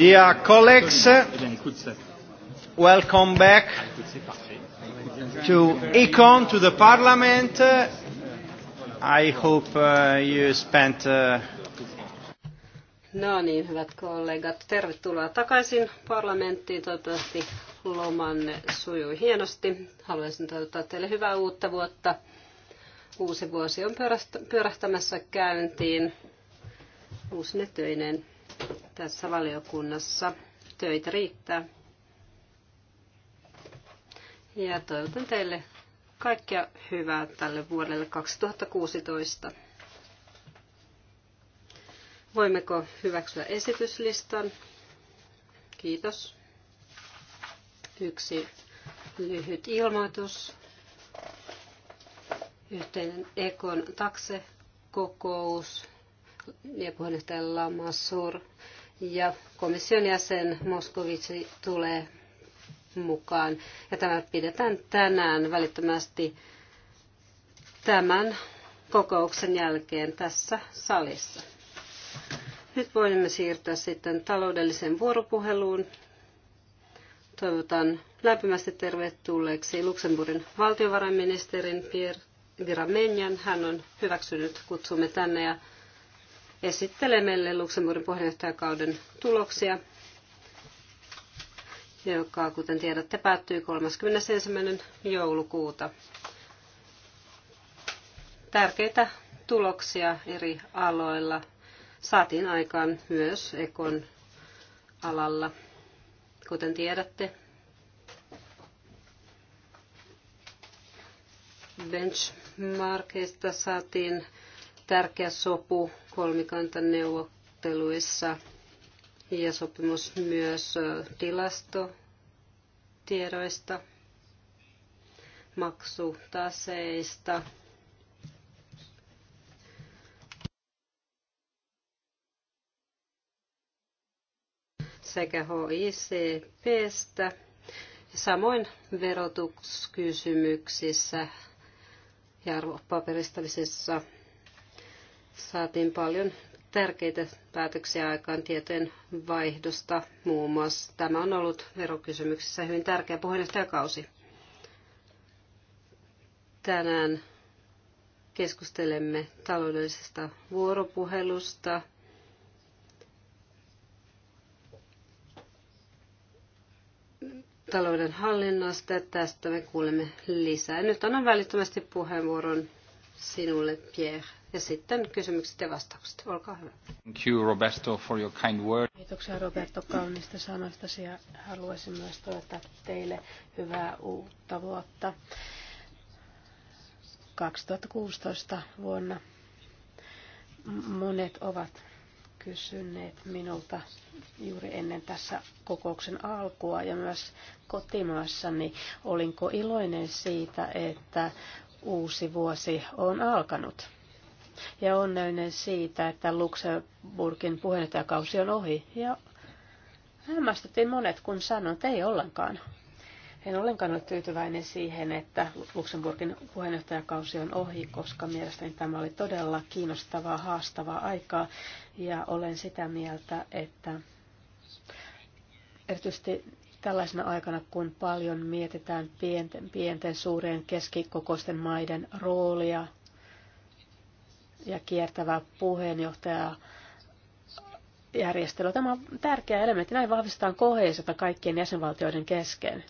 Dear colleagues, welcome back to ECON, to the Parliament. I hope uh, you spent... Uh... No niin, hyvät kollegat, tervetuloa takaisin parlamenttiin. Toivottavasti lomanne sujui hienosti. Haluaisin toivottaa teille hyvää uutta vuotta. Uusi vuosi on pyörähtämässä käyntiin uusine töineen tässä valiokunnassa. Töitä riittää. Ja toivotan teille kaikkea hyvää tälle vuodelle 2016. Voimmeko hyväksyä esityslistan? Kiitos. Yksi lyhyt ilmoitus. Yhteinen Ekon taksekokous ja puheenjohtaja Lamassur ja komission jäsen Moskovitsi tulee mukaan. Ja tämä pidetään tänään välittömästi tämän kokouksen jälkeen tässä salissa. Nyt voimme siirtyä sitten taloudelliseen vuoropuheluun. Toivotan lämpimästi tervetulleeksi Luxemburgin valtiovarainministerin Pierre Viramenjan. Hän on hyväksynyt kutsumme tänne ja esittelee meille Luxemburgin puheenjohtajakauden tuloksia, joka, kuten tiedätte, päättyy 31. joulukuuta. Tärkeitä tuloksia eri aloilla saatiin aikaan myös Ekon alalla, kuten tiedätte. benchmarkista saatiin tärkeä sopu kolmikantaneuvotteluissa ja sopimus myös tilastotiedoista, maksutaseista. sekä HICPstä. Samoin verotuskysymyksissä ja arvopaperistamisessa saatiin paljon tärkeitä päätöksiä aikaan tietojen vaihdosta muun muassa. Tämä on ollut verokysymyksissä hyvin tärkeä puheenjohtajakausi. Tänään keskustelemme taloudellisesta vuoropuhelusta. talouden hallinnasta. Tästä me kuulemme lisää. Nyt annan välittömästi puheenvuoron sinulle, Pierre. Ja sitten kysymykset ja vastaukset. Olkaa hyvä. Thank you, Roberto, for your kind word. Kiitoksia Roberto kaunista sanoista. ja haluaisin myös toivottaa teille hyvää uutta vuotta. 2016 vuonna monet ovat kysyneet minulta juuri ennen tässä kokouksen alkua ja myös kotimaassani, niin olinko iloinen siitä, että uusi vuosi on alkanut. Ja onnellinen siitä, että Luxemburgin puheenjohtajakausi on ohi. Ja hämmästyttiin monet, kun sanoin, että ei ollenkaan. En ollenkaan ole tyytyväinen siihen, että Luxemburgin puheenjohtajakausi on ohi, koska mielestäni tämä oli todella kiinnostavaa, haastavaa aikaa. Ja olen sitä mieltä, että erityisesti tällaisena aikana, kun paljon mietitään pienten, pienten suurien keskikokoisten maiden roolia ja kiertävää puheenjohtajaa järjestelyä. Tämä on tärkeä elementti. Näin vahvistetaan koheisota kaikkien jäsenvaltioiden kesken.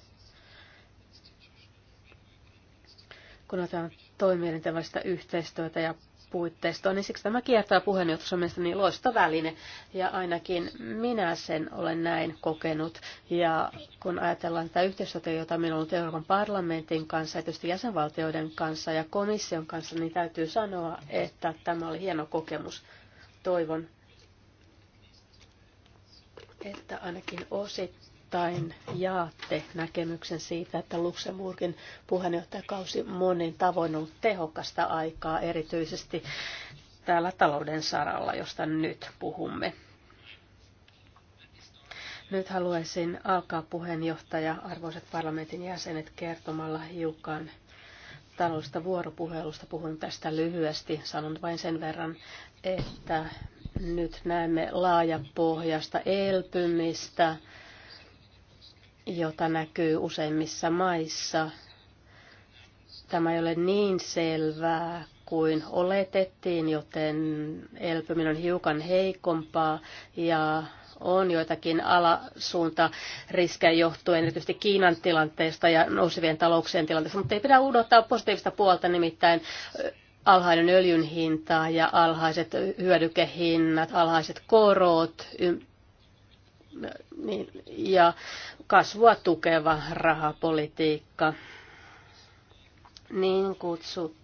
Kun otetaan toimielinten yhteistyötä ja puitteistoon, niin siksi tämä kiertää puheenjohtajassa on mielestäni niin loista väline. Ja ainakin minä sen olen näin kokenut. Ja kun ajatellaan tätä yhteistyötä, jota minulla on ollut Euroopan parlamentin kanssa, ja tietysti jäsenvaltioiden kanssa ja komission kanssa, niin täytyy sanoa, että tämä oli hieno kokemus. Toivon, että ainakin osittain osittain jaatte näkemyksen siitä, että Luxemburgin puheenjohtajakausi monin tavoin ollut tehokasta aikaa, erityisesti täällä talouden saralla, josta nyt puhumme. Nyt haluaisin alkaa puheenjohtaja, arvoisat parlamentin jäsenet, kertomalla hiukan taloudesta vuoropuhelusta. Puhun tästä lyhyesti. Sanon vain sen verran, että nyt näemme laajapohjasta elpymistä jota näkyy useimmissa maissa. Tämä ei ole niin selvää kuin oletettiin, joten elpyminen on hiukan heikompaa ja on joitakin alasuunta riskejä johtuen erityisesti Kiinan tilanteesta ja nousevien talouksien tilanteesta, mutta ei pidä unohtaa positiivista puolta, nimittäin alhainen öljyn hinta ja alhaiset hyödykehinnat, alhaiset korot, niin, ja kasvua tukeva rahapolitiikka. Niin kutsut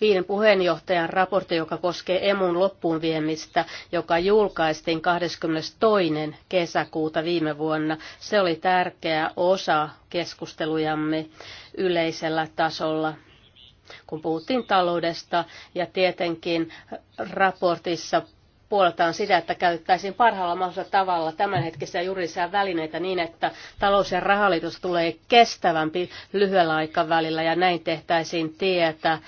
viiden puheenjohtajan raportti, joka koskee emun loppuun viemistä, joka julkaistiin 22. kesäkuuta viime vuonna. Se oli tärkeä osa keskustelujamme yleisellä tasolla kun puhuttiin taloudesta ja tietenkin raportissa on sitä, että käytettäisiin parhaalla mahdollisella tavalla tämänhetkisiä juridisia välineitä niin, että talous- ja rahaliitos tulee kestävämpi lyhyellä aikavälillä ja näin tehtäisiin tietä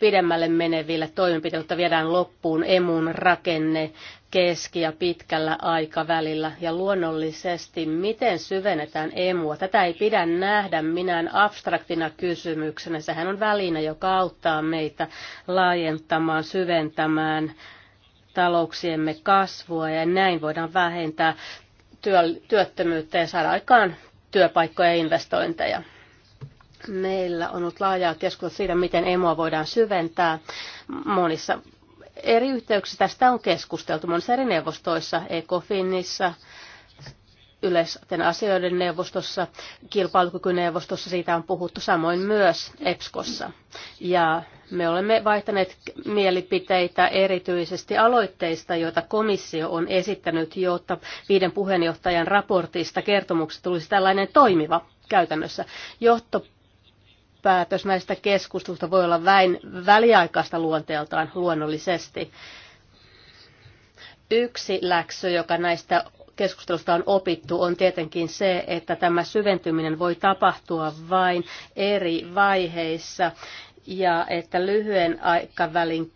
pidemmälle meneville toimenpiteille, jotta viedään loppuun emun rakenne keski- ja pitkällä aikavälillä. Ja luonnollisesti, miten syvennetään emua? Tätä ei pidä nähdä minään abstraktina kysymyksenä. Sehän on väline, joka auttaa meitä laajentamaan, syventämään talouksiemme kasvua ja näin voidaan vähentää työttömyyttä ja saada aikaan työpaikkoja ja investointeja. Meillä on ollut laajaa keskustelua siitä, miten emoa voidaan syventää monissa eri yhteyksissä. Tästä on keskusteltu monissa eri neuvostoissa, ECOFINissa, yleisten asioiden neuvostossa, kilpailukykyneuvostossa, siitä on puhuttu samoin myös EPSKossa. Ja me olemme vaihtaneet mielipiteitä erityisesti aloitteista, joita komissio on esittänyt, jotta viiden puheenjohtajan raportista kertomuksesta tulisi tällainen toimiva käytännössä. Johto päätös näistä keskustelusta voi olla väin väliaikaista luonteeltaan luonnollisesti. Yksi läksy, joka näistä keskustelusta on opittu, on tietenkin se, että tämä syventyminen voi tapahtua vain eri vaiheissa ja että lyhyen aikavälin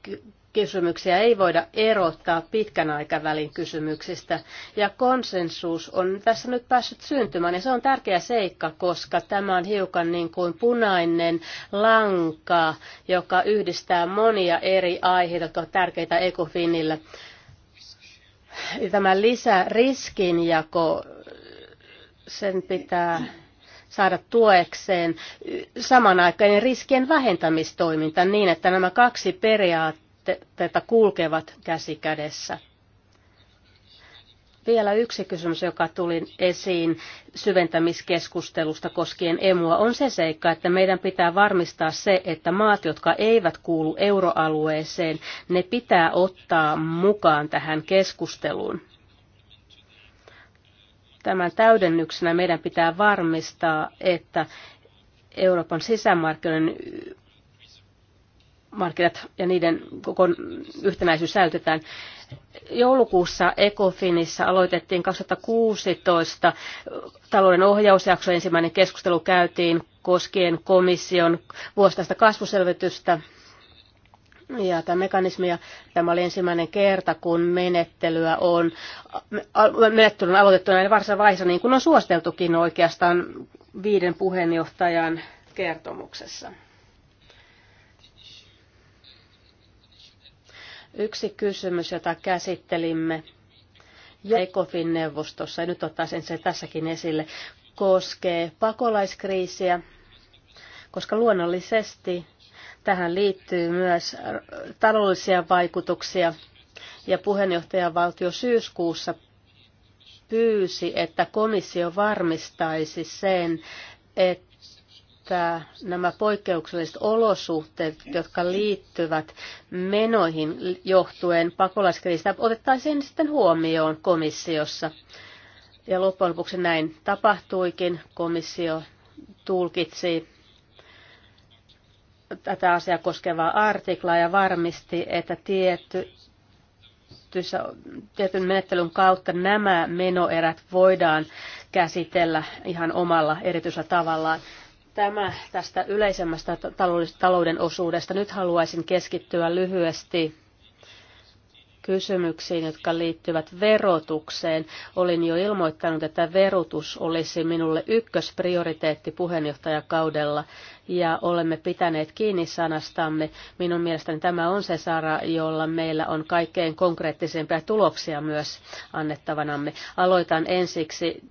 kysymyksiä ei voida erottaa pitkän aikavälin kysymyksistä. Ja konsensus on tässä nyt päässyt syntymään ja se on tärkeä seikka, koska tämä on hiukan niin kuin punainen lanka, joka yhdistää monia eri aiheita, jotka ovat tärkeitä ECOFINille tämä lisäriskinjako, sen pitää saada tuekseen samanaikainen riskien vähentämistoiminta niin, että nämä kaksi periaatteita kulkevat käsi kädessä. Vielä yksi kysymys, joka tuli esiin syventämiskeskustelusta koskien emua, on se seikka, että meidän pitää varmistaa se, että maat, jotka eivät kuulu euroalueeseen, ne pitää ottaa mukaan tähän keskusteluun. Tämän täydennyksenä meidän pitää varmistaa, että Euroopan sisämarkkinoiden markkinat ja niiden koko yhtenäisyys säilytetään. Joulukuussa Ecofinissa aloitettiin 2016 talouden ohjausjakso ensimmäinen keskustelu käytiin koskien komission vuosittaista kasvuselvitystä ja tämä mekanismia. Tämä oli ensimmäinen kerta, kun menettelyä on, menettely on aloitettu näin varsin vaiheessa, niin kuin on suosteltukin oikeastaan viiden puheenjohtajan kertomuksessa. Yksi kysymys, jota käsittelimme ECOFin neuvostossa, ja nyt ottaisin sen tässäkin esille, koskee pakolaiskriisiä, koska luonnollisesti tähän liittyy myös taloudellisia vaikutuksia. Ja puheenjohtajavaltio syyskuussa pyysi, että komissio varmistaisi sen, että että nämä poikkeukselliset olosuhteet, jotka liittyvät menoihin johtuen pakolaiskriisistä, otettaisiin sitten huomioon komissiossa. Ja loppujen lopuksi näin tapahtuikin. Komissio tulkitsi tätä asiaa koskevaa artiklaa ja varmisti, että tietty, tietyn menettelyn kautta nämä menoerät voidaan käsitellä ihan omalla erityisellä tavallaan. Tämä tästä yleisemmästä talouden osuudesta. Nyt haluaisin keskittyä lyhyesti kysymyksiin, jotka liittyvät verotukseen. Olin jo ilmoittanut, että verotus olisi minulle ykkösprioriteetti puheenjohtajakaudella ja olemme pitäneet kiinni sanastamme. Minun mielestäni tämä on se sara, jolla meillä on kaikkein konkreettisimpia tuloksia myös annettavanamme. Aloitan ensiksi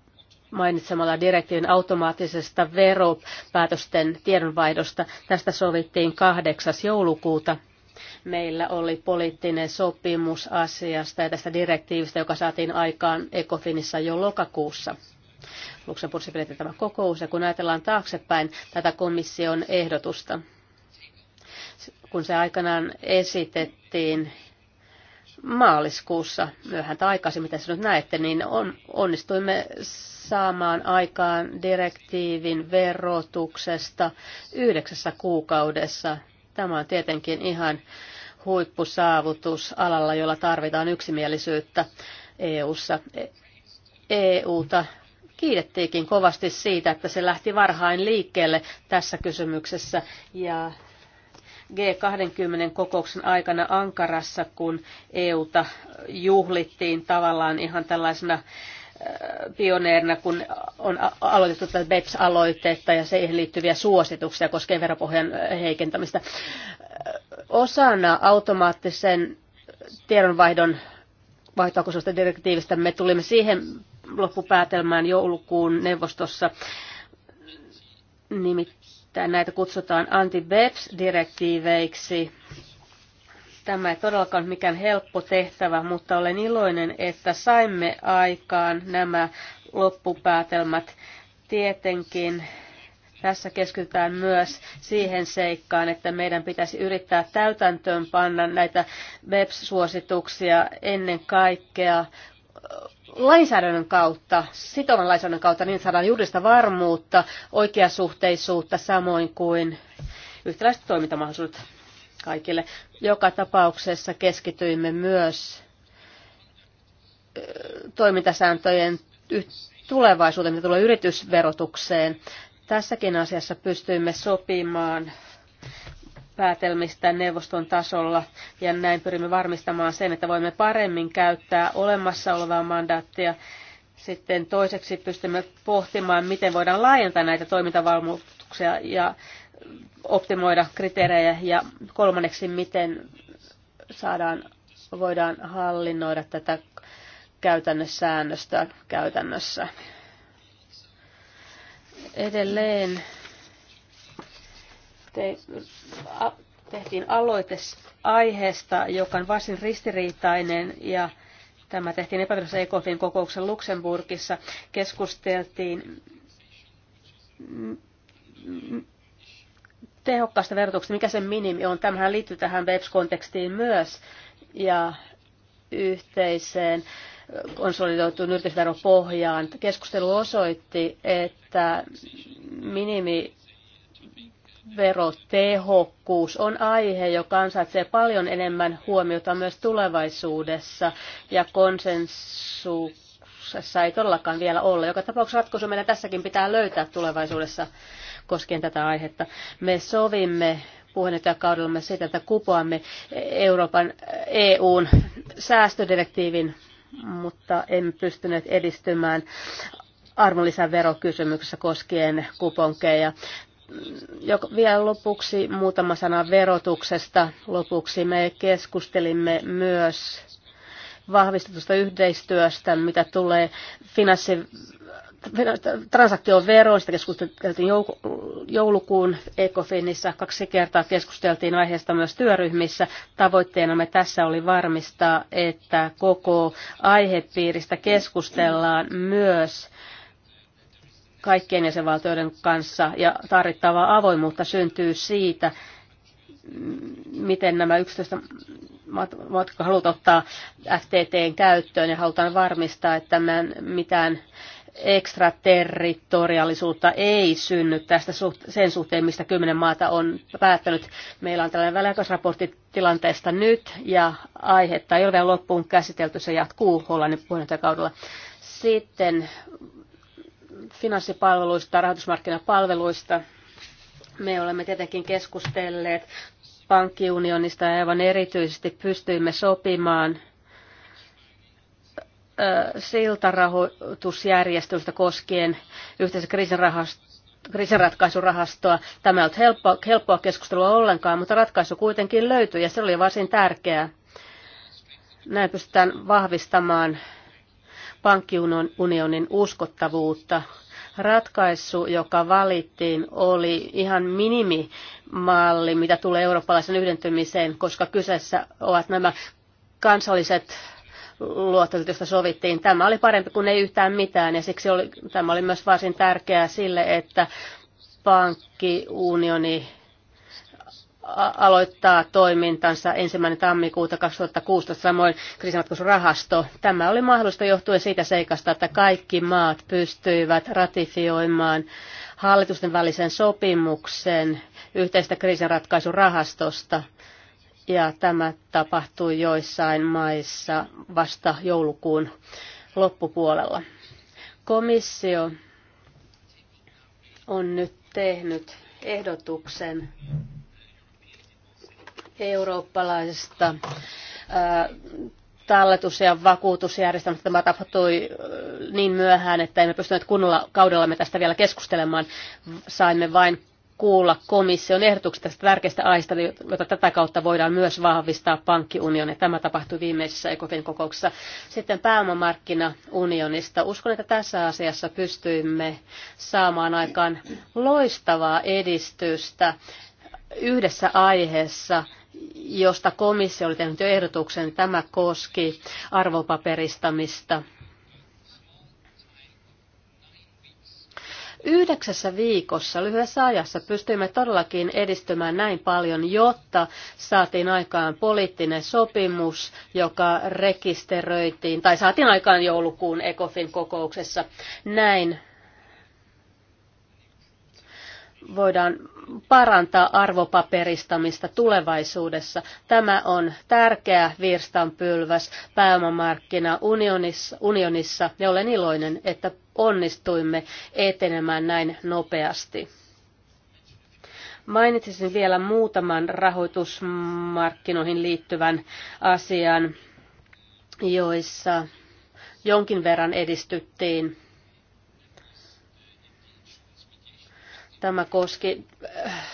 mainitsemalla direktiivin automaattisesta veropäätösten tiedonvaihdosta. Tästä sovittiin 8. joulukuuta. Meillä oli poliittinen sopimus asiasta ja tästä direktiivistä, joka saatiin aikaan Ecofinissa jo lokakuussa. Luxemburgissa pidettiin tämä kokous ja kun ajatellaan taaksepäin tätä komission ehdotusta, kun se aikanaan esitettiin maaliskuussa, myöhään tai aikaisemmin, mitä nyt näette, niin on, onnistuimme saamaan aikaan direktiivin verotuksesta yhdeksässä kuukaudessa. Tämä on tietenkin ihan huippusaavutus alalla, jolla tarvitaan yksimielisyyttä EU-ssa. EUta kiitettiinkin kovasti siitä, että se lähti varhain liikkeelle tässä kysymyksessä ja G20-kokouksen aikana Ankarassa, kun EUta juhlittiin tavallaan ihan tällaisena äh, pioneerina, kun on aloitettu tätä BEPS-aloitetta ja siihen liittyviä suosituksia koskien veropohjan heikentämistä. Osana automaattisen tiedonvaihdon vaihtoakuisuudesta direktiivistä me tulimme siihen loppupäätelmään joulukuun neuvostossa. Nimittäin näitä kutsutaan anti-BEPS-direktiiveiksi. Tämä ei todellakaan ole mikään helppo tehtävä, mutta olen iloinen, että saimme aikaan nämä loppupäätelmät. Tietenkin tässä keskitytään myös siihen seikkaan, että meidän pitäisi yrittää täytäntöön panna näitä BEPS-suosituksia ennen kaikkea lainsäädännön kautta, sitovan lainsäädännön kautta, niin saadaan juridista varmuutta, oikeasuhteisuutta, samoin kuin yhtäläiset toimintamahdollisuudet kaikille. Joka tapauksessa keskityimme myös toimintasääntöjen tulevaisuuteen, mitä tulee yritysverotukseen. Tässäkin asiassa pystyimme sopimaan päätelmistä neuvoston tasolla ja näin pyrimme varmistamaan sen, että voimme paremmin käyttää olemassa olevaa mandaattia. Sitten toiseksi pystymme pohtimaan, miten voidaan laajentaa näitä toimintavalmuutuksia ja optimoida kriteerejä ja kolmanneksi, miten saadaan, voidaan hallinnoida tätä käytännössäännöstä käytännössä. Edelleen te, a, tehtiin aloite aiheesta, joka on varsin ristiriitainen ja tämä tehtiin epävirallisessa ECOFin kokouksen Luxemburgissa. Keskusteltiin tehokkaasta verotuksesta, mikä sen minimi on. Tämähän liittyy tähän BEPS-kontekstiin myös ja yhteiseen konsolidoituun yritysveropohjaan. Keskustelu osoitti, että minimi verotehokkuus on aihe, joka ansaitsee paljon enemmän huomiota myös tulevaisuudessa ja konsensuksessa ei todellakaan vielä olla. Joka tapauksessa ratkaisu meidän tässäkin pitää löytää tulevaisuudessa koskien tätä aihetta. Me sovimme puheenjohtajakaudellamme siitä, että kupoamme Euroopan EUn säästödirektiivin, mutta emme pystyneet edistymään arvonlisäverokysymyksessä koskien kuponkeja vielä lopuksi muutama sana verotuksesta. Lopuksi me keskustelimme myös vahvistetusta yhteistyöstä, mitä tulee finanssi, transaktioveroon. Sitä keskusteltiin joulukuun ECOFINissa. Kaksi kertaa keskusteltiin aiheesta myös työryhmissä. Tavoitteena me tässä oli varmistaa, että koko aihepiiristä keskustellaan myös kaikkien jäsenvaltioiden kanssa ja tarvittavaa avoimuutta syntyy siitä, miten nämä 11 maat, halutaan ottaa FTTn käyttöön ja halutaan varmistaa, että mitään ekstraterritoriaalisuutta ei synny tästä sen suhteen, mistä kymmenen maata on päättänyt. Meillä on tällainen väliaikaisraportti tilanteesta nyt ja aihetta ei ole vielä loppuun käsitelty, se jatkuu Hollannin puheenjohtajakaudella. Sitten finanssipalveluista, rahoitusmarkkinapalveluista. Me olemme tietenkin keskustelleet pankkiunionista ja aivan erityisesti pystyimme sopimaan siltarahoitusjärjestelystä koskien yhteisen kriisinratkaisurahastoa. Tämä ei ollut helppoa, helppoa keskustelua ollenkaan, mutta ratkaisu kuitenkin löytyi ja se oli varsin tärkeää. Näin pystytään vahvistamaan pankkiunionin uskottavuutta. Ratkaisu, joka valittiin, oli ihan minimimalli, mitä tulee eurooppalaisen yhdentymiseen, koska kyseessä ovat nämä kansalliset luottelut, joista sovittiin. Tämä oli parempi kuin ei yhtään mitään ja siksi oli, tämä oli myös varsin tärkeää sille, että pankkiunioni aloittaa toimintansa ensimmäinen tammikuuta 2016, samoin kriisinratkaisurahasto. Tämä oli mahdollista johtuen siitä seikasta, että kaikki maat pystyivät ratifioimaan hallitusten välisen sopimuksen yhteistä kriisinratkaisurahastosta. Ja tämä tapahtui joissain maissa vasta joulukuun loppupuolella. Komissio on nyt tehnyt ehdotuksen eurooppalaisesta talletus- ja vakuutusjärjestelmästä tämä tapahtui niin myöhään, että emme pystyneet kunnolla kaudellamme tästä vielä keskustelemaan. Saimme vain kuulla komission ehdotukset tästä tärkeästä aista, jota tätä kautta voidaan myös vahvistaa pankkiunionia. Tämä tapahtui viimeisessä ECOFIN kokouksessa. Sitten pääomamarkkinaunionista. Uskon, että tässä asiassa pystyimme saamaan aikaan loistavaa edistystä yhdessä aiheessa, josta komissio oli tehnyt jo ehdotuksen. Tämä koski arvopaperistamista. Yhdeksässä viikossa lyhyessä ajassa pystyimme todellakin edistymään näin paljon, jotta saatiin aikaan poliittinen sopimus, joka rekisteröitiin, tai saatiin aikaan joulukuun ECOFIN kokouksessa. Näin voidaan parantaa arvopaperistamista tulevaisuudessa. Tämä on tärkeä virstanpylväs pääomamarkkina unionissa, unionissa ja olen iloinen, että onnistuimme etenemään näin nopeasti. Mainitsisin vielä muutaman rahoitusmarkkinoihin liittyvän asian, joissa jonkin verran edistyttiin Tämä koski äh,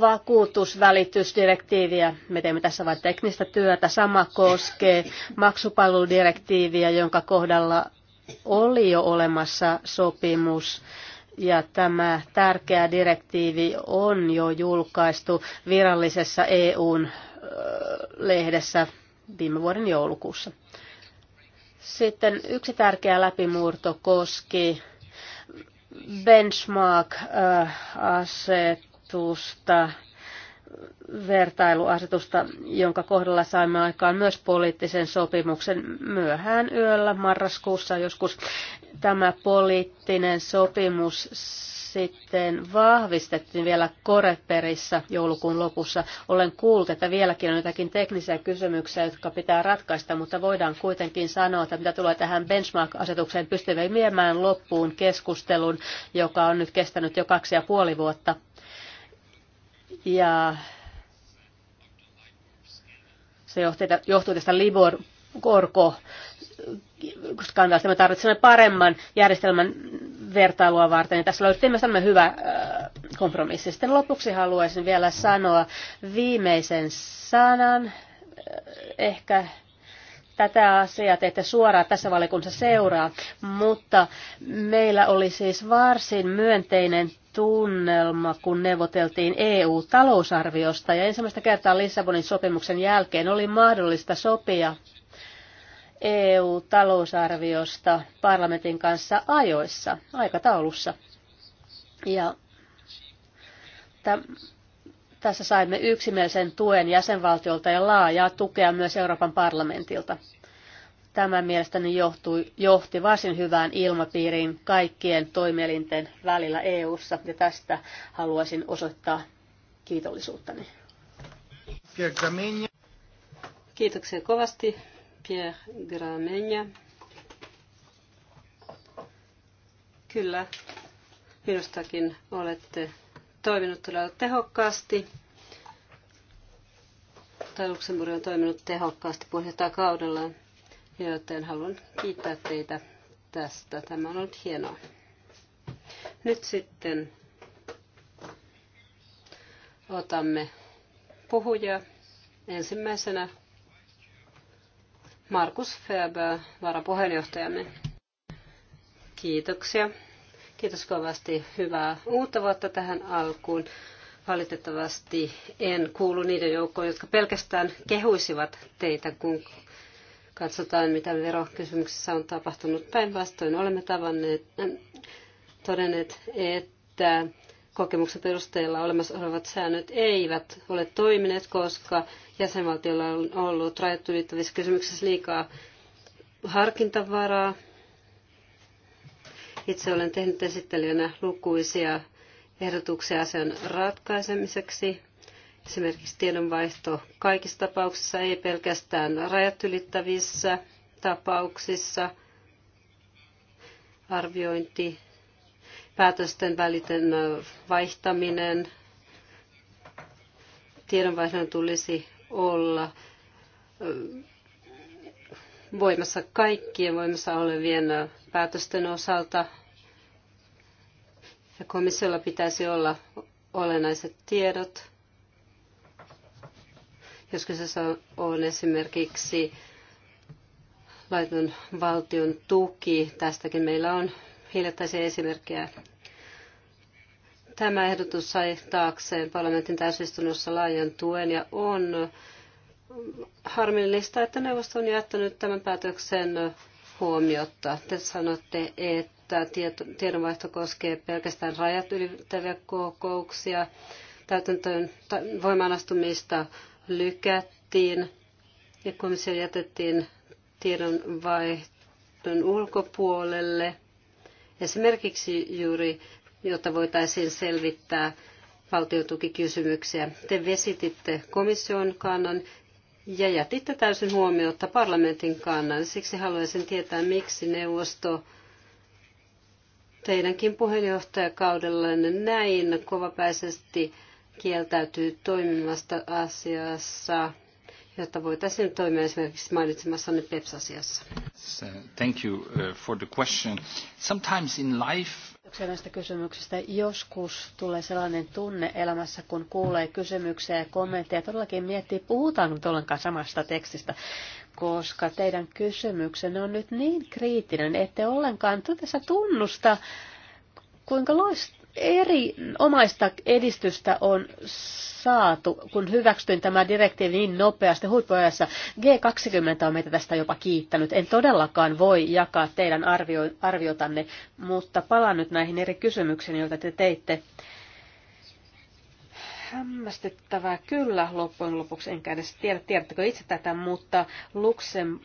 vakuutusvälitysdirektiiviä. Me teemme tässä vain teknistä työtä. Sama koskee maksupalveludirektiiviä, jonka kohdalla oli jo olemassa sopimus. Ja tämä tärkeä direktiivi on jo julkaistu virallisessa EUn äh, lehdessä viime vuoden joulukuussa. Sitten yksi tärkeä läpimurto koski benchmark-asetusta, äh, vertailuasetusta, jonka kohdalla saimme aikaan myös poliittisen sopimuksen myöhään yöllä marraskuussa joskus. Tämä poliittinen sopimus sitten vahvistettiin vielä Koreperissä joulukuun lopussa. Olen kuullut, että vieläkin on jotakin teknisiä kysymyksiä, jotka pitää ratkaista, mutta voidaan kuitenkin sanoa, että mitä tulee tähän benchmark-asetukseen, pystymme viemään loppuun keskustelun, joka on nyt kestänyt jo kaksi ja puoli vuotta. Ja se johtuu tästä Libor korko skandaalista. Me tarvitsemme paremman järjestelmän vertailua varten. Ja tässä löydettiin myös hyvä kompromissi. Sitten lopuksi haluaisin vielä sanoa viimeisen sanan. Ehkä tätä asiaa te ette suoraan tässä valiokunnassa seuraa, mutta meillä oli siis varsin myönteinen tunnelma, kun neuvoteltiin EU-talousarviosta ja ensimmäistä kertaa Lissabonin sopimuksen jälkeen oli mahdollista sopia EU-talousarviosta parlamentin kanssa ajoissa, aikataulussa. Ja tässä saimme yksimielisen tuen jäsenvaltiolta ja laajaa tukea myös Euroopan parlamentilta. Tämä mielestäni johtui, johti varsin hyvään ilmapiiriin kaikkien toimielinten välillä EU:ssa ja tästä haluaisin osoittaa kiitollisuuttani. Kiitoksia kovasti Pierre Gramegna. Kyllä, minustakin olette toiminut todella tehokkaasti. Tai Luxemburg on toiminut tehokkaasti kaudella, joten haluan kiittää teitä tästä. Tämä on ollut hienoa. Nyt sitten otamme puhuja ensimmäisenä Markus Ferber, varapuheenjohtajamme. Kiitoksia. Kiitos kovasti. Hyvää uutta vuotta tähän alkuun. Valitettavasti en kuulu niiden joukkoon, jotka pelkästään kehuisivat teitä, kun katsotaan, mitä verokysymyksessä on tapahtunut. Päinvastoin olemme tavanneet, äh, todenneet, että kokemuksen perusteella olemassa olevat säännöt eivät ole toimineet, koska jäsenvaltiolla on ollut rajat ylittävissä kysymyksissä liikaa harkintavaraa. Itse olen tehnyt esittelijänä lukuisia ehdotuksia asian ratkaisemiseksi. Esimerkiksi tiedonvaihto kaikissa tapauksissa, ei pelkästään rajat ylittävissä tapauksissa. Arviointi päätösten väliten vaihtaminen. Tiedonvaihdon tulisi olla voimassa kaikkien voimassa olevien päätösten osalta. Ja komissiolla pitäisi olla olennaiset tiedot. Jos kyseessä on esimerkiksi laiton valtion tuki, tästäkin meillä on hiljattaisia esimerkkejä. Tämä ehdotus sai taakseen parlamentin täysistunnossa laajan tuen ja on harmillista, että neuvosto on jättänyt tämän päätöksen huomiota. Te sanotte, että tiedonvaihto koskee pelkästään rajat ylittäviä kokouksia, täytäntöön voimaanastumista lykättiin ja komissio jätettiin tiedonvaihdon ulkopuolelle – Esimerkiksi juuri, jotta voitaisiin selvittää valtiotukikysymyksiä. Te vesititte komission kannan ja jätitte täysin huomiota parlamentin kannan. Siksi haluaisin tietää, miksi neuvosto teidänkin puheenjohtajakaudellanne näin kovapäisesti kieltäytyy toimimasta asiassa jotta voitaisiin toimia esimerkiksi mainitsemassanne PEPS-asiassa. Thank you uh, for the question. Sometimes in life... Kiitoksia näistä kysymyksistä. Joskus tulee sellainen tunne elämässä, kun kuulee kysymyksiä ja kommentteja. Todellakin miettii, puhutaanko ollenkaan samasta tekstistä, koska teidän kysymyksenne on nyt niin kriittinen, ette ollenkaan tässä tunnusta, kuinka loistaa. Eri omaista edistystä on saatu, kun hyväksyin tämä direktiivi niin nopeasti huippuajassa. G20 on meitä tästä jopa kiittänyt. En todellakaan voi jakaa teidän arvio, arviotanne, mutta palaan nyt näihin eri kysymyksiin, joita te teitte. Hämmästyttävää kyllä loppujen lopuksi, enkä edes tiedä, tiedättekö itse tätä, mutta Luxem,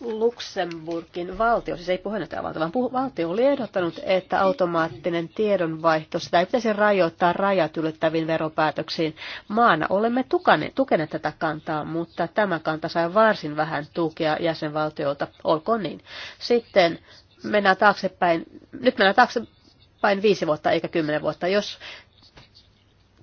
Luxemburgin valtio, siis ei valtio, vaan valtio oli ehdottanut, että automaattinen tiedonvaihto, sitä ei pitäisi rajoittaa rajat ylittäviin veropäätöksiin. Maana olemme tukane, tukeneet tätä kantaa, mutta tämä kanta sai varsin vähän tukea jäsenvaltiolta, olkoon niin. Sitten mennään taaksepäin, nyt mennään taaksepäin viisi vuotta eikä kymmenen vuotta. Jos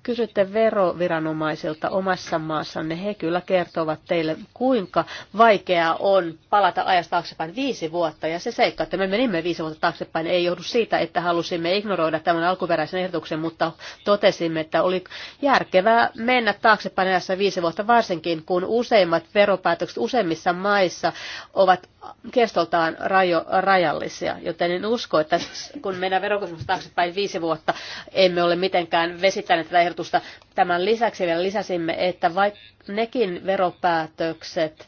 kysytte veroviranomaisilta omassa maassanne, he kyllä kertovat teille, kuinka vaikeaa on palata ajasta taaksepäin viisi vuotta. Ja se seikka, että me menimme viisi vuotta taaksepäin, ei johdu siitä, että halusimme ignoroida tämän alkuperäisen ehdotuksen, mutta totesimme, että oli järkevää mennä taaksepäin ajassa viisi vuotta, varsinkin kun useimmat veropäätökset useimmissa maissa ovat kestoltaan rajo, rajallisia, joten en usko, että kun mennään verokysymys taaksepäin viisi vuotta, emme ole mitenkään vesittäneet tätä ehdotusta. Tämän lisäksi vielä lisäsimme, että vaikka nekin veropäätökset,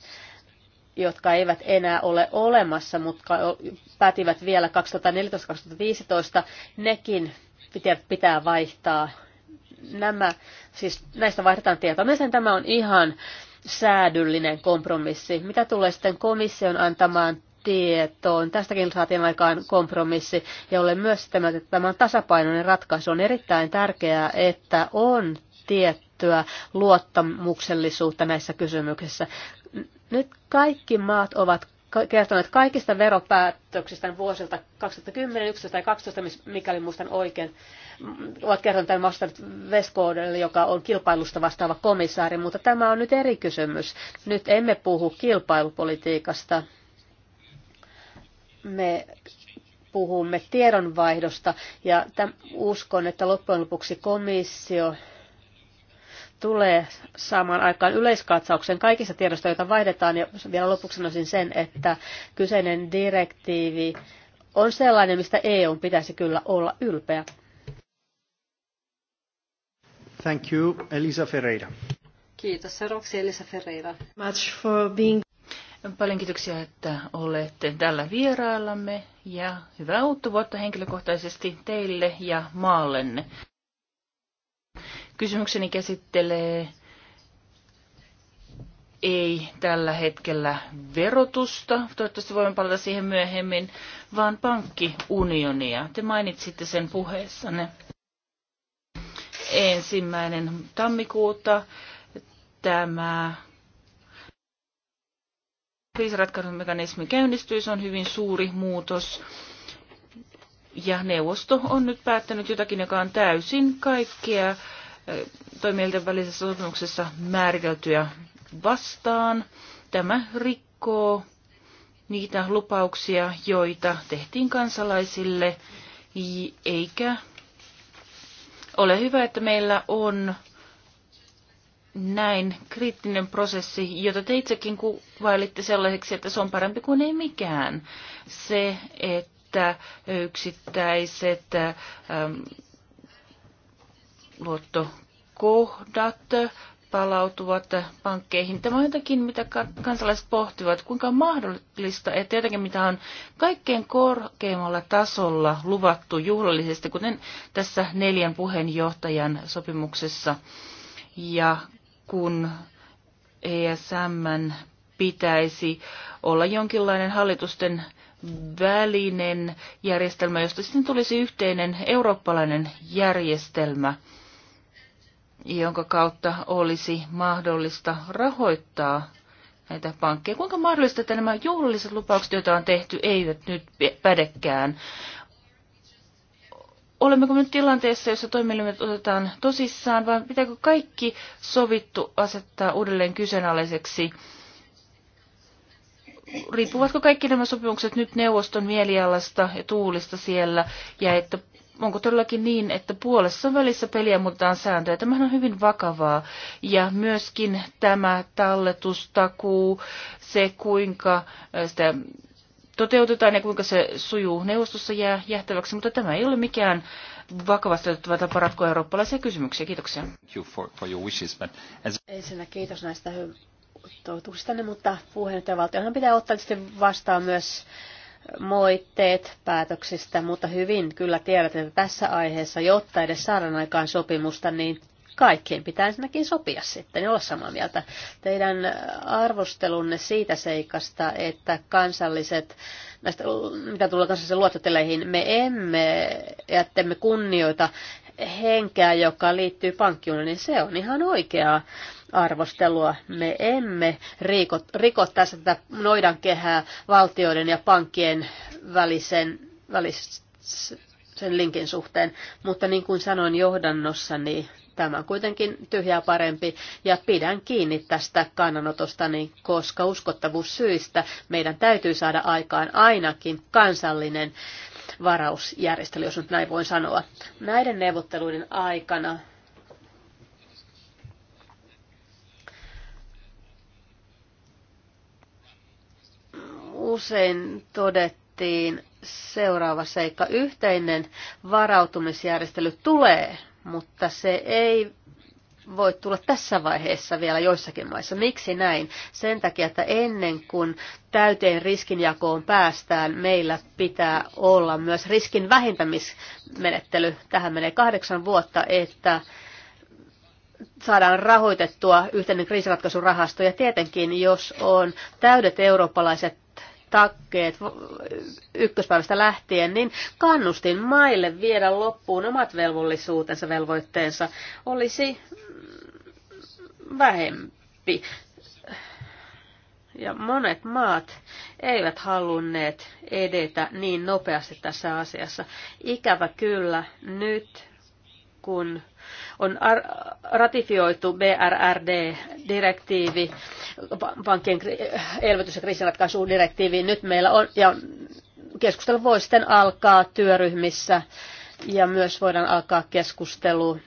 jotka eivät enää ole olemassa, mutta päätivät vielä 2014-2015, nekin pitää vaihtaa. Nämä, siis näistä vaihdetaan tietoa. Mielestäni tämä on ihan säädyllinen kompromissi. Mitä tulee sitten komission antamaan tietoon. Tästäkin saatiin aikaan kompromissi ja olen myös sitä että tämä on tasapainoinen ratkaisu. On erittäin tärkeää, että on tiettyä luottamuksellisuutta näissä kysymyksissä. Nyt kaikki maat ovat kertoneet kaikista veropäätöksistä vuosilta 2010, 11 tai 12, mikäli muistan oikein. Ovat kertonut tämän vastaan Veskoodelle, joka on kilpailusta vastaava komissaari, mutta tämä on nyt eri kysymys. Nyt emme puhu kilpailupolitiikasta me puhumme tiedonvaihdosta ja tämän, uskon, että loppujen lopuksi komissio tulee saamaan aikaan yleiskatsauksen kaikista tiedosta, joita vaihdetaan. Ja vielä lopuksi sanoisin sen, että kyseinen direktiivi on sellainen, mistä EU pitäisi kyllä olla ylpeä. Thank you, Elisa Ferreira. Kiitos. Seuraavaksi Elisa Ferreira. Much for being... Paljon kiitoksia, että olette tällä vieraillamme ja hyvää uutta vuotta henkilökohtaisesti teille ja maallenne. Kysymykseni käsittelee ei tällä hetkellä verotusta, toivottavasti voimme palata siihen myöhemmin, vaan pankkiunionia. Te mainitsitte sen puheessanne ensimmäinen tammikuuta tämä kriisiratkaisumekanismi käynnistyy. Se on hyvin suuri muutos. Ja neuvosto on nyt päättänyt jotakin, joka on täysin kaikkea eh, toimielten välisessä sopimuksessa määriteltyä vastaan. Tämä rikkoo niitä lupauksia, joita tehtiin kansalaisille, eikä ole hyvä, että meillä on näin kriittinen prosessi, jota te itsekin kuvailitte sellaiseksi, että se on parempi kuin ei mikään. Se, että yksittäiset ähm, luottokohdat palautuvat pankkeihin. Tämä on jotakin, mitä kansalaiset pohtivat, kuinka on mahdollista, että jotakin, mitä on kaikkein korkeimmalla tasolla luvattu juhlallisesti, kuten tässä neljän puheenjohtajan sopimuksessa ja kun ESM pitäisi olla jonkinlainen hallitusten välinen järjestelmä, josta sitten tulisi yhteinen eurooppalainen järjestelmä, jonka kautta olisi mahdollista rahoittaa näitä pankkeja. Kuinka mahdollista, että nämä juhlalliset lupaukset, joita on tehty, eivät nyt pädekään? olemmeko nyt tilanteessa, jossa toimielimet otetaan tosissaan, vai pitääkö kaikki sovittu asettaa uudelleen kyseenalaiseksi? Riippuvatko kaikki nämä sopimukset nyt neuvoston mielialasta ja tuulista siellä, ja että onko todellakin niin, että puolessa välissä peliä muutetaan sääntöjä. Tämähän on hyvin vakavaa. Ja myöskin tämä talletustakuu, se kuinka sitä toteutetaan ja kuinka se sujuu neuvostossa jää jähtäväksi, mutta tämä ei ole mikään vakavasti otettava tapa ratkoa eurooppalaisia kysymyksiä. Kiitoksia. Ensinnä kiitos näistä toivotuksistanne, mutta puheenjohtajavaltiohan pitää ottaa tietysti vastaan myös moitteet päätöksistä, mutta hyvin kyllä tiedät, että tässä aiheessa, jotta edes saadaan aikaan sopimusta, niin kaikkien pitää ensinnäkin sopia sitten ja olla samaa mieltä. Teidän arvostelunne siitä seikasta, että kansalliset, näistä, mitä tulee kansallisen luottoteleihin, me emme ja emme kunnioita henkeä, joka liittyy pankkiunioniin, niin se on ihan oikeaa arvostelua. Me emme riko, riko tässä tätä noidankehää valtioiden ja pankkien välisen, välisen linkin suhteen, mutta niin kuin sanoin johdannossa, niin Tämä on kuitenkin tyhjää parempi ja pidän kiinni tästä kannanotostani, koska uskottavuussyistä meidän täytyy saada aikaan ainakin kansallinen varausjärjestely, jos nyt näin voin sanoa. Näiden neuvotteluiden aikana usein todettiin seuraava seikka. Yhteinen varautumisjärjestely tulee mutta se ei voi tulla tässä vaiheessa vielä joissakin maissa. Miksi näin? Sen takia, että ennen kuin täyteen riskinjakoon päästään, meillä pitää olla myös riskin vähentämismenettely. Tähän menee kahdeksan vuotta, että saadaan rahoitettua yhteinen kriisiratkaisurahasto. Ja tietenkin, jos on täydet eurooppalaiset takkeet ykköspäivästä lähtien, niin kannustin maille viedä loppuun omat velvollisuutensa velvoitteensa olisi vähempi. Ja monet maat eivät halunneet edetä niin nopeasti tässä asiassa. Ikävä kyllä, nyt kun on ratifioitu BRRD-direktiivi, pankkien elvytys- ja kriisinratkaisudirektiivi, nyt meillä on, ja keskustelu voi sitten alkaa työryhmissä, ja myös voidaan alkaa keskustelu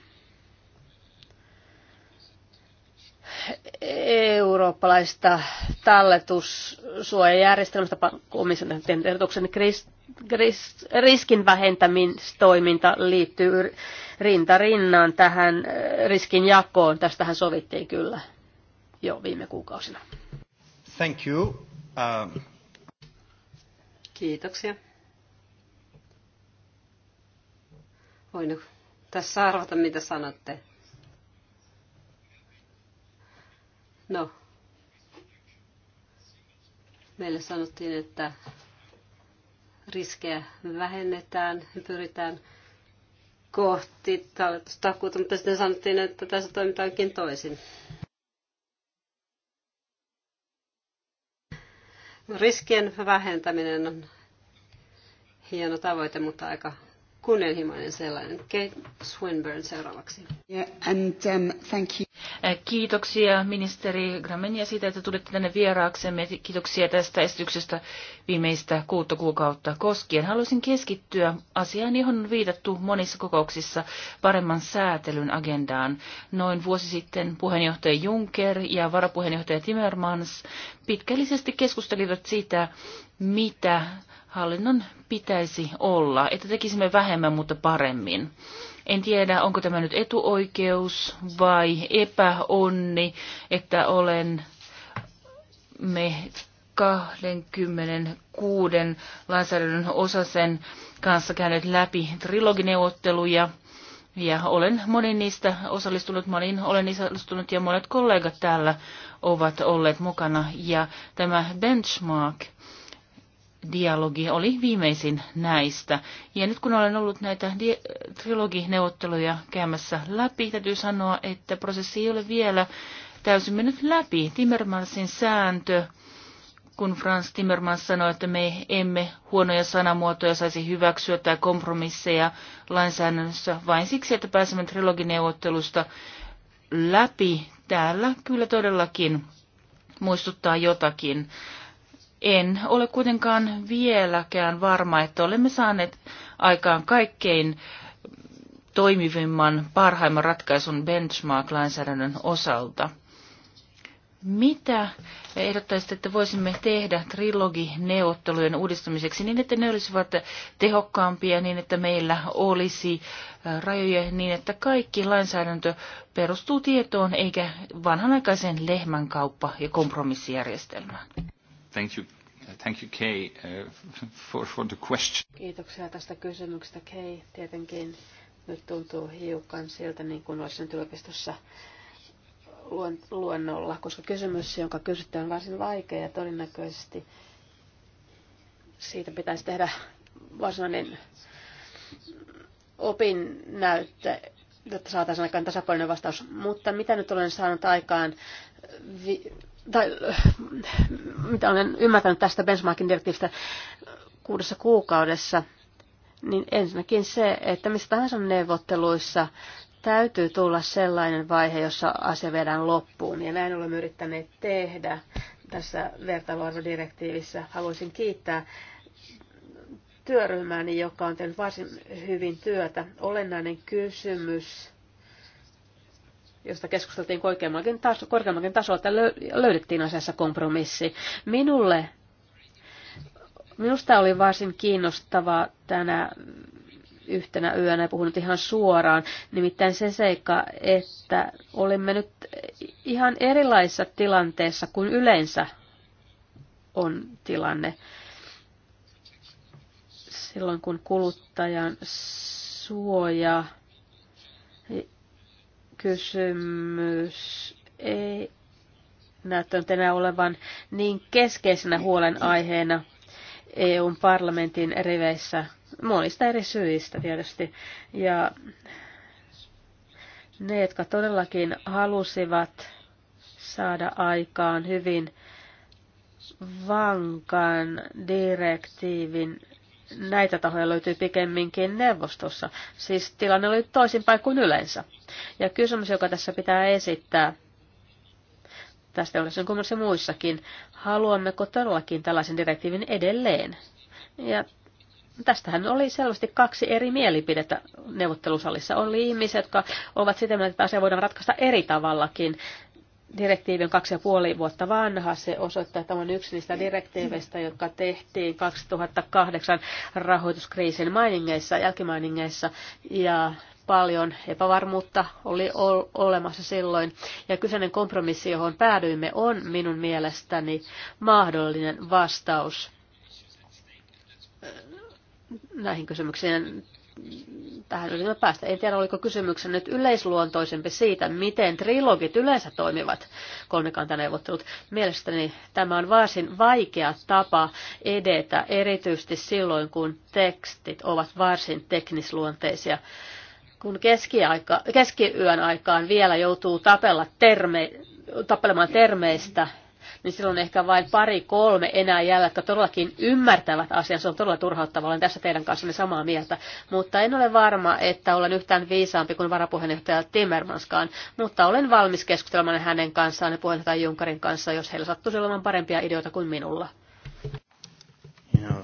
eurooppalaista talletussuojajärjestelmästä komission ehdotuksen riskin vähentämistoiminta liittyy rinta rinnaan tähän äh, riskin jakoon. Tästähän sovittiin kyllä jo viime kuukausina. Thank you. Um... Kiitoksia. Voin tässä arvata, mitä sanotte. No. Meille sanottiin, että riskejä vähennetään ja pyritään kohti takuuta, mutta sitten sanottiin, että tässä toimitaankin toisin. Riskien vähentäminen on hieno tavoite, mutta aika kunnianhimoinen sellainen. Kate Swinburne seuraavaksi. Yeah, and, um, thank you. Eh, kiitoksia ministeri Gramenia siitä, että tulitte tänne vieraaksemme. Kiitoksia tästä esityksestä viimeistä kuutta kuukautta koskien. Haluaisin keskittyä asiaan, johon on viitattu monissa kokouksissa paremman säätelyn agendaan. Noin vuosi sitten puheenjohtaja Juncker ja varapuheenjohtaja Timmermans pitkällisesti keskustelivat siitä, mitä hallinnon pitäisi olla, että tekisimme vähemmän, mutta paremmin. En tiedä, onko tämä nyt etuoikeus vai epäonni, että olen me 26 lainsäädännön osasen kanssa käynyt läpi trilogineuvotteluja. Ja olen monin niistä osallistunut, monin olen osallistunut ja monet kollegat täällä ovat olleet mukana. Ja tämä benchmark – dialogi oli viimeisin näistä. Ja nyt kun olen ollut näitä trilogineuvotteluja käymässä läpi, täytyy sanoa, että prosessi ei ole vielä täysin mennyt läpi. Timmermansin sääntö, kun Franz Timmermans sanoi, että me emme huonoja sanamuotoja saisi hyväksyä tai kompromisseja lainsäädännössä vain siksi, että pääsemme trilogineuvottelusta läpi, täällä kyllä todellakin muistuttaa jotakin. En ole kuitenkaan vieläkään varma, että olemme saaneet aikaan kaikkein toimivimman, parhaimman ratkaisun benchmark-lainsäädännön osalta. Mitä ehdottaisitte, että voisimme tehdä trilogineuvottelujen uudistamiseksi niin, että ne olisivat tehokkaampia, niin että meillä olisi rajoja niin, että kaikki lainsäädäntö perustuu tietoon eikä vanhanaikaiseen lehmänkauppa- ja kompromissijärjestelmään? Thank you. Thank you, Kay, uh, for, for the question. Kiitoksia tästä kysymyksestä, Kay. Tietenkin nyt tuntuu hiukan siltä, niin kuin olisin yliopistossa luennolla, koska kysymys, jonka kysytte, on varsin vaikea ja todennäköisesti siitä pitäisi tehdä varsinainen opinnäyttö, jotta saataisiin aikaan tasapuolinen vastaus. Mutta mitä nyt olen saanut aikaan vi- tai äh, mitä olen ymmärtänyt tästä benchmarkin direktiivistä kuudessa kuukaudessa, niin ensinnäkin se, että mistä tahansa neuvotteluissa täytyy tulla sellainen vaihe, jossa asia viedään loppuun. Ja näin olemme yrittäneet tehdä tässä vertailuarvodirektiivissä. Haluaisin kiittää työryhmääni, joka on tehnyt varsin hyvin työtä. Olennainen kysymys josta keskusteltiin korkeammankin, taso, korkeammankin tasolla, että löydettiin asiassa kompromissi. Minulle, minusta oli varsin kiinnostava tänä yhtenä yönä, puhun nyt ihan suoraan, nimittäin se seikka, että olimme nyt ihan erilaisessa tilanteessa kuin yleensä on tilanne silloin, kun kuluttajan suoja kysymys ei näyttänyt enää olevan niin keskeisenä huolenaiheena EUn parlamentin riveissä monista eri syistä tietysti. Ja ne, jotka todellakin halusivat saada aikaan hyvin vankan direktiivin näitä tahoja löytyy pikemminkin neuvostossa. Siis tilanne oli toisinpäin kuin yleensä. Ja kysymys, joka tässä pitää esittää, tästä olisi kuin muissakin, haluammeko todellakin tällaisen direktiivin edelleen? Ja tästähän oli selvästi kaksi eri mielipidettä neuvottelusalissa. Oli ihmisiä, jotka ovat sitä mieltä, että asia voidaan ratkaista eri tavallakin direktiivi on kaksi ja puoli vuotta vanha. Se osoittaa, että on yksi niistä direktiiveistä, jotka tehtiin 2008 rahoituskriisin mainingeissa, jälkimainingeissa. Ja paljon epävarmuutta oli olemassa silloin. Ja kyseinen kompromissi, johon päädyimme, on minun mielestäni mahdollinen vastaus näihin kysymyksiin tähän ylipäätään päästä. En tiedä, oliko kysymyksen nyt yleisluontoisempi siitä, miten trilogit yleensä toimivat kolmikantaneuvottelut. Mielestäni tämä on varsin vaikea tapa edetä, erityisesti silloin, kun tekstit ovat varsin teknisluonteisia. Kun keskiaika, keskiyön aikaan vielä joutuu tapella terme, tappelemaan termeistä niin silloin ehkä vain pari, kolme enää jäljellä, jotka todellakin ymmärtävät asian. Se on todella turhauttavaa. Olen tässä teidän kanssanne samaa mieltä. Mutta en ole varma, että olen yhtään viisaampi kuin varapuheenjohtaja Timmermanskaan, mutta olen valmis keskustelemaan hänen kanssaan ja puheenjohtaja Junkarin kanssa, jos heillä sattuisi olemaan parempia ideoita kuin minulla. You know,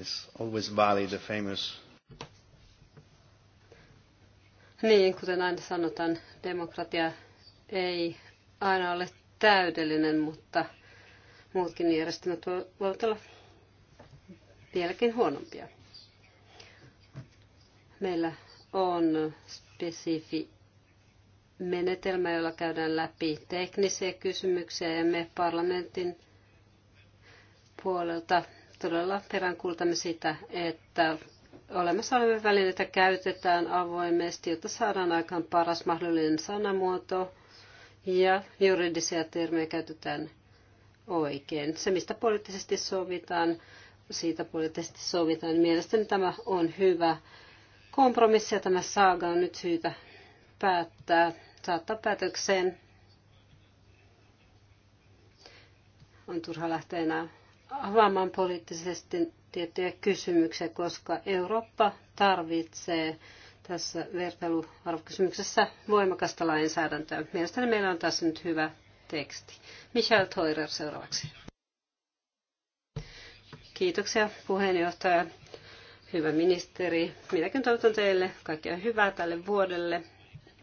it's always Bali, the famous niin, kuten aina sanotaan, demokratia ei aina ole täydellinen, mutta muutkin järjestelmät voivat olla vieläkin huonompia. Meillä on spesifi menetelmä, jolla käydään läpi teknisiä kysymyksiä ja me parlamentin puolelta todella peräänkuultamme sitä, että olemassa olevia välineitä käytetään avoimesti, jotta saadaan aikaan paras mahdollinen sanamuoto – ja juridisia termejä käytetään oikein. Se, mistä poliittisesti sovitaan, siitä poliittisesti sovitaan. Mielestäni tämä on hyvä kompromissi ja tämä saaga on nyt syytä päättää, saattaa päätökseen. On turha lähteä enää avaamaan poliittisesti tiettyjä kysymyksiä, koska Eurooppa tarvitsee tässä vertailuarvokysymyksessä voimakasta lainsäädäntöä. Mielestäni meillä on tässä nyt hyvä teksti. Michel Toirer seuraavaksi. Kiitoksia puheenjohtaja. Hyvä ministeri, minäkin toivotan teille kaikkea hyvää tälle vuodelle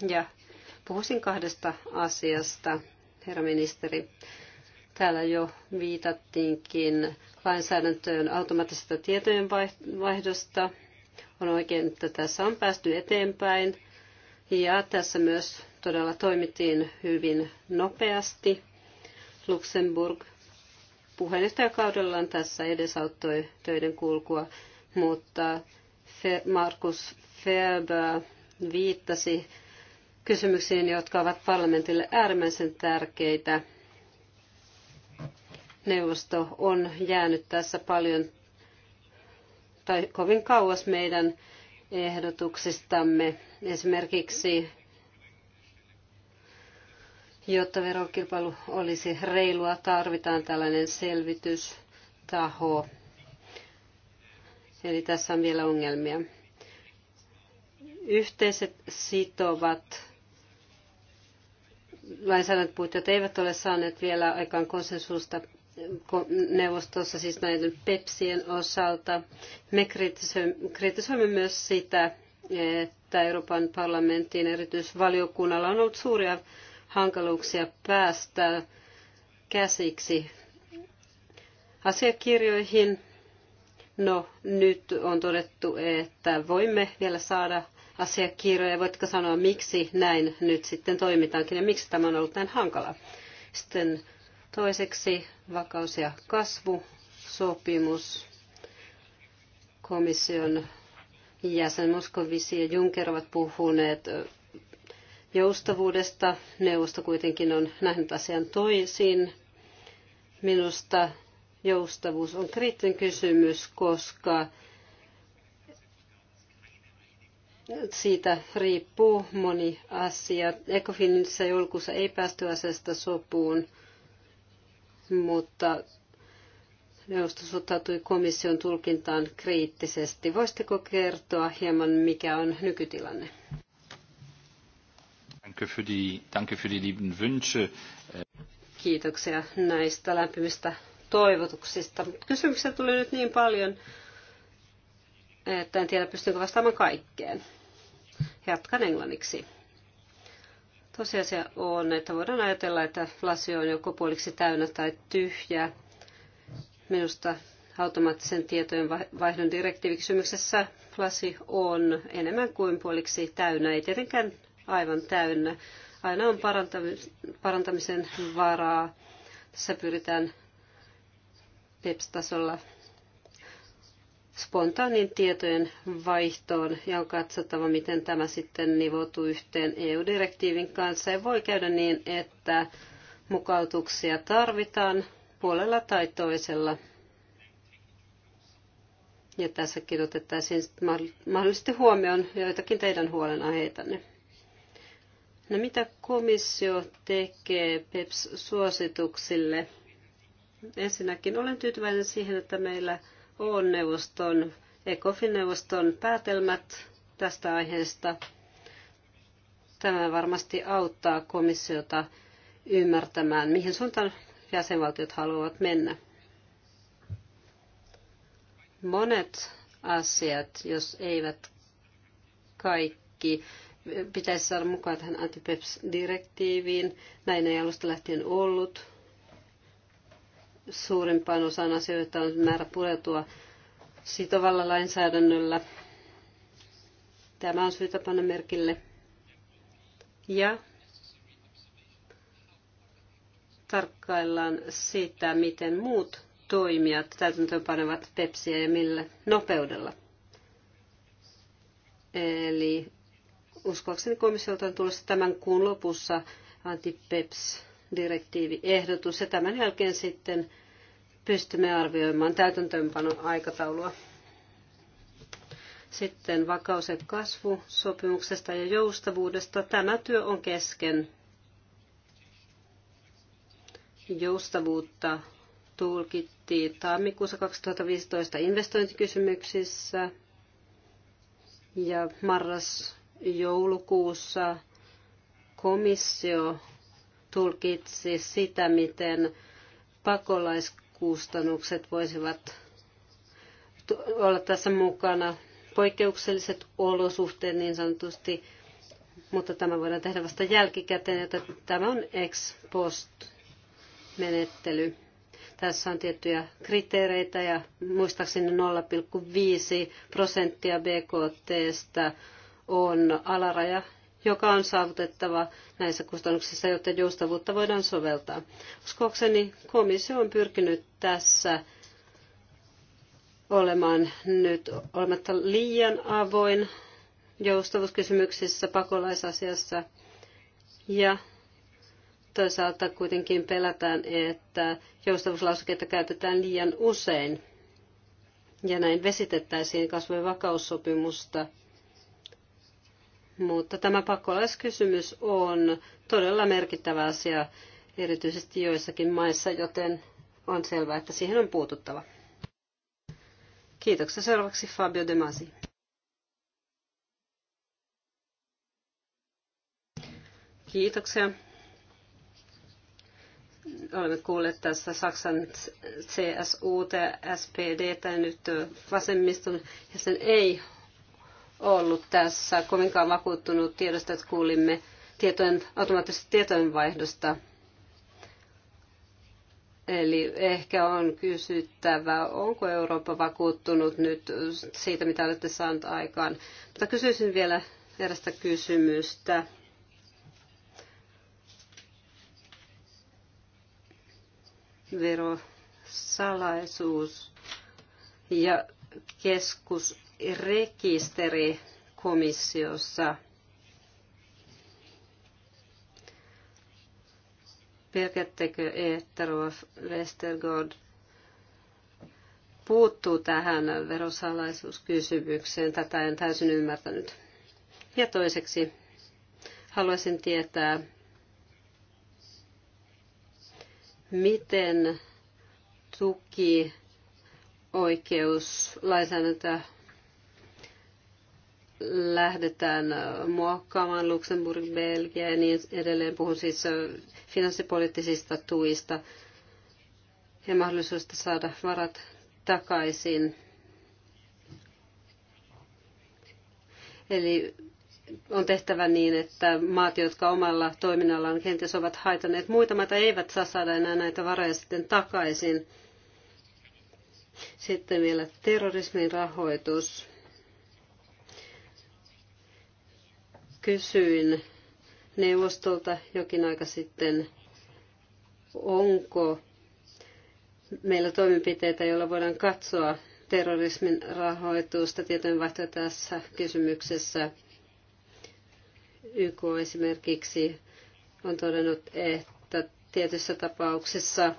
ja puhuisin kahdesta asiasta, herra ministeri. Täällä jo viitattiinkin lainsäädäntöön automaattisesta vaihdosta. On oikein, että tässä on päästy eteenpäin ja tässä myös todella toimittiin hyvin nopeasti. Luxemburg puheenjohtajakaudellaan tässä edesauttoi töiden kulkua, mutta Markus Ferber viittasi kysymyksiin, jotka ovat parlamentille äärimmäisen tärkeitä. Neuvosto on jäänyt tässä paljon tai kovin kauas meidän ehdotuksistamme. Esimerkiksi, jotta verokilpailu olisi reilua, tarvitaan tällainen selvitystaho. Eli tässä on vielä ongelmia. Yhteiset sitovat lainsäädäntöpuitteet eivät ole saaneet vielä aikaan konsensusta neuvostossa, siis näiden PEPSien osalta. Me kritisoimme myös sitä, että Euroopan parlamentin erityisvaliokunnalla on ollut suuria hankaluuksia päästä käsiksi asiakirjoihin. No, nyt on todettu, että voimme vielä saada asiakirjoja. Voitko sanoa, miksi näin nyt sitten toimitaankin ja miksi tämä on ollut näin hankala? Sitten Toiseksi vakaus- ja kasvusopimus. Komission jäsen Moskovisi ja Juncker ovat puhuneet joustavuudesta. Neuvosto kuitenkin on nähnyt asian toisin. Minusta joustavuus on kriittinen kysymys, koska siitä riippuu moni asia. Ecofinissä joulukuussa ei päästy asiasta sopuun mutta neuvosto suhtautui komission tulkintaan kriittisesti. Voisitteko kertoa hieman, mikä on nykytilanne? Kiitoksia näistä lämpimistä toivotuksista. Kysymyksiä tuli nyt niin paljon, että en tiedä pystynkö vastaamaan kaikkeen. Jatkan englanniksi. Tosiasia on, että voidaan ajatella, että lasi on joko puoliksi täynnä tai tyhjä. Minusta automaattisen tietojen vaihdon direktiivikysymyksessä lasi on enemmän kuin puoliksi täynnä, ei tietenkään aivan täynnä. Aina on parantamisen varaa. Tässä pyritään PEPS-tasolla spontaanin tietojen vaihtoon ja on katsottava, miten tämä sitten nivoutuu yhteen EU-direktiivin kanssa. Ja voi käydä niin, että mukautuksia tarvitaan puolella tai toisella. Ja tässäkin kirjoitettaisiin mahdollisesti huomioon joitakin teidän huolenaiheitanne. No mitä komissio tekee PEPS-suosituksille? Ensinnäkin olen tyytyväinen siihen, että meillä – ON-neuvoston, ECOFIN-neuvoston päätelmät tästä aiheesta. Tämä varmasti auttaa komissiota ymmärtämään, mihin suuntaan jäsenvaltiot haluavat mennä. Monet asiat, jos eivät kaikki, pitäisi saada mukaan tähän antipeps-direktiiviin. Näin ei alusta lähtien ollut suurimpaan osaan asioita on määrä pureutua sitovalla lainsäädännöllä. Tämä on syytä panna merkille. Ja tarkkaillaan sitä, miten muut toimijat täytäntöönpanevat pepsiä ja millä nopeudella. Eli uskoakseni komissiolta on tulossa tämän kuun lopussa anti-PEPS direktiiviehdotus ja tämän jälkeen sitten pystymme arvioimaan täytäntöönpanon aikataulua. Sitten vakaus- ja kasvusopimuksesta ja joustavuudesta. Tämä työ on kesken. Joustavuutta tulkittiin tammikuussa 2015 investointikysymyksissä ja marras-joulukuussa komissio tulkitsi sitä, miten pakolaiskustannukset voisivat olla tässä mukana. Poikkeukselliset olosuhteet niin sanotusti, mutta tämä voidaan tehdä vasta jälkikäteen, että tämä on ex post menettely. Tässä on tiettyjä kriteereitä ja muistaakseni 0,5 prosenttia BKTstä on alaraja, joka on saavutettava näissä kustannuksissa, jotta joustavuutta voidaan soveltaa. Uskokseni komissio on pyrkinyt tässä olemaan nyt olematta liian avoin joustavuuskysymyksissä pakolaisasiassa ja toisaalta kuitenkin pelätään, että joustavuuslausekkeita käytetään liian usein ja näin vesitettäisiin kasvu- ja vakaussopimusta – mutta tämä pakolaiskysymys on todella merkittävä asia, erityisesti joissakin maissa, joten on selvää, että siihen on puututtava. Kiitoksia seuraavaksi Fabio De Masi. Kiitoksia. Olemme kuulleet tässä Saksan CSU, SPD tai nyt vasemmiston ja sen ei ollut tässä kovinkaan vakuuttunut tiedosta, että kuulimme tietojen, automaattisesta tietojenvaihdosta. Eli ehkä on kysyttävä, onko Eurooppa vakuuttunut nyt siitä, mitä olette saaneet aikaan. Mutta kysyisin vielä erästä kysymystä. Verosalaisuus ja keskus rekisteri komissiossa. Pelkättekö, että Rolf Westergaard puuttuu tähän verosalaisuuskysymykseen? Tätä en täysin ymmärtänyt. Ja toiseksi haluaisin tietää, miten tuki oikeuslainsäädäntö lähdetään äh, muokkaamaan Luxemburg, Belgia ja niin edelleen. Puhun siis äh, finanssipoliittisista tuista ja mahdollisuudesta saada varat takaisin. Eli on tehtävä niin, että maat, jotka omalla toiminnallaan kenties ovat haitaneet muita maita, eivät saa saada enää näitä varoja sitten takaisin. Sitten vielä terrorismin rahoitus. kysyin neuvostolta jokin aika sitten, onko meillä toimenpiteitä, joilla voidaan katsoa terrorismin rahoitusta, tietojenvaihtoa tässä kysymyksessä. YK esimerkiksi on todennut, että tietyissä tapauksissa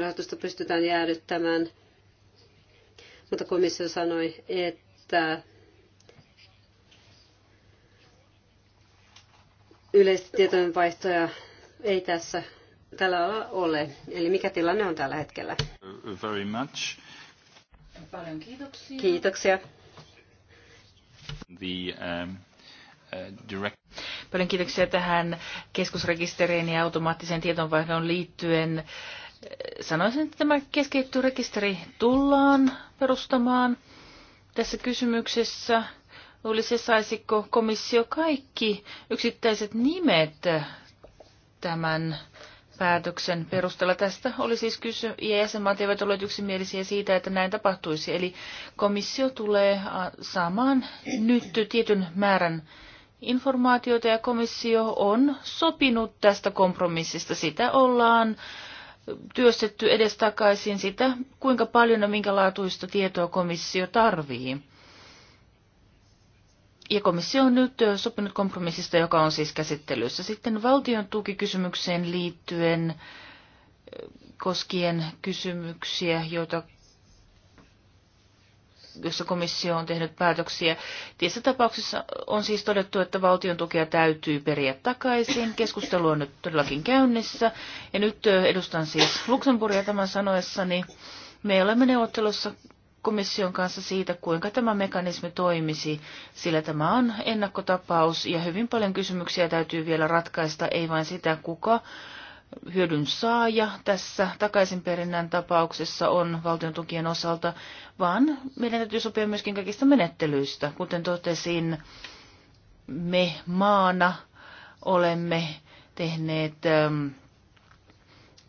rahoitusta pystytään jäädyttämään, mutta komissio sanoi, että yleistä tietojenvaihtoja ei tässä tällä alalla ole. Eli mikä tilanne on tällä hetkellä? Very much. Paljon kiitoksia. Kiitoksia. The, um, uh, direct... Paljon kiitoksia tähän keskusrekisteriin ja automaattiseen tietonvaihdon liittyen. Sanoisin, että tämä keskeytty rekisteri tullaan perustamaan tässä kysymyksessä luulisi, saisiko komissio kaikki yksittäiset nimet tämän päätöksen perusteella. Tästä oli siis kysy, ja jäsenmaat eivät olleet yksimielisiä siitä, että näin tapahtuisi. Eli komissio tulee saamaan nyt tietyn määrän informaatiota, ja komissio on sopinut tästä kompromissista. Sitä ollaan työstetty edestakaisin sitä, kuinka paljon ja minkälaatuista tietoa komissio tarvii. Ja komissio on nyt sopinut kompromissista, joka on siis käsittelyssä. Sitten valtion tukikysymykseen liittyen koskien kysymyksiä, joita jossa komissio on tehnyt päätöksiä. Tässä tapauksissa on siis todettu, että valtion tukea täytyy periä takaisin. Keskustelu on nyt todellakin käynnissä. Ja nyt edustan siis Luxemburgia tämän sanoessani. Me olemme neuvottelussa komission kanssa siitä, kuinka tämä mekanismi toimisi, sillä tämä on ennakkotapaus ja hyvin paljon kysymyksiä täytyy vielä ratkaista, ei vain sitä, kuka hyödyn saaja tässä takaisinperinnän tapauksessa on valtion tukien osalta, vaan meidän täytyy sopia myöskin kaikista menettelyistä. Kuten totesin, me maana olemme tehneet ähm,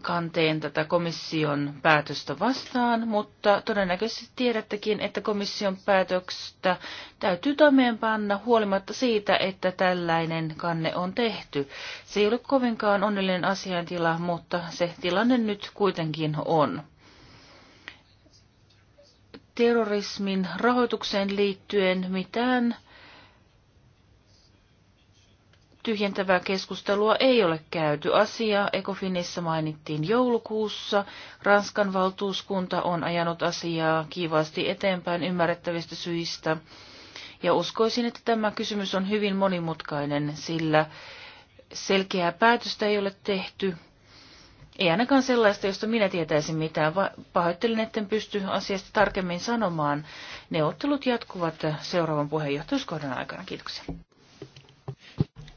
kanteen tätä komission päätöstä vastaan, mutta todennäköisesti tiedättekin, että komission päätöstä täytyy toimeenpanna huolimatta siitä, että tällainen kanne on tehty. Se ei ole kovinkaan onnellinen asiantila, mutta se tilanne nyt kuitenkin on. Terrorismin rahoitukseen liittyen mitään tyhjentävää keskustelua ei ole käyty. Asia Ekofinissa mainittiin joulukuussa. Ranskan valtuuskunta on ajanut asiaa kiivaasti eteenpäin ymmärrettävistä syistä. Ja uskoisin, että tämä kysymys on hyvin monimutkainen, sillä selkeää päätöstä ei ole tehty. Ei ainakaan sellaista, josta minä tietäisin mitään. Pahoittelen, etten pysty asiasta tarkemmin sanomaan. Neuvottelut jatkuvat seuraavan puheenjohtajuuskohdan aikana. Kiitoksia.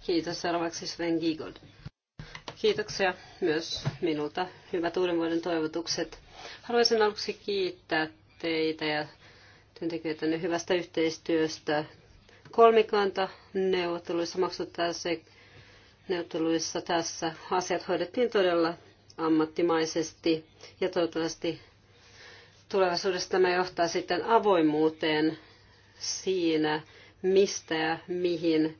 Kiitos seuraavaksi Sven Giegold. Kiitoksia myös minulta. Hyvät uuden vuoden toivotukset. Haluaisin aluksi kiittää teitä ja työntekijöitä hyvästä yhteistyöstä. Kolmikanta neuvotteluissa maksuttaa se neuvotteluissa tässä asiat hoidettiin todella ammattimaisesti ja toivottavasti tulevaisuudessa tämä johtaa sitten avoimuuteen siinä, mistä ja mihin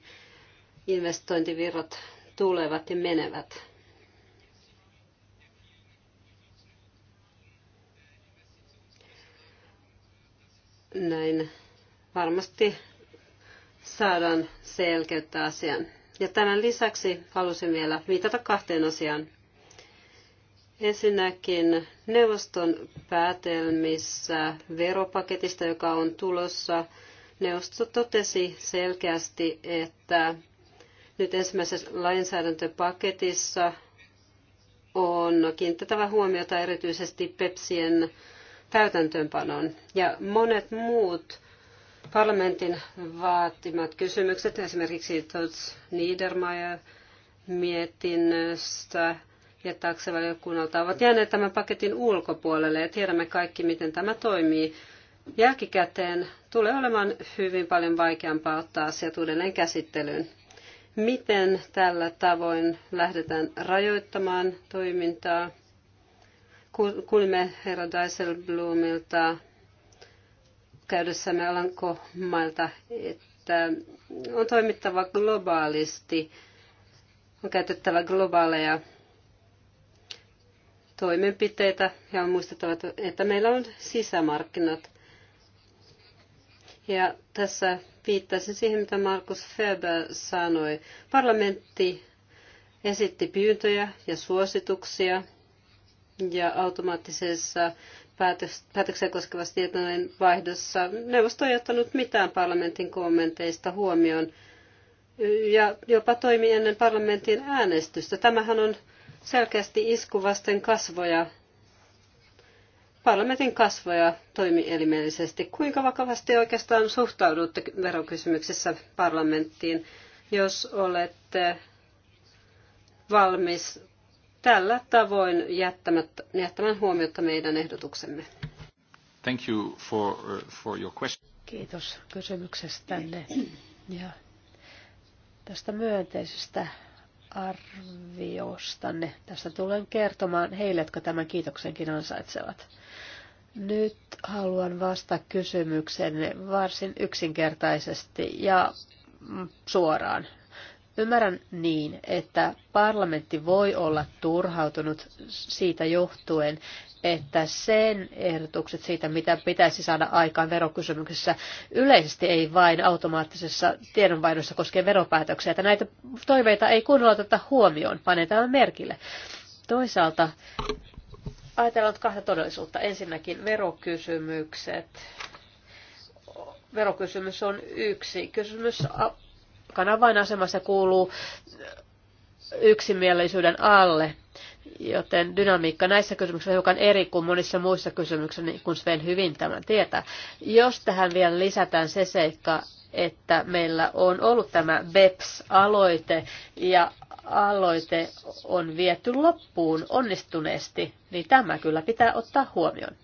investointivirrat tulevat ja menevät. Näin varmasti saadaan selkeyttä asiaan. Ja tämän lisäksi halusin vielä viitata kahteen asiaan. Ensinnäkin neuvoston päätelmissä veropaketista, joka on tulossa, neuvosto totesi selkeästi, että nyt ensimmäisessä lainsäädäntöpaketissa on kiinnitettävä huomiota erityisesti Pepsien täytäntöönpanoon. Ja monet muut parlamentin vaatimat kysymykset, esimerkiksi Tots Niedermayer mietinnöstä ja taksevaliokunnalta, ovat jääneet tämän paketin ulkopuolelle ja tiedämme kaikki, miten tämä toimii. Jälkikäteen tulee olemaan hyvin paljon vaikeampaa ottaa asiat uudelleen käsittelyyn miten tällä tavoin lähdetään rajoittamaan toimintaa. Kuulimme herra Dijsselbloomilta käydessämme Alankomailta, että on toimittava globaalisti, on käytettävä globaaleja toimenpiteitä ja on muistettava, että meillä on sisämarkkinat. Ja tässä viittasin siihen, mitä Markus Ferber sanoi. Parlamentti esitti pyyntöjä ja suosituksia ja automaattisessa päätöksiä koskevassa tietojen vaihdossa neuvosto ei ottanut mitään parlamentin kommenteista huomioon ja jopa toimi ennen parlamentin äänestystä. Tämähän on selkeästi isku vasten kasvoja parlamentin kasvoja toimielimellisesti. Kuinka vakavasti oikeastaan suhtaudutte verokysymyksessä parlamenttiin, jos olette valmis tällä tavoin jättämään huomiota meidän ehdotuksemme? Thank you for, uh, for your question. Kiitos kysymyksestänne ja tästä myönteisestä arviostanne. Tästä tulen kertomaan heille, jotka tämän kiitoksenkin ansaitsevat. Nyt haluan vastata kysymyksenne varsin yksinkertaisesti ja suoraan. Ymmärrän niin, että parlamentti voi olla turhautunut siitä johtuen, että sen ehdotukset siitä, mitä pitäisi saada aikaan verokysymyksessä, yleisesti ei vain automaattisessa tiedonvaihdossa koskee veropäätöksiä, että näitä toiveita ei kunnolla oteta huomioon, panetaan merkille. Toisaalta ajatellaan kahta todellisuutta. Ensinnäkin verokysymykset. Verokysymys on yksi. Kysymys kanavainasemassa kuuluu yksimielisyyden alle. Joten dynamiikka näissä kysymyksissä on hiukan eri kuin monissa muissa kysymyksissä, niin kun Sven hyvin tämän tietää. Jos tähän vielä lisätään se seikka, että meillä on ollut tämä BEPS-aloite ja aloite on viety loppuun onnistuneesti, niin tämä kyllä pitää ottaa huomioon.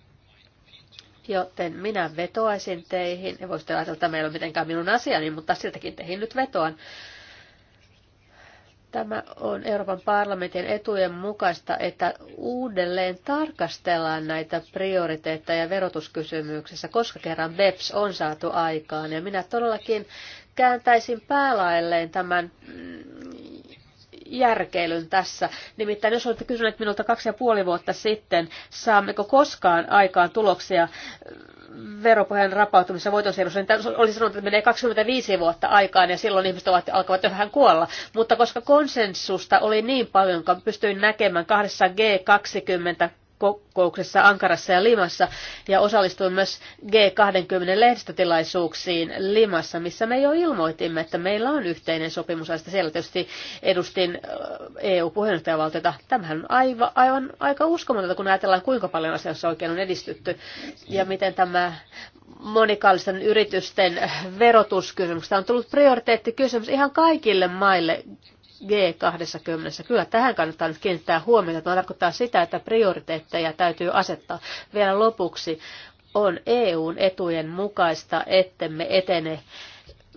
Joten minä vetoaisin teihin, ja voisitte ajatella, että meillä on mitenkään minun asiani, mutta siltäkin teihin nyt vetoan. Tämä on Euroopan parlamentin etujen mukaista, että uudelleen tarkastellaan näitä prioriteetteja verotuskysymyksessä koska kerran BEPS on saatu aikaan. Ja minä todellakin kääntäisin päälailleen tämän mm, järkeilyn tässä. Nimittäin jos olette kysyneet minulta kaksi ja puoli vuotta sitten, saammeko koskaan aikaan tuloksia veropohjan rapautumisessa voitonsiirrossa, niin olisi sanottu, että menee 25 vuotta aikaan ja silloin ihmiset ovat, alkavat jo vähän kuolla. Mutta koska konsensusta oli niin paljon, kun pystyin näkemään kahdessa G20 kokouksessa Ankarassa ja Limassa ja osallistuin myös G20 lehdistötilaisuuksiin Limassa, missä me jo ilmoitimme, että meillä on yhteinen sopimus. Ja siellä tietysti edustin EU-puheenjohtajavaltiota. Tämähän on aivan, aivan aika uskomatonta, kun ajatellaan, kuinka paljon asiassa oikein on edistytty ja miten tämä monikaalisten yritysten verotuskysymyksestä on tullut prioriteettikysymys ihan kaikille maille G20. Kyllä tähän kannattaa nyt kiinnittää huomiota. Tämä tarkoittaa sitä, että prioriteetteja täytyy asettaa. Vielä lopuksi on EUn etujen mukaista, ettemme etene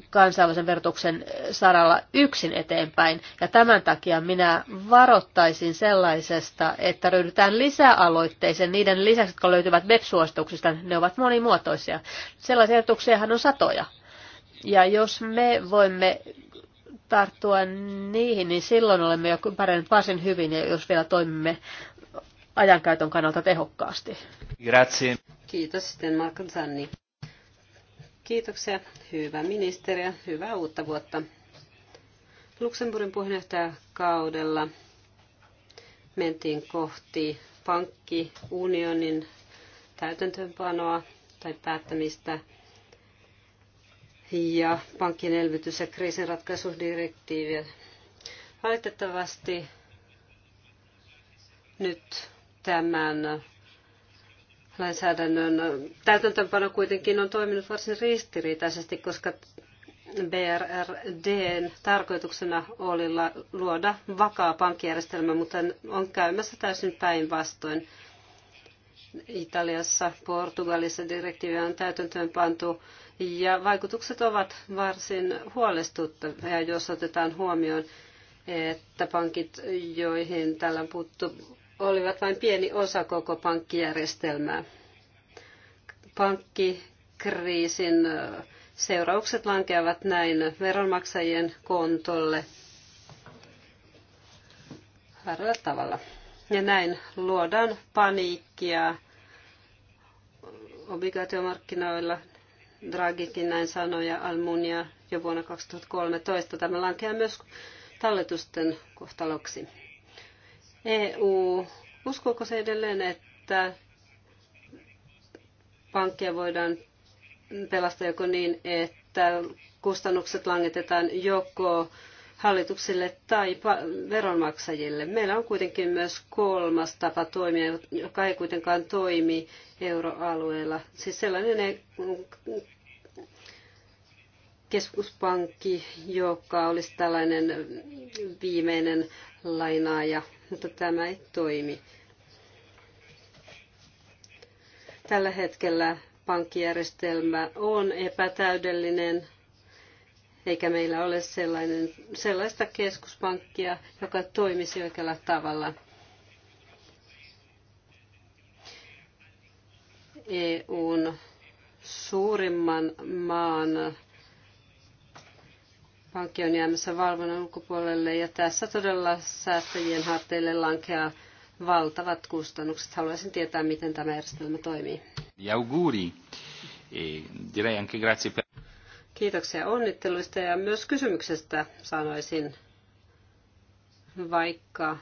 kansainvälisen verotuksen saralla yksin eteenpäin. Ja tämän takia minä varoittaisin sellaisesta, että ryhdytään lisäaloitteeseen niiden lisäksi, jotka löytyvät web-suosituksista. Ne ovat monimuotoisia. Sellaisia ehdotuksiahan on satoja. Ja jos me voimme tarttua niihin, niin silloin olemme jo pärjänneet varsin hyvin, jos vielä toimimme ajankäytön kannalta tehokkaasti. Grazie. Kiitos sitten Malcolm Sanni. Kiitoksia, hyvä ministeri ja hyvää uutta vuotta. Luxemburgin puheenjohtajakaudella mentiin kohti pankkiunionin täytäntöönpanoa tai päättämistä – ja pankin elvytys- ja kriisinratkaisudirektiiviä. Valitettavasti nyt tämän lainsäädännön täytäntöönpano kuitenkin on toiminut varsin ristiriitaisesti, koska BRRDn tarkoituksena oli luoda vakaa pankkijärjestelmä, mutta on käymässä täysin päinvastoin. Italiassa, Portugalissa direktiivi on täytäntöön pantu ja vaikutukset ovat varsin huolestuttavia, jos otetaan huomioon, että pankit, joihin tällä puuttu, olivat vain pieni osa koko pankkijärjestelmää. Pankkikriisin seuraukset lankeavat näin veronmaksajien kontolle harvalla tavalla. Ja näin luodaan paniikkia obligaatiomarkkinoilla. Dragikin näin sanoi ja Almunia jo vuonna 2013. Tämä lankeaa myös talletusten kohtaloksi. EU, uskooko se edelleen, että pankkia voidaan pelastaa joko niin, että kustannukset langetetaan joko hallituksille tai veronmaksajille. Meillä on kuitenkin myös kolmas tapa toimia, joka ei kuitenkaan toimi euroalueella. Siis sellainen keskuspankki, joka olisi tällainen viimeinen lainaaja, mutta tämä ei toimi. Tällä hetkellä pankkijärjestelmä on epätäydellinen, eikä meillä ole sellainen, sellaista keskuspankkia, joka toimisi oikealla tavalla. EUn suurimman maan pankki on jäämässä valvonnan ulkopuolelle ja tässä todella säästäjien harteille lankeaa valtavat kustannukset. Haluaisin tietää, miten tämä järjestelmä toimii. Ja auguri. E direi anche grazie per... Kiitoksia onnitteluista ja myös kysymyksestä sanoisin, vaikka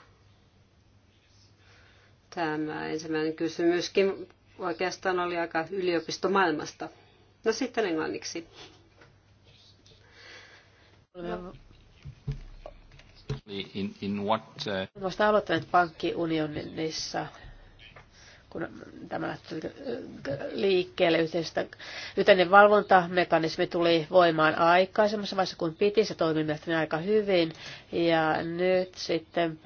tämä ensimmäinen kysymyskin oikeastaan oli aika yliopistomaailmasta. No sitten englanniksi. No. In, in what, uh... Vasta aloittanut pankkiunionissa kun tämä lähti liikkeelle yhteistä, Yhteinen valvontamekanismi tuli voimaan aikaisemmassa vaiheessa kuin piti, se toimi mielestäni aika hyvin. Ja nyt sitten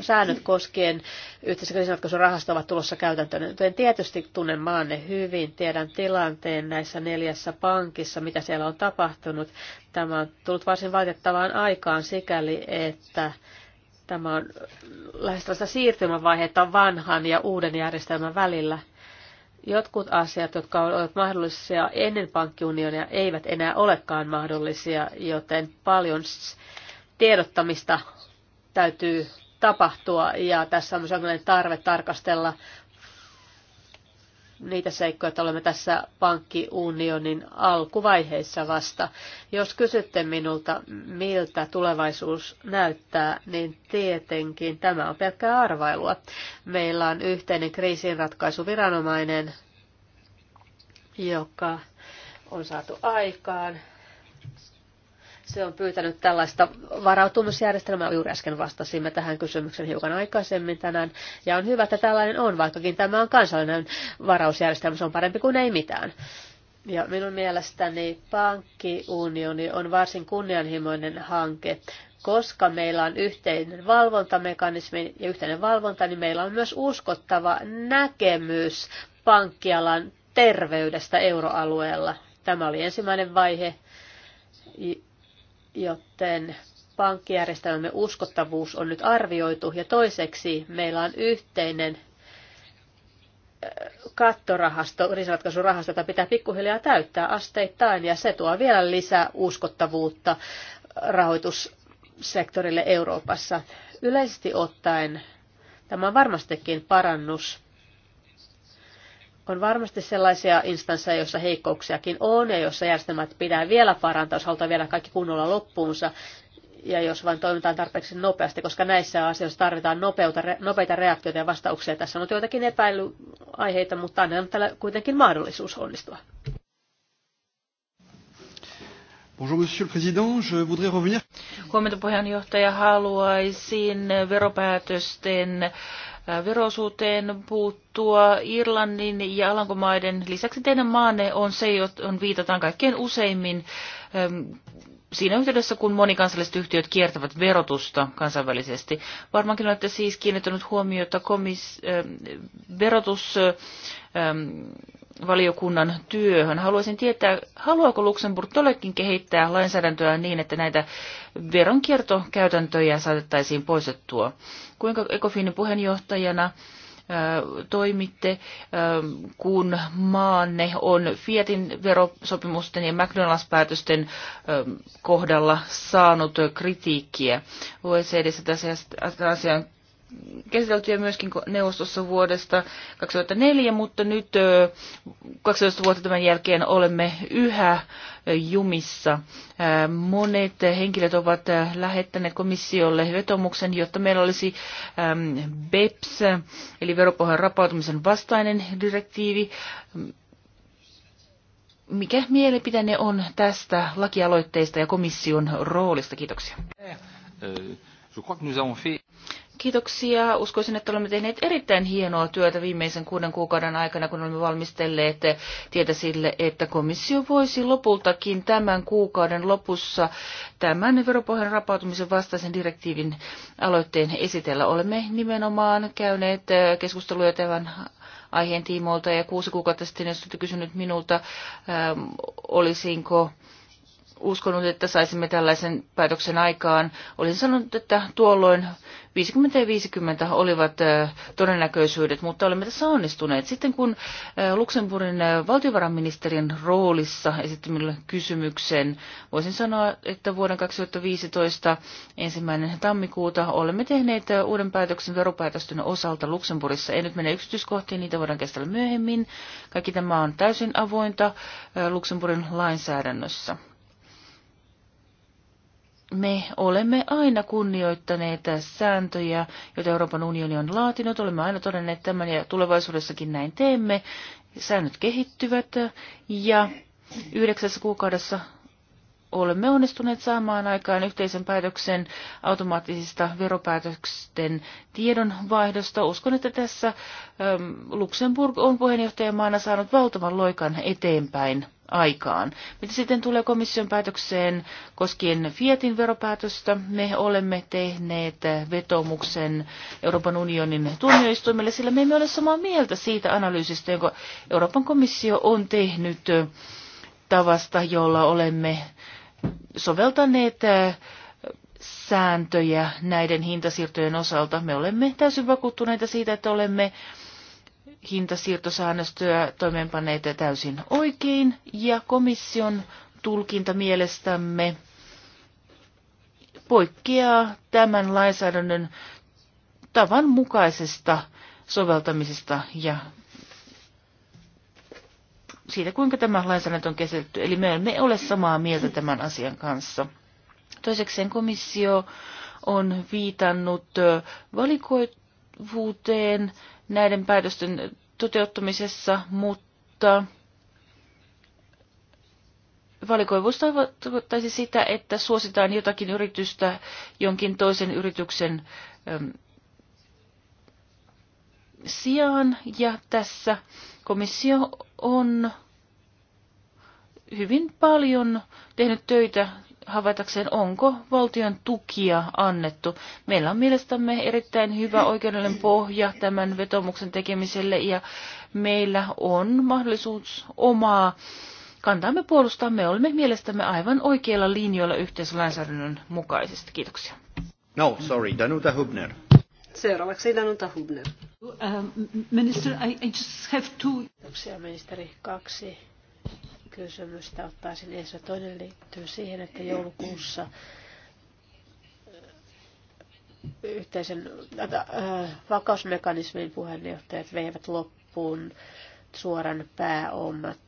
säännöt koskien yhteisen kriisinratkaisurahasta ovat tulossa käytäntöön. En tietysti tunnen maanne hyvin, tiedän tilanteen näissä neljässä pankissa, mitä siellä on tapahtunut. Tämä on tullut varsin valitettavaan aikaan sikäli, että Tämä on lähes tällaista siirtymävaihetta vanhan ja uuden järjestelmän välillä. Jotkut asiat, jotka ovat mahdollisia ennen pankkiunionia, eivät enää olekaan mahdollisia, joten paljon tiedottamista täytyy tapahtua ja tässä on myös tarve tarkastella niitä seikkoja, että olemme tässä pankkiunionin alkuvaiheessa vasta. Jos kysytte minulta, miltä tulevaisuus näyttää, niin tietenkin tämä on pelkkää arvailua. Meillä on yhteinen kriisinratkaisuviranomainen, joka on saatu aikaan se on pyytänyt tällaista varautumisjärjestelmää. Juuri äsken vastasimme tähän kysymykseen hiukan aikaisemmin tänään. Ja on hyvä, että tällainen on, vaikkakin tämä on kansallinen varausjärjestelmä. Se on parempi kuin ei mitään. Ja minun mielestäni pankkiunioni on varsin kunnianhimoinen hanke, koska meillä on yhteinen valvontamekanismi ja yhteinen valvonta, niin meillä on myös uskottava näkemys pankkialan terveydestä euroalueella. Tämä oli ensimmäinen vaihe, joten pankkijärjestelmämme uskottavuus on nyt arvioitu ja toiseksi meillä on yhteinen äh, kattorahasto, riskiratkaisurahasto, jota pitää pikkuhiljaa täyttää asteittain ja se tuo vielä lisää uskottavuutta rahoitussektorille Euroopassa. Yleisesti ottaen tämä on varmastikin parannus on varmasti sellaisia instansseja, joissa heikkouksiakin on ja joissa järjestelmät pitää vielä parantaa, jos halutaan vielä kaikki kunnolla loppuunsa ja jos vain toimitaan tarpeeksi nopeasti, koska näissä asioissa tarvitaan nopeuta, nopeita reaktioita ja vastauksia. Tässä on joitakin epäilyaiheita, mutta annetaan tällä kuitenkin mahdollisuus onnistua. Bonjour Monsieur le Président, je voudrais revenir. Huomenta puheenjohtaja, haluaisin veropäätösten verosuuteen puuttua. Irlannin ja Alankomaiden lisäksi teidän maanne on se, on viitataan kaikkein useimmin ähm, siinä yhteydessä, kun monikansalliset yhtiöt kiertävät verotusta kansainvälisesti. Varmaankin olette siis kiinnittänyt huomiota komis, ähm, verotus, ähm, valiokunnan työhön. Haluaisin tietää, haluaako Luxemburg tollekin kehittää lainsäädäntöä niin, että näitä veronkiertokäytäntöjä saatettaisiin poistettua? Kuinka ECOFIN puheenjohtajana toimitte, kun maanne on Fiatin verosopimusten ja McDonald's-päätösten kohdalla saanut kritiikkiä. OECD tässä asia on käsiteltyjä myöskin neuvostossa vuodesta 2004, mutta nyt 12 vuotta tämän jälkeen olemme yhä jumissa. Monet henkilöt ovat lähettäneet komissiolle vetomuksen, jotta meillä olisi BEPS, eli veropohjan rapautumisen vastainen direktiivi. Mikä mielipiteenne on tästä lakialoitteesta ja komission roolista? Kiitoksia. Je crois que nous avons fait... Kiitoksia. Uskoisin, että olemme tehneet erittäin hienoa työtä viimeisen kuuden kuukauden aikana, kun olemme valmistelleet tietä sille, että komissio voisi lopultakin tämän kuukauden lopussa tämän veropohjan rapautumisen vastaisen direktiivin aloitteen esitellä. Olemme nimenomaan käyneet äh, keskusteluja tämän aiheen tiimoilta ja kuusi kuukautta sitten, jos olette kysynyt minulta, ähm, olisinko uskonut, että saisimme tällaisen päätöksen aikaan. olin sanonut, että tuolloin 50 ja 50 olivat todennäköisyydet, mutta olemme tässä onnistuneet. Sitten kun Luxemburgin valtiovarainministerin roolissa esittämillä kysymyksen, voisin sanoa, että vuoden 2015 ensimmäinen tammikuuta olemme tehneet uuden päätöksen veropäätösten osalta Luxemburgissa. ei nyt mene yksityiskohtiin, niitä voidaan kestellä myöhemmin. Kaikki tämä on täysin avointa Luxemburgin lainsäädännössä me olemme aina kunnioittaneet sääntöjä, joita Euroopan unioni on laatinut. Olemme aina todenneet tämän ja tulevaisuudessakin näin teemme. Säännöt kehittyvät ja yhdeksässä kuukaudessa olemme onnistuneet saamaan aikaan yhteisen päätöksen automaattisista veropäätösten tiedonvaihdosta. Uskon, että tässä ähm, Luxemburg on puheenjohtajamaana saanut valtavan loikan eteenpäin aikaan. Mitä sitten tulee komission päätökseen koskien Fietin veropäätöstä? Me olemme tehneet vetomuksen Euroopan unionin tuomioistuimelle, sillä me emme ole samaa mieltä siitä analyysistä, jonka Euroopan komissio on tehnyt tavasta, jolla olemme soveltaneet eh, sääntöjä näiden hintasiirtojen osalta. Me olemme täysin vakuuttuneita siitä, että olemme hintasiirtosäännöstöä toimeenpaneet täysin oikein ja komission tulkinta mielestämme poikkeaa tämän lainsäädännön tavan mukaisesta soveltamisesta ja siitä, kuinka tämä lainsäädäntö on käsitelty. Eli me emme ole samaa mieltä tämän asian kanssa. Toisekseen komissio on viitannut valikoivuuteen näiden päätösten toteuttamisessa, mutta valikoivuus tarkoittaisi sitä, että suositaan jotakin yritystä jonkin toisen yrityksen sijaan, ja tässä komissio on hyvin paljon tehnyt töitä havaitakseen, onko valtion tukia annettu. Meillä on mielestämme erittäin hyvä oikeudellinen pohja tämän vetomuksen tekemiselle ja meillä on mahdollisuus omaa kantaamme puolustaa. Me olemme mielestämme aivan oikeilla linjoilla yhteislainsäädännön mukaisesti. Kiitoksia. No, sorry, Danuta Hubner. Seuraavaksi Danuta Hubner. Ähm, minister, I, I just have two... Kiitoksia ministeri. Kaksi kysymystä ottaisin esille. Toinen liittyy siihen, että joulukuussa äh, yhteisen äh, vakausmekanismin puheenjohtajat veivät loppuun suoran pääomat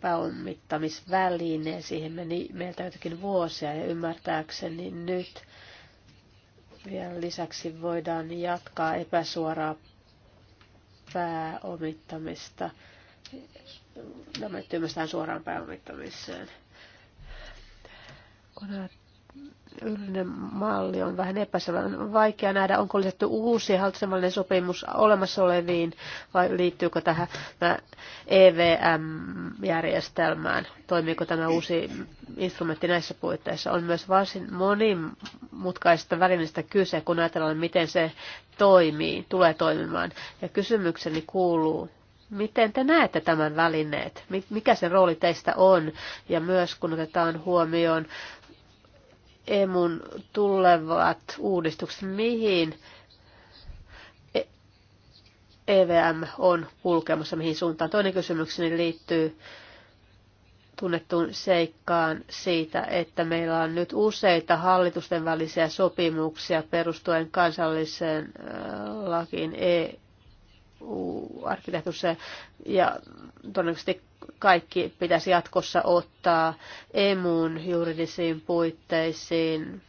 pääomittamisvälineen. Siihen meni meiltä jotakin vuosia ja ymmärtääkseni nyt vielä lisäksi voidaan jatkaa epäsuoraa pääomittamista. No, me suoraan pääomittamiseen. Kun yleinen malli on vähän epäselvä. On vaikea nähdä, onko lisätty uusi hallitsemallinen sopimus olemassa oleviin vai liittyykö tähän EVM-järjestelmään. Toimiiko tämä uusi instrumentti näissä puitteissa? On myös varsin monimutkaisesta välineestä kyse, kun ajatellaan, miten se toimii, tulee toimimaan. Ja kysymykseni kuuluu, miten te näette tämän välineet? Mikä se rooli teistä on? Ja myös kun otetaan huomioon emun tulevat uudistukset, mihin EVM e on kulkemassa, mihin suuntaan. Toinen kysymykseni liittyy tunnettuun seikkaan siitä, että meillä on nyt useita hallitusten välisiä sopimuksia perustuen kansalliseen äh, lakiin. E- arkkitehtuurissa ja todennäköisesti kaikki pitäisi jatkossa ottaa emun juridisiin puitteisiin.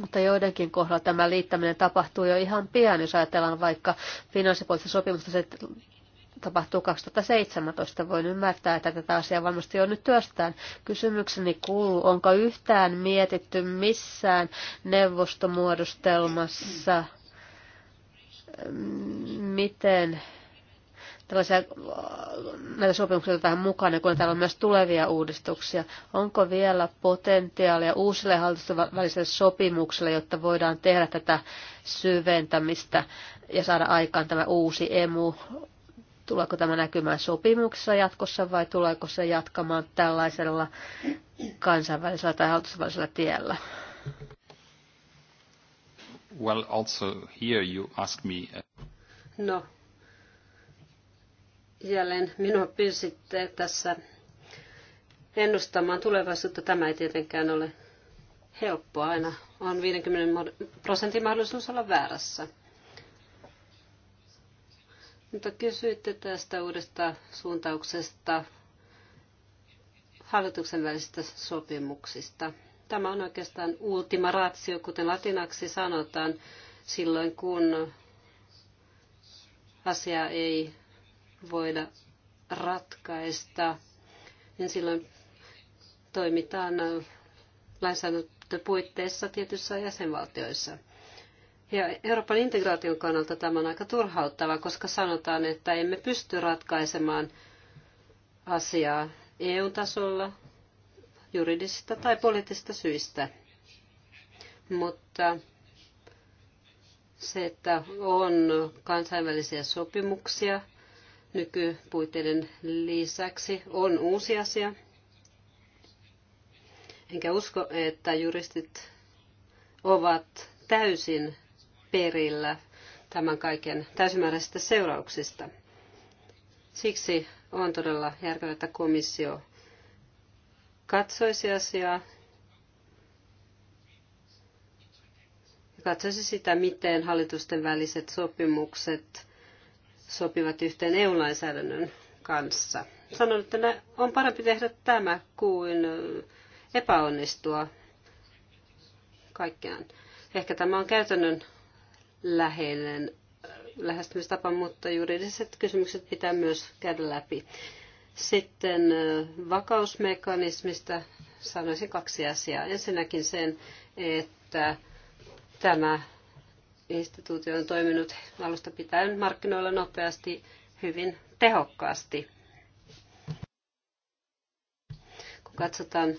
Mutta joidenkin kohdalla tämä liittäminen tapahtuu jo ihan pian, jos ajatellaan vaikka finanssipoliittista sopimusta, se tapahtuu 2017. Voin ymmärtää, että tätä asiaa varmasti jo nyt työstään. Kysymykseni kuuluu, onko yhtään mietitty missään neuvostomuodostelmassa miten tällaisia näitä sopimuksia tähän mukaan, ja kun täällä on myös tulevia uudistuksia. Onko vielä potentiaalia uusille hallitusten välisille sopimuksille, jotta voidaan tehdä tätä syventämistä ja saada aikaan tämä uusi emu? Tuleeko tämä näkymään sopimuksessa jatkossa vai tuleeko se jatkamaan tällaisella kansainvälisellä tai hallitusvälisellä tiellä? Well, also here you ask me. Uh, no, jälleen minua pyysitte tässä ennustamaan tulevaisuutta. Tämä ei tietenkään ole helppoa aina. On 50 prosentin mahdollisuus olla väärässä. Mutta kysyitte tästä uudesta suuntauksesta hallituksen välisistä sopimuksista – Tämä on oikeastaan ultima ratio, kuten latinaksi sanotaan, silloin kun asiaa ei voida ratkaista, niin silloin toimitaan lainsäädäntöpuitteissa tietyissä jäsenvaltioissa. Ja Euroopan integraation kannalta tämä on aika turhauttava, koska sanotaan, että emme pysty ratkaisemaan asiaa EU-tasolla juridisista tai poliittisista syistä. Mutta se, että on kansainvälisiä sopimuksia nykypuitteiden lisäksi, on uusi asia. Enkä usko, että juristit ovat täysin perillä tämän kaiken täysimääräisistä seurauksista. Siksi on todella järkevää, että komissio katsoisi asiaa ja katsoisi sitä, miten hallitusten väliset sopimukset sopivat yhteen EU-lainsäädännön kanssa. Sanon, että on parempi tehdä tämä kuin epäonnistua kaikkiaan. Ehkä tämä on käytännön läheinen lähestymistapa, mutta juridiset kysymykset pitää myös käydä läpi. Sitten vakausmekanismista sanoisin kaksi asiaa. Ensinnäkin sen, että tämä instituutio on toiminut alusta pitäen markkinoilla nopeasti, hyvin tehokkaasti. Kun katsotaan,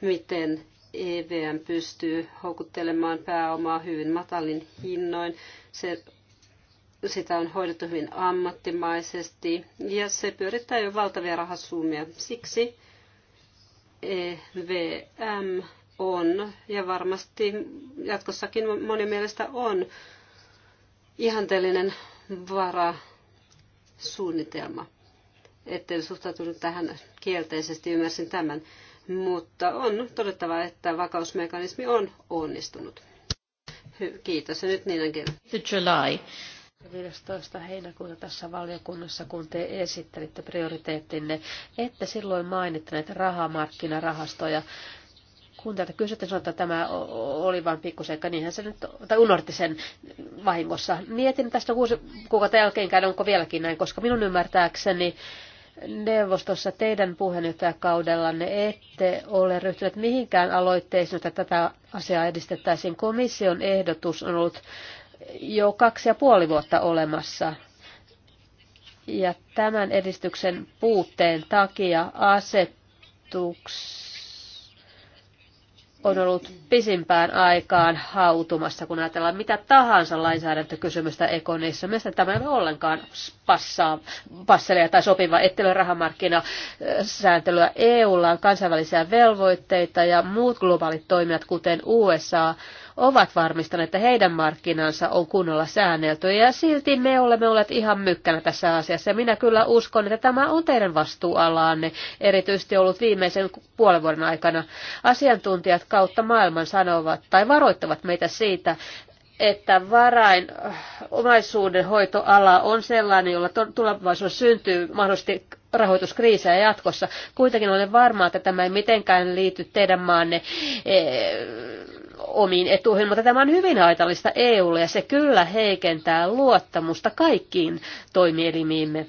miten EVM pystyy houkuttelemaan pääomaa hyvin matalin hinnoin, se sitä on hoidettu hyvin ammattimaisesti ja se pyörittää jo valtavia rahasummia. Siksi EVM on ja varmasti jatkossakin moni mielestä on ihanteellinen varasuunnitelma. Etten suhtautunut tähän kielteisesti, ymmärsin tämän, mutta on todettava, että vakausmekanismi on onnistunut. Kiitos ja nyt niinkin. 15. heinäkuuta tässä valiokunnassa, kun te esittelitte prioriteettinne, että silloin mainitte näitä rahamarkkinarahastoja. Kun tätä kysytte, sanoin, että tämä oli vain pikkuseikka, niinhän se nyt, tai unohti sen vahingossa. Mietin tästä kuusi kuukautta jälkeenkään, onko vieläkin näin, koska minun ymmärtääkseni neuvostossa teidän puheenjohtajakaudellanne ette ole ryhtyneet mihinkään aloitteisiin, että tätä asiaa edistettäisiin. Komission ehdotus on ollut jo kaksi ja puoli vuotta olemassa. Ja tämän edistyksen puutteen takia asetuks on ollut pisimpään aikaan hautumassa, kun ajatellaan mitä tahansa lainsäädäntökysymystä ekoneissa. Mielestäni tämä ei ole ollenkaan passaa, tai sopiva, ettei ole rahamarkkinasääntelyä. EUlla on kansainvälisiä velvoitteita ja muut globaalit toimijat, kuten USA, ovat varmistaneet, että heidän markkinansa on kunnolla säännelty. Ja silti me olemme olleet ihan mykkänä tässä asiassa. Ja minä kyllä uskon, että tämä on teidän vastuualaanne, erityisesti ollut viimeisen puolen vuoden aikana. Asiantuntijat kautta maailman sanovat tai varoittavat meitä siitä, että varain äh, omaisuuden hoitoala on sellainen, jolla tulevaisuudessa syntyy mahdollisesti rahoituskriisejä jatkossa. Kuitenkin olen varma, että tämä ei mitenkään liity teidän maanne eh, omiin etuihin, mutta tämä on hyvin haitallista EUlle ja se kyllä heikentää luottamusta kaikkiin toimielimiimme.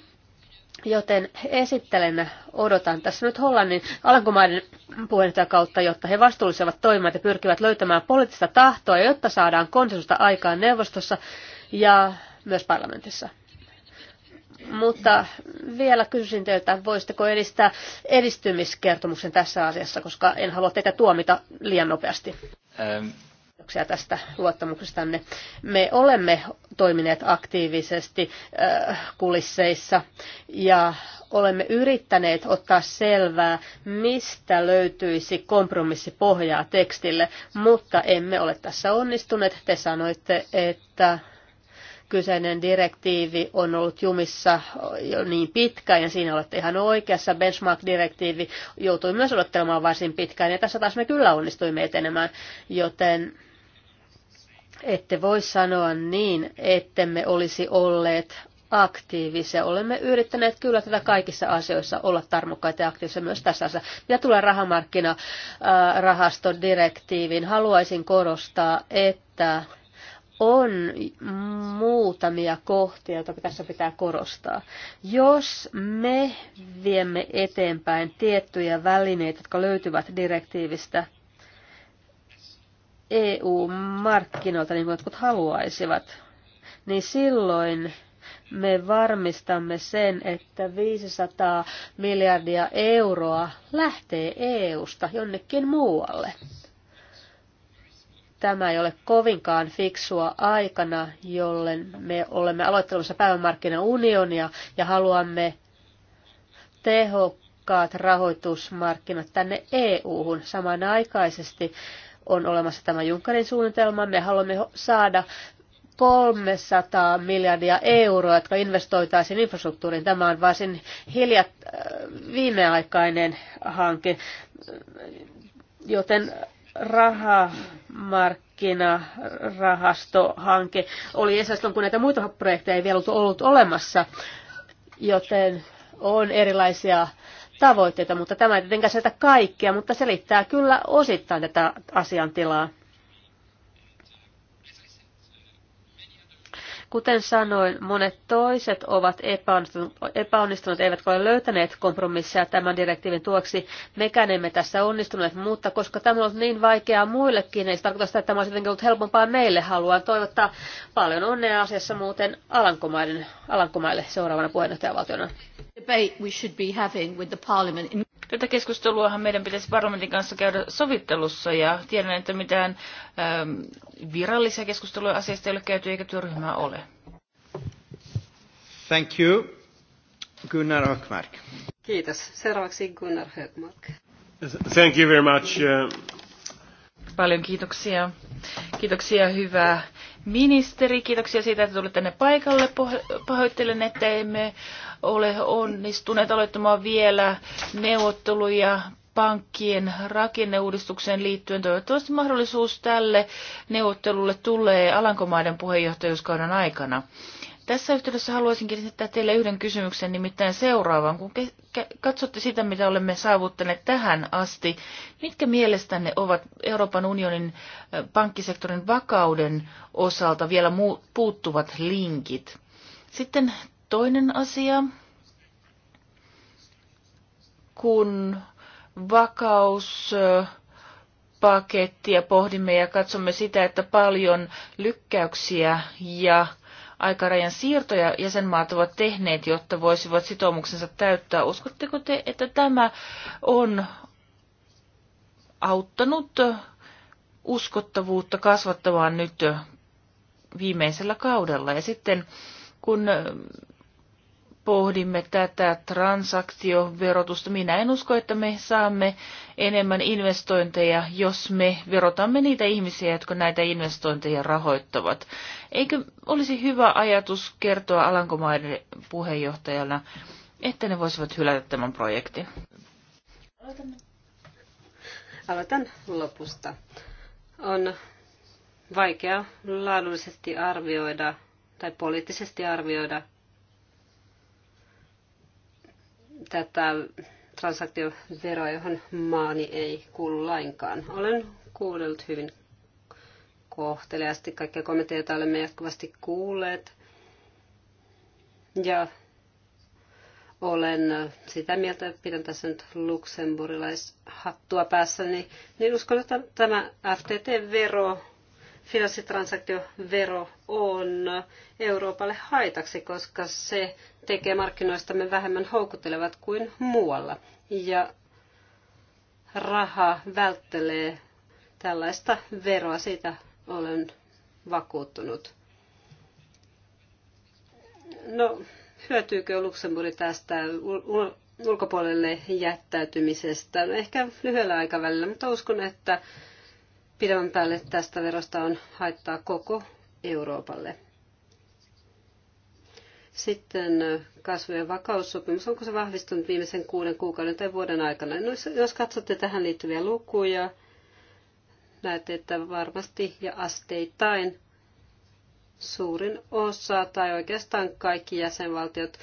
Joten esittelen, odotan tässä nyt Hollannin alankomaiden puheenjohtajan kautta, jotta he vastuullisivat toimijat ja pyrkivät löytämään poliittista tahtoa, jotta saadaan konsensusta aikaan neuvostossa ja myös parlamentissa. Mutta vielä kysyisin teiltä, voisitteko edistää edistymiskertomuksen tässä asiassa, koska en halua teitä tuomita liian nopeasti. Ähm, Kiitoksia tästä luottamuksestanne. Me olemme toimineet aktiivisesti äh, kulisseissa ja olemme yrittäneet ottaa selvää, mistä löytyisi kompromissipohjaa tekstille, mutta emme ole tässä onnistuneet. Te sanoitte, että kyseinen direktiivi on ollut jumissa jo niin pitkään, ja siinä olette ihan oikeassa. Benchmark-direktiivi joutui myös odottelemaan varsin pitkään, ja tässä taas me kyllä onnistuimme etenemään, joten ette voi sanoa niin, ettemme olisi olleet aktiivisia. Olemme yrittäneet kyllä tätä kaikissa asioissa olla tarmokkaita ja aktiivisia myös tässä asiassa. Ja tulee rahamarkkinarahastodirektiiviin. haluaisin korostaa, että on muutamia kohtia, joita tässä pitää korostaa. Jos me viemme eteenpäin tiettyjä välineitä, jotka löytyvät direktiivistä EU-markkinoilta, niin kuin jotkut haluaisivat, niin silloin me varmistamme sen, että 500 miljardia euroa lähtee EUsta jonnekin muualle. Tämä ei ole kovinkaan fiksua aikana, jolle me olemme aloittelemassa päivämarkkinaunionia ja haluamme tehokkaat rahoitusmarkkinat tänne EU-hun. Samanaikaisesti on olemassa tämä Junckerin suunnitelma. Me haluamme saada 300 miljardia euroa, jotka investoitaisiin infrastruktuuriin. Tämä on varsin hiljat äh, viimeaikainen hanke, joten rahamarkkinarahastohanke oli esimerkiksi, kun näitä muita projekteja ei vielä ollut olemassa, joten on erilaisia tavoitteita, mutta tämä ei tietenkään selitä kaikkea, mutta selittää kyllä osittain tätä asiantilaa. Kuten sanoin, monet toiset ovat epäonnistuneet, epäonnistuneet ole löytäneet kompromisseja tämän direktiivin tuoksi. Mekään emme tässä onnistuneet, mutta koska tämä on niin vaikeaa muillekin, ei niin se tarkoita sitä, että tämä olisi jotenkin ollut helpompaa meille. Haluan toivottaa paljon onnea asiassa muuten Alankomaille seuraavana puheenjohtajavaltiona. Tätä keskusteluahan meidän pitäisi parlamentin kanssa käydä sovittelussa ja tiedän, että mitään äm, virallisia keskusteluja asiasta ei ole käyty eikä työryhmää ole. Thank you. Gunnar Hökmark. Kiitos. Seuraavaksi Gunnar Hökmark. Thank you very much. Uh, Paljon kiitoksia. Kiitoksia hyvää ministeri. Kiitoksia siitä, että tulitte tänne paikalle. Pahoittelen, että emme ole onnistuneet aloittamaan vielä neuvotteluja pankkien rakenneuudistukseen liittyen. Toivottavasti mahdollisuus tälle neuvottelulle tulee Alankomaiden puheenjohtajuuskauden aikana. Tässä yhteydessä haluaisinkin esittää teille yhden kysymyksen, nimittäin seuraavan. Kun katsotte sitä, mitä olemme saavuttaneet tähän asti, mitkä mielestänne ovat Euroopan unionin pankkisektorin vakauden osalta vielä puuttuvat linkit? Sitten Toinen asia, kun vakauspakettia pohdimme ja katsomme sitä, että paljon lykkäyksiä ja aikarajan siirtoja jäsenmaat ovat tehneet, jotta voisivat sitoumuksensa täyttää. Uskotteko te, että tämä on auttanut uskottavuutta kasvattamaan nyt viimeisellä kaudella? Ja sitten kun pohdimme tätä transaktioverotusta. Minä en usko, että me saamme enemmän investointeja, jos me verotamme niitä ihmisiä, jotka näitä investointeja rahoittavat. Eikö olisi hyvä ajatus kertoa Alankomaiden puheenjohtajana, että ne voisivat hylätä tämän projektin? Aloitan, lopusta. On vaikea laadullisesti arvioida tai poliittisesti arvioida tätä transaktioveroa, johon maani ei kuulu lainkaan. Olen kuunnellut hyvin kohteliaasti kaikkia kommentteja, joita olemme jatkuvasti kuulleet. Ja olen sitä mieltä, että pidän tässä nyt luksemburilaishattua päässäni, niin uskon, että tämä FTT-vero finanssitransaktiovero on Euroopalle haitaksi, koska se tekee markkinoistamme vähemmän houkuttelevat kuin muualla. Ja raha välttelee tällaista veroa, siitä olen vakuuttunut. No, hyötyykö Luxemburg tästä ulkopuolelle jättäytymisestä? No, ehkä lyhyellä aikavälillä, mutta uskon, että pidemmän päälle tästä verosta on haittaa koko Euroopalle. Sitten kasvu- vakaussopimus, onko se vahvistunut viimeisen kuuden kuukauden tai vuoden aikana? No, jos katsotte tähän liittyviä lukuja, näette, että varmasti ja asteittain suurin osa tai oikeastaan kaikki jäsenvaltiot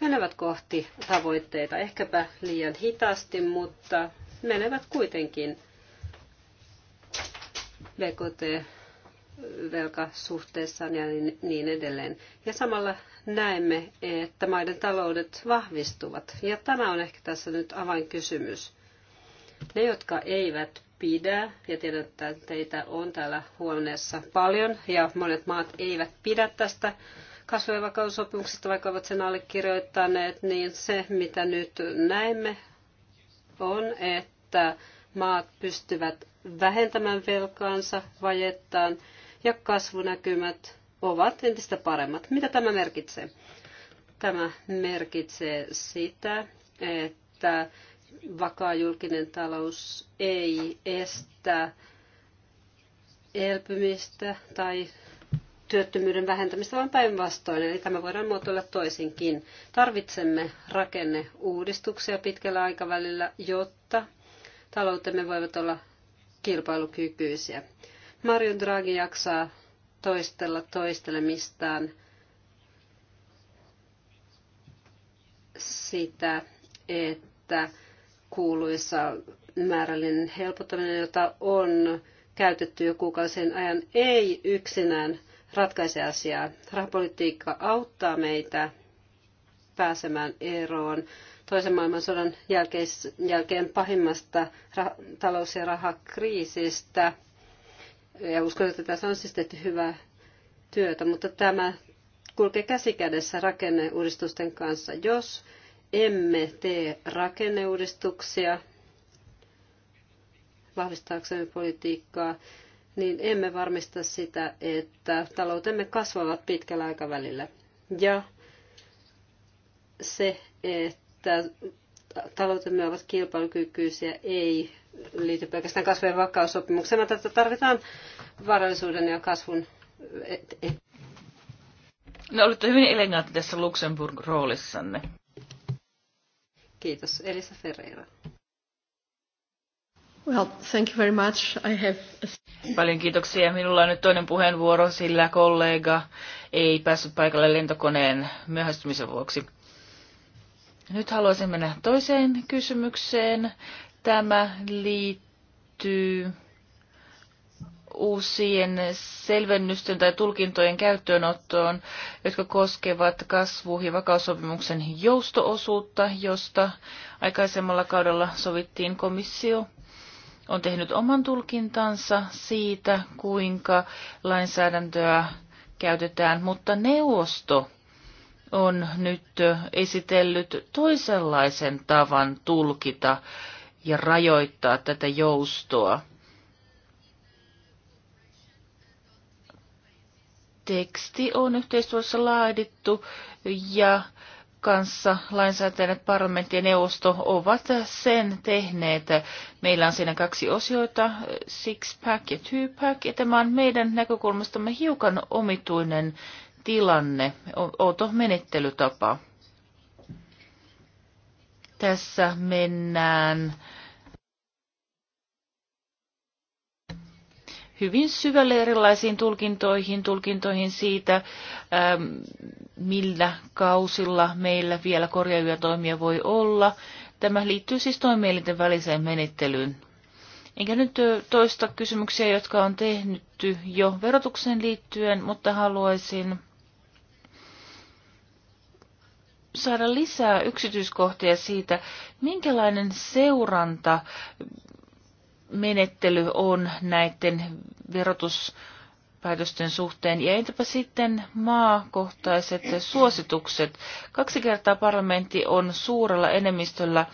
menevät kohti tavoitteita. Ehkäpä liian hitaasti, mutta menevät kuitenkin. BKT velkasuhteessaan ja niin, niin edelleen. Ja samalla näemme, että maiden taloudet vahvistuvat. Ja tämä on ehkä tässä nyt avainkysymys. Ne, jotka eivät pidä, ja tiedän, että teitä on täällä huoneessa paljon, ja monet maat eivät pidä tästä kasvu- ja vakaussopimuksesta, vaikka ovat sen allekirjoittaneet, niin se, mitä nyt näemme, on, että maat pystyvät vähentämään velkaansa, vajettaan ja kasvunäkymät ovat entistä paremmat. Mitä tämä merkitsee? Tämä merkitsee sitä, että vakaa julkinen talous ei estä elpymistä tai työttömyyden vähentämistä, vaan päinvastoin. Eli tämä voidaan muotoilla toisinkin. Tarvitsemme rakenneuudistuksia pitkällä aikavälillä, jotta taloutemme voivat olla kilpailukykyisiä. Mario Draghi jaksaa toistella toistelemistaan sitä, että kuuluisa määrällinen helpottaminen, jota on käytetty jo kuukausien ajan, ei yksinään ratkaise asiaa. Rahapolitiikka auttaa meitä pääsemään eroon toisen maailmansodan jälkeis, jälkeen pahimmasta rah- talous- ja rahakriisistä. Ja uskon, että tässä on siis tehty hyvää työtä, mutta tämä kulkee käsikädessä rakenneuudistusten kanssa. Jos emme tee rakenneuudistuksia vahvistaaksemme politiikkaa, niin emme varmista sitä, että taloutemme kasvavat pitkällä aikavälillä. Ja se, että että taloutemme ovat kilpailukykyisiä, ei liity pelkästään kasvien vakaussopimuksena. Tätä tarvitaan varallisuuden ja kasvun No olitte hyvin elegantti tässä Luxemburg-roolissanne. Kiitos. Elisa Ferreira. Well, thank you very much. I have... Paljon kiitoksia. Minulla on nyt toinen puheenvuoro, sillä kollega ei päässyt paikalle lentokoneen myöhästymisen vuoksi. Nyt haluaisin mennä toiseen kysymykseen. Tämä liittyy uusien selvennysten tai tulkintojen käyttöönottoon, jotka koskevat kasvu- ja vakaussopimuksen joustoosuutta, josta aikaisemmalla kaudella sovittiin komissio on tehnyt oman tulkintansa siitä, kuinka lainsäädäntöä käytetään, mutta neuvosto on nyt esitellyt toisenlaisen tavan tulkita ja rajoittaa tätä joustoa. Teksti on yhteistyössä laadittu ja kanssa lainsäätäjät, parlamentti ja neuvosto ovat sen tehneet. Meillä on siinä kaksi osiota, six pack ja two pack, ja tämä on meidän näkökulmastamme hiukan omituinen tilanne, outo menettelytapa. Tässä mennään hyvin syvälle erilaisiin tulkintoihin, tulkintoihin siitä, ähm, millä kausilla meillä vielä korjaavia toimia voi olla. Tämä liittyy siis toimielinten väliseen menettelyyn. Enkä nyt toista kysymyksiä, jotka on tehnyt jo verotukseen liittyen, mutta haluaisin saada lisää yksityiskohtia siitä, minkälainen seuranta menettely on näiden verotuspäätösten suhteen. Ja entäpä sitten maakohtaiset suositukset. Kaksi kertaa parlamentti on suurella enemmistöllä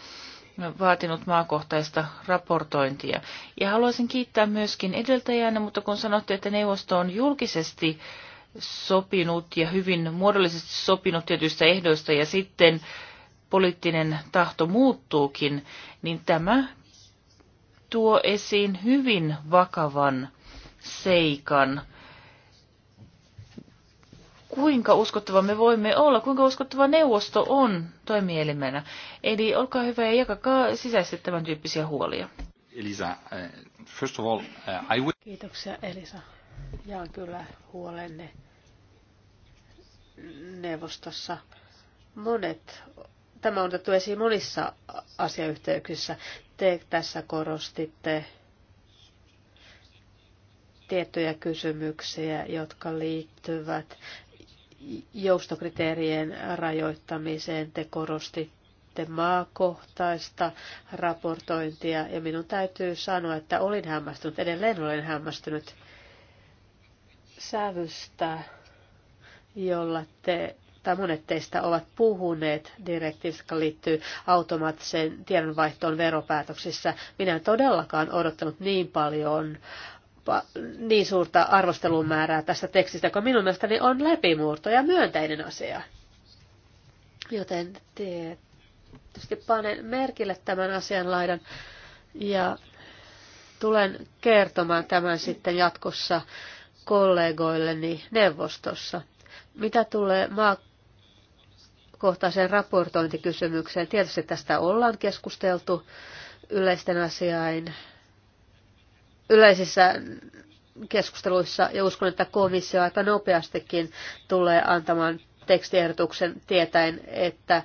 vaatinut maakohtaista raportointia. Ja haluaisin kiittää myöskin edeltäjänä, mutta kun sanotte, että neuvosto on julkisesti sopinut ja hyvin muodollisesti sopinut tietyistä ehdoista ja sitten poliittinen tahto muuttuukin, niin tämä tuo esiin hyvin vakavan seikan. Kuinka uskottava me voimme olla, kuinka uskottava neuvosto on toimielimenä. Eli olkaa hyvä ja jakakaa sisäisesti tämän tyyppisiä huolia. Elisa, eh, first of all, eh, I will... Kiitoksia Elisa. Jaan kyllä huolenne neuvostossa. Monet, tämä on otettu esiin monissa asiayhteyksissä. Te tässä korostitte tiettyjä kysymyksiä, jotka liittyvät joustokriteerien rajoittamiseen. Te korostitte maakohtaista raportointia ja minun täytyy sanoa, että olin hämmästynyt, edelleen olen hämmästynyt sävystä, jolla te tai monet teistä ovat puhuneet direktiivistä, joka liittyy automaattiseen tiedonvaihtoon veropäätöksissä. Minä en todellakaan odottanut niin paljon niin suurta arvostelun määrää tästä tekstistä, joka minun mielestäni on läpimurto ja myönteinen asia. Joten tietysti panen merkille tämän asian laidan ja tulen kertomaan tämän sitten jatkossa kollegoilleni neuvostossa. Mitä tulee maakohtaiseen raportointikysymykseen, tietysti tästä ollaan keskusteltu yleisten asiain yleisissä keskusteluissa ja uskon, että komissio aika nopeastikin tulee antamaan tekstiehdotuksen tietäen, että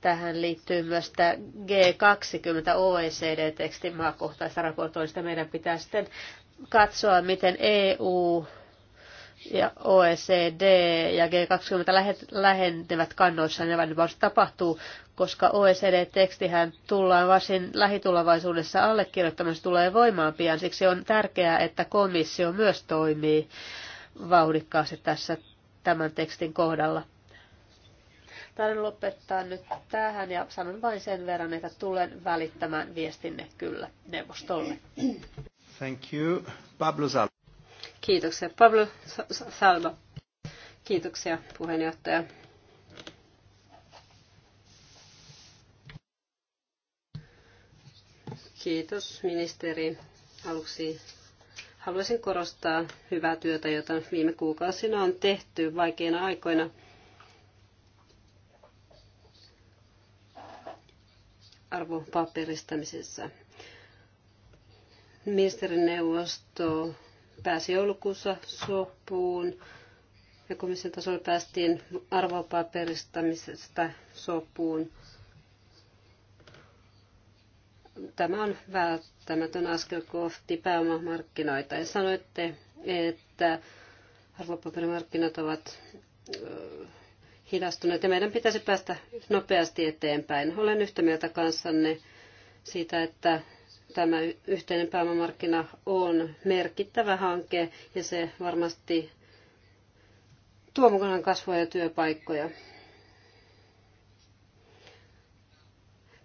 tähän liittyy myös tämä G20 OECD-teksti maakohtaista raportoinnista. Meidän pitää sitten katsoa, miten EU ja OECD ja G20 lähentävät kannoissa, ja niin varmasti tapahtuu, koska OECD-tekstihän tullaan varsin lähitulevaisuudessa allekirjoittamassa tulee voimaan pian. Siksi on tärkeää, että komissio myös toimii vauhdikkaasti tässä tämän tekstin kohdalla. Tarin lopettaa nyt tähän ja sanon vain sen verran, että tulen välittämään viestinne kyllä neuvostolle. Thank you. Pablo Salva. Kiitoksia. Pablo Salva. Kiitoksia puheenjohtaja. Kiitos ministeri. Aluksi haluaisin korostaa hyvää työtä, jota viime kuukausina on tehty vaikeina aikoina. arvopaperistamisessa. Ministerineuvosto pääsi joulukuussa sopuun ja komission tasolla päästiin arvopaperistamisesta sopuun. Tämä on välttämätön askel kohti pääomamarkkinoita. Ja sanoitte, että arvopaperimarkkinat ovat hidastuneet ja meidän pitäisi päästä nopeasti eteenpäin. Olen yhtä mieltä kanssanne siitä, että Tämä yhteinen pääomamarkkina on merkittävä hanke ja se varmasti tuo mukanaan kasvua ja työpaikkoja.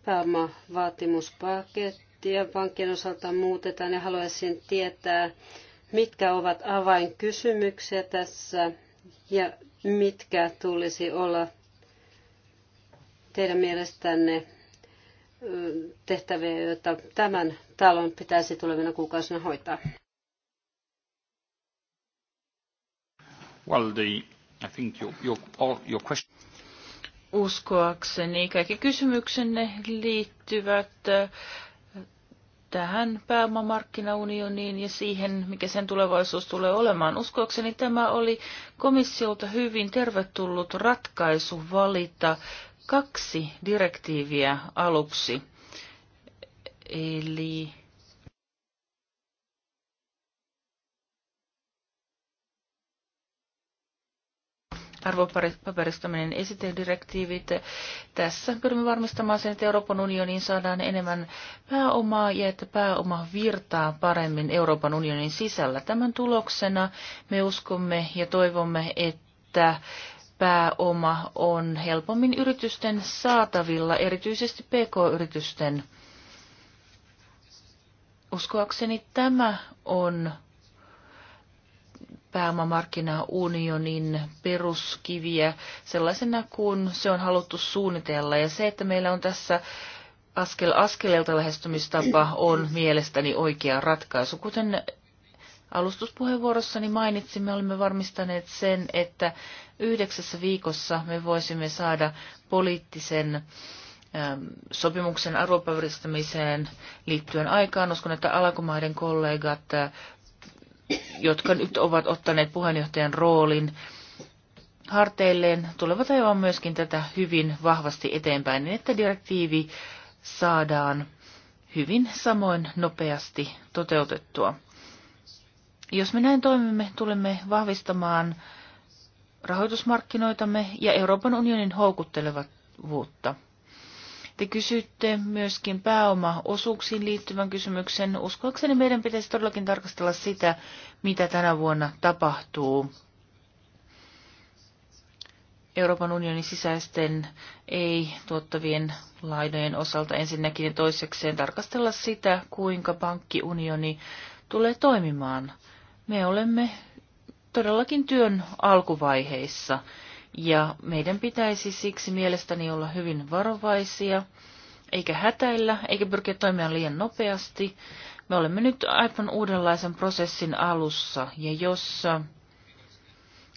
Pääomavaatimuspakettia pankkien osalta muutetaan ja haluaisin tietää, mitkä ovat avainkysymyksiä tässä ja mitkä tulisi olla teidän mielestänne tehtäviä, joita tämän talon pitäisi tulevina kuukausina hoitaa? Well, the, I think your, your, all your question... Uskoakseni kaikki kysymyksenne liittyvät äh, tähän pääomamarkkinaunioniin ja siihen, mikä sen tulevaisuus tulee olemaan. Uskoakseni tämä oli komissiolta hyvin tervetullut ratkaisu valita kaksi direktiiviä aluksi. Eli arvopaperistaminen esitedirektiivit. Tässä pyrimme varmistamaan sen, että Euroopan unioniin saadaan enemmän pääomaa ja että pääoma virtaa paremmin Euroopan unionin sisällä. Tämän tuloksena me uskomme ja toivomme, että pääoma on helpommin yritysten saatavilla, erityisesti pk-yritysten. Uskoakseni tämä on pääomamarkkinaunionin peruskiviä sellaisena kuin se on haluttu suunnitella. Ja se, että meillä on tässä askel askeleelta lähestymistapa on mielestäni oikea ratkaisu. Kuten alustuspuheenvuorossani mainitsimme, olemme varmistaneet sen, että yhdeksässä viikossa me voisimme saada poliittisen ähm, sopimuksen arvopaperistamiseen liittyen aikaan. Uskon, että alakomaiden kollegat, äh, jotka nyt ovat ottaneet puheenjohtajan roolin harteilleen, tulevat ajamaan myöskin tätä hyvin vahvasti eteenpäin, niin että direktiivi saadaan hyvin samoin nopeasti toteutettua. Jos me näin toimimme, tulemme vahvistamaan rahoitusmarkkinoitamme ja Euroopan unionin houkuttelevuutta. Te kysytte myöskin pääomaosuuksiin liittyvän kysymyksen. Uskoakseni meidän pitäisi todellakin tarkastella sitä, mitä tänä vuonna tapahtuu Euroopan unionin sisäisten ei-tuottavien lainojen osalta ensinnäkin ja toisekseen tarkastella sitä, kuinka pankkiunioni tulee toimimaan – me olemme todellakin työn alkuvaiheissa ja meidän pitäisi siksi mielestäni olla hyvin varovaisia, eikä hätäillä, eikä pyrkiä toimia liian nopeasti. Me olemme nyt aivan uudenlaisen prosessin alussa ja jossa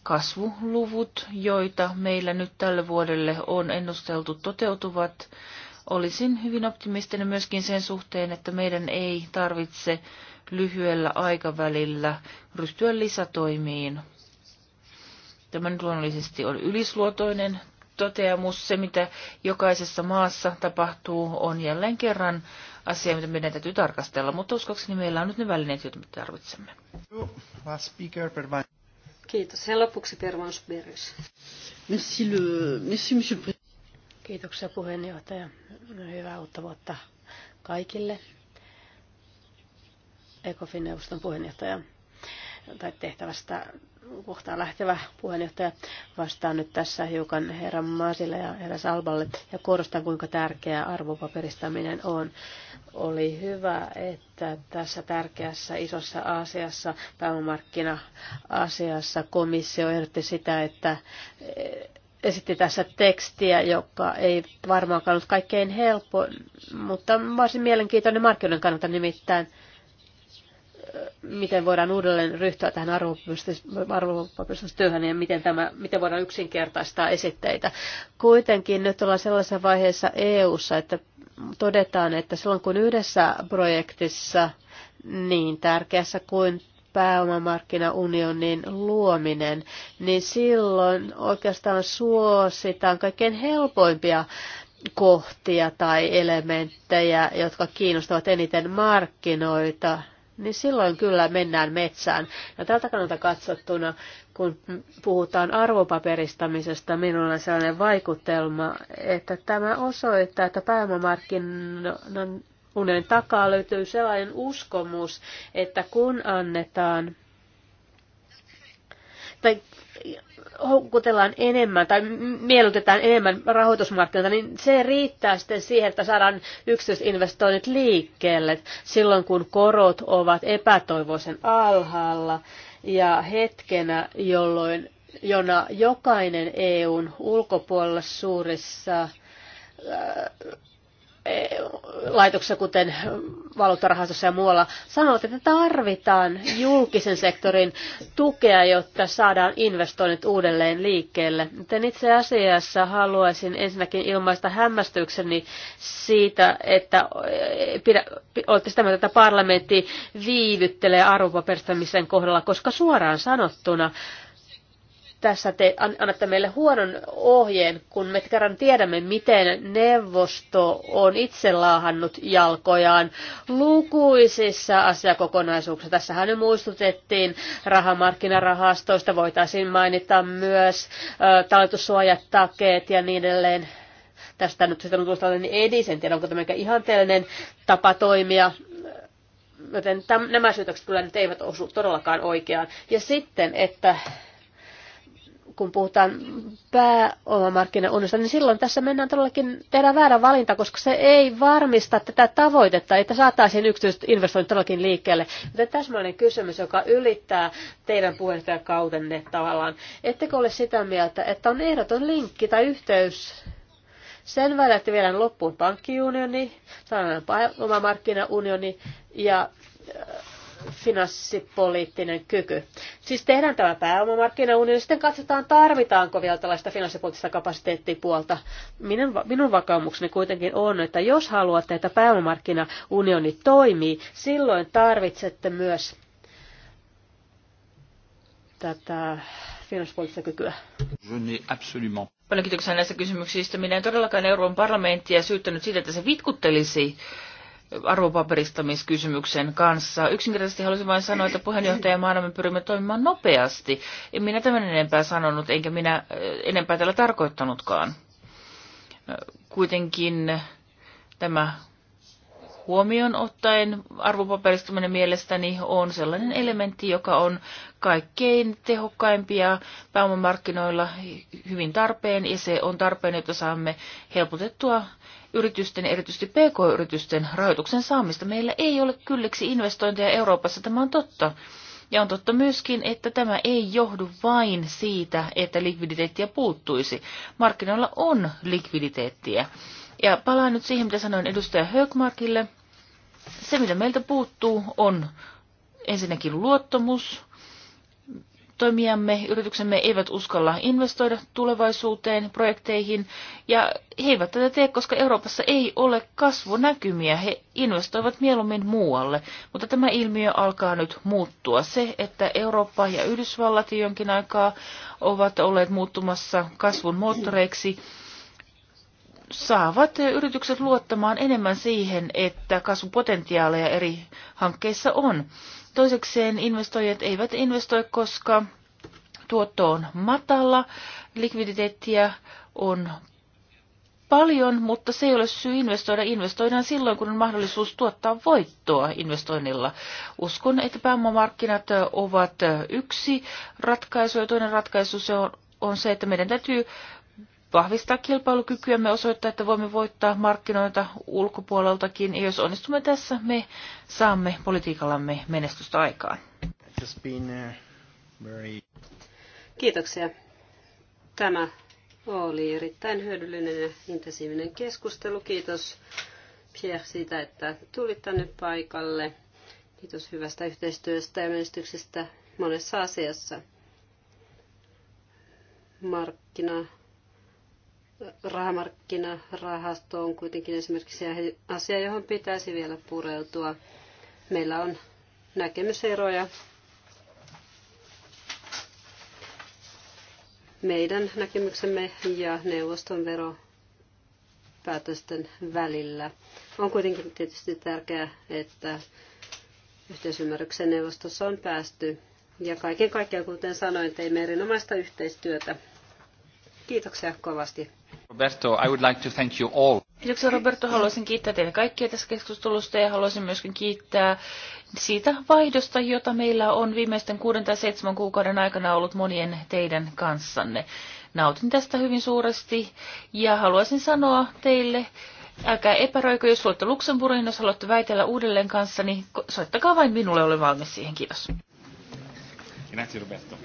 kasvuluvut, joita meillä nyt tälle vuodelle on ennusteltu toteutuvat, olisin hyvin optimistinen myöskin sen suhteen, että meidän ei tarvitse lyhyellä aikavälillä ryhtyä lisätoimiin. Tämä nyt luonnollisesti on ylisluotoinen toteamus. Se, mitä jokaisessa maassa tapahtuu, on jälleen kerran asia, mitä meidän täytyy tarkastella, mutta uskokseni meillä on nyt ne välineet, joita me tarvitsemme. Kiitos. Ja lopuksi Pervans Beres. Kiitoksia puheenjohtaja. Hyvää uutta vuotta kaikille. ECOFIN-neuvoston puheenjohtaja tai tehtävästä kohtaan lähtevä puheenjohtaja. Vastaan nyt tässä hiukan herra Maasille ja herra Salballe ja korostan, kuinka tärkeää arvopaperistaminen on. Oli hyvä, että tässä tärkeässä isossa asiassa, pääomamarkkina-asiassa, komissio ehdotti sitä, että eh, esitti tässä tekstiä, joka ei varmaankaan ollut kaikkein helppo, mutta varsin mielenkiintoinen markkinoiden kannalta nimittäin miten voidaan uudelleen ryhtyä tähän arvopapistustyöhön ja miten, tämä, miten voidaan yksinkertaistaa esitteitä. Kuitenkin nyt ollaan sellaisessa vaiheessa EU:ssa, että todetaan, että silloin kun yhdessä projektissa niin tärkeässä kuin pääomamarkkinaunionin luominen, niin silloin oikeastaan suositaan kaikkein helpoimpia kohtia tai elementtejä, jotka kiinnostavat eniten markkinoita niin silloin kyllä mennään metsään. Ja tältä kannalta katsottuna, kun puhutaan arvopaperistamisesta, minulla on sellainen vaikutelma, että tämä osoittaa, että pääomamarkkinan unen takaa löytyy sellainen uskomus, että kun annetaan tai houkutellaan enemmän tai miellytetään enemmän rahoitusmarkkinoita, niin se riittää sitten siihen, että saadaan yksityisinvestoinnit liikkeelle silloin, kun korot ovat epätoivoisen alhaalla ja hetkenä, jolloin jona jokainen EUn ulkopuolella suurissa äh, Laitoksessa kuten valuuttarahastossa ja muualla, sanovat, että tarvitaan julkisen sektorin tukea, jotta saadaan investoinnit uudelleen liikkeelle. Miten itse asiassa haluaisin ensinnäkin ilmaista hämmästykseni siitä, että eh, pidä, olette sitä mieltä, että parlamentti viivyttelee arvopaperistamisen kohdalla, koska suoraan sanottuna tässä te annatte meille huonon ohjeen, kun me kerran tiedämme, miten neuvosto on itse laahannut jalkojaan lukuisissa asiakokonaisuuksissa. Tässähän nyt muistutettiin rahamarkkinarahastoista, voitaisiin mainita myös talletussuojat, takeet ja niin edelleen. Tästä nyt sitten on tullut tällainen edis, en tiedä onko tämä ihanteellinen tapa toimia, joten tämän, nämä syytökset kyllä nyt eivät osu todellakaan oikeaan. Ja sitten, että kun puhutaan pääomamarkkinaunionista, niin silloin tässä mennään todellakin, tehdä väärä valinta, koska se ei varmista tätä tavoitetta, että saataisiin yksityiset investoinnit todellakin liikkeelle. Mutta täsmällinen kysymys, joka ylittää teidän puheenjohtajakautenne tavallaan. Ettekö ole sitä mieltä, että on ehdoton linkki tai yhteys sen välillä, että vielä loppuun pankkiunioni, saadaan pääomamarkkinaunioni ja finanssipoliittinen kyky. Siis tehdään tämä pääomamarkkinaunioni, ja sitten katsotaan tarvitaanko vielä tällaista finanssipoliittista kapasiteettipuolta. Minun, minun vakaumukseni kuitenkin on, että jos haluatte, että pääomamarkkinaunioni toimii, silloin tarvitsette myös tätä finanssipoliittista kykyä. Paljon kiitoksia näistä kysymyksistä. Minä en todellakaan Euroopan parlamenttia syyttänyt siitä, että se vitkuttelisi arvopaperistamiskysymyksen kanssa. Yksinkertaisesti halusin vain sanoa, että puheenjohtajamaana me pyrimme toimimaan nopeasti. En minä tämän enempää sanonut, enkä minä eh, enempää tällä tarkoittanutkaan. Kuitenkin tämä huomioon ottaen arvopaperistuminen mielestäni on sellainen elementti, joka on kaikkein tehokkaimpia pääomamarkkinoilla hyvin tarpeen, ja se on tarpeen, jotta saamme helpotettua yritysten, erityisesti pk-yritysten rahoituksen saamista. Meillä ei ole kylliksi investointeja Euroopassa, tämä on totta. Ja on totta myöskin, että tämä ei johdu vain siitä, että likviditeettiä puuttuisi. Markkinoilla on likviditeettiä. Ja palaan nyt siihen, mitä sanoin edustaja Högmarkille. Se, mitä meiltä puuttuu, on ensinnäkin luottamus. Toimijamme, yrityksemme eivät uskalla investoida tulevaisuuteen, projekteihin, ja he eivät tätä tee, koska Euroopassa ei ole kasvunäkymiä. He investoivat mieluummin muualle, mutta tämä ilmiö alkaa nyt muuttua. Se, että Eurooppa ja Yhdysvallat jonkin aikaa ovat olleet muuttumassa kasvun moottoreiksi, saavat yritykset luottamaan enemmän siihen, että kasvupotentiaaleja eri hankkeissa on. Toisekseen investoijat eivät investoi, koska tuotto on matala, likviditeettiä on paljon, mutta se ei ole syy investoida. Investoidaan silloin, kun on mahdollisuus tuottaa voittoa investoinnilla. Uskon, että pääomamarkkinat ovat yksi ratkaisu ja toinen ratkaisu se on, on se, että meidän täytyy vahvistaa kilpailukykyämme, osoittaa, että voimme voittaa markkinoita ulkopuoleltakin. Ja jos onnistumme tässä, me saamme politiikallamme menestystä aikaan. Uh, Kiitoksia. Tämä oli erittäin hyödyllinen ja intensiivinen keskustelu. Kiitos Pierre siitä, että tulit tänne paikalle. Kiitos hyvästä yhteistyöstä ja menestyksestä monessa asiassa. Markkina rahamarkkinarahasto on kuitenkin esimerkiksi asia, johon pitäisi vielä pureutua. Meillä on näkemyseroja. Meidän näkemyksemme ja neuvoston veropäätösten välillä. On kuitenkin tietysti tärkeää, että yhteisymmärryksen neuvostossa on päästy. Ja kaiken kaikkiaan, kuten sanoin, teimme erinomaista yhteistyötä. Kiitoksia kovasti Roberto, I would like to thank you all. Kiitoksia Roberto, haluaisin kiittää teitä kaikkia tässä keskustelusta ja haluaisin myöskin kiittää siitä vaihdosta, jota meillä on viimeisten kuuden tai seitsemän kuukauden aikana ollut monien teidän kanssanne. Nautin tästä hyvin suuresti ja haluaisin sanoa teille, älkää epäröikö, jos olette Luxemburgin, jos haluatte väitellä uudelleen kanssa, niin soittakaa vain minulle, olen valmis siihen. Kiitos. Grazie Roberto.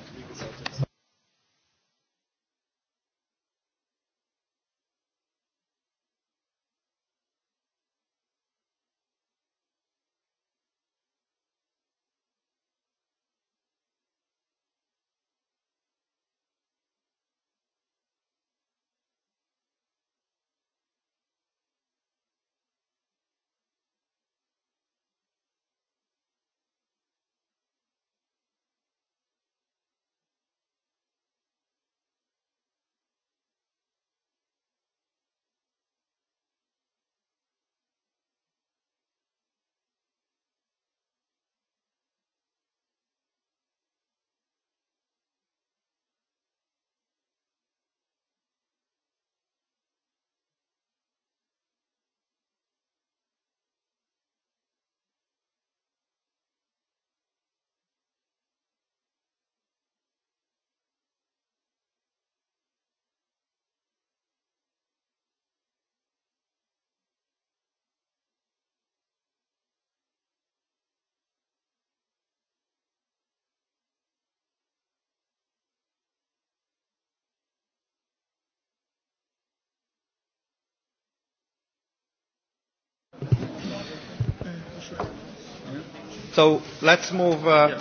So let's move uh,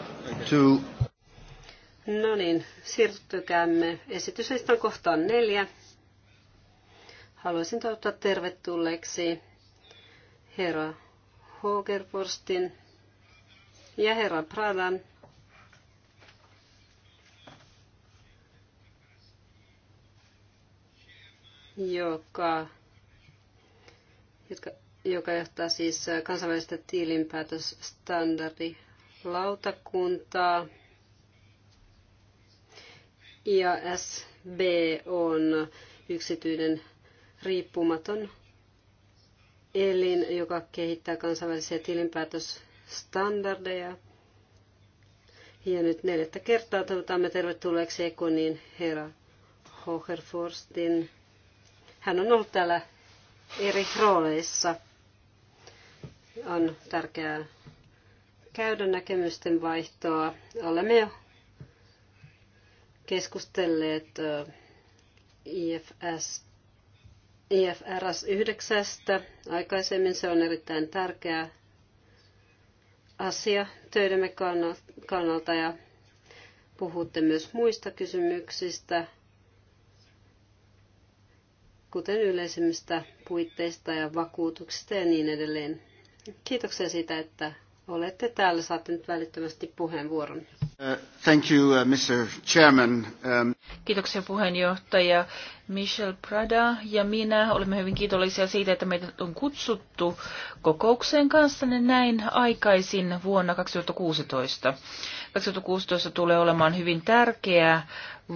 to... No niin, siirtykäämme esityslistan kohtaan neljä. Haluaisin toivottaa tervetulleeksi herra Hogerforstin ja herra Pradan. joka, jotka joka johtaa siis kansainvälistä tilinpäätösstandardilautakuntaa. IASB on yksityinen riippumaton elin, joka kehittää kansainvälisiä tilinpäätösstandardeja. Ja nyt neljättä kertaa toivotamme tervetulleeksi Ekonin herra Hoherforstin. Hän on ollut täällä eri rooleissa on tärkeää käydä näkemysten vaihtoa. Olemme jo keskustelleet IFS, IFRS 9. Aikaisemmin se on erittäin tärkeä asia töidemme kannalta ja puhutte myös muista kysymyksistä, kuten yleisimmistä puitteista ja vakuutuksista ja niin edelleen. Kiitoksia siitä, että olette täällä. Saatte nyt välittömästi puheenvuoron. Uh, thank you, uh, Mr. Chairman. Um, Kiitoksia puheenjohtaja. Michel Prada ja minä olemme hyvin kiitollisia siitä, että meitä on kutsuttu kokoukseen kanssa näin aikaisin vuonna 2016. 2016 tulee olemaan hyvin tärkeä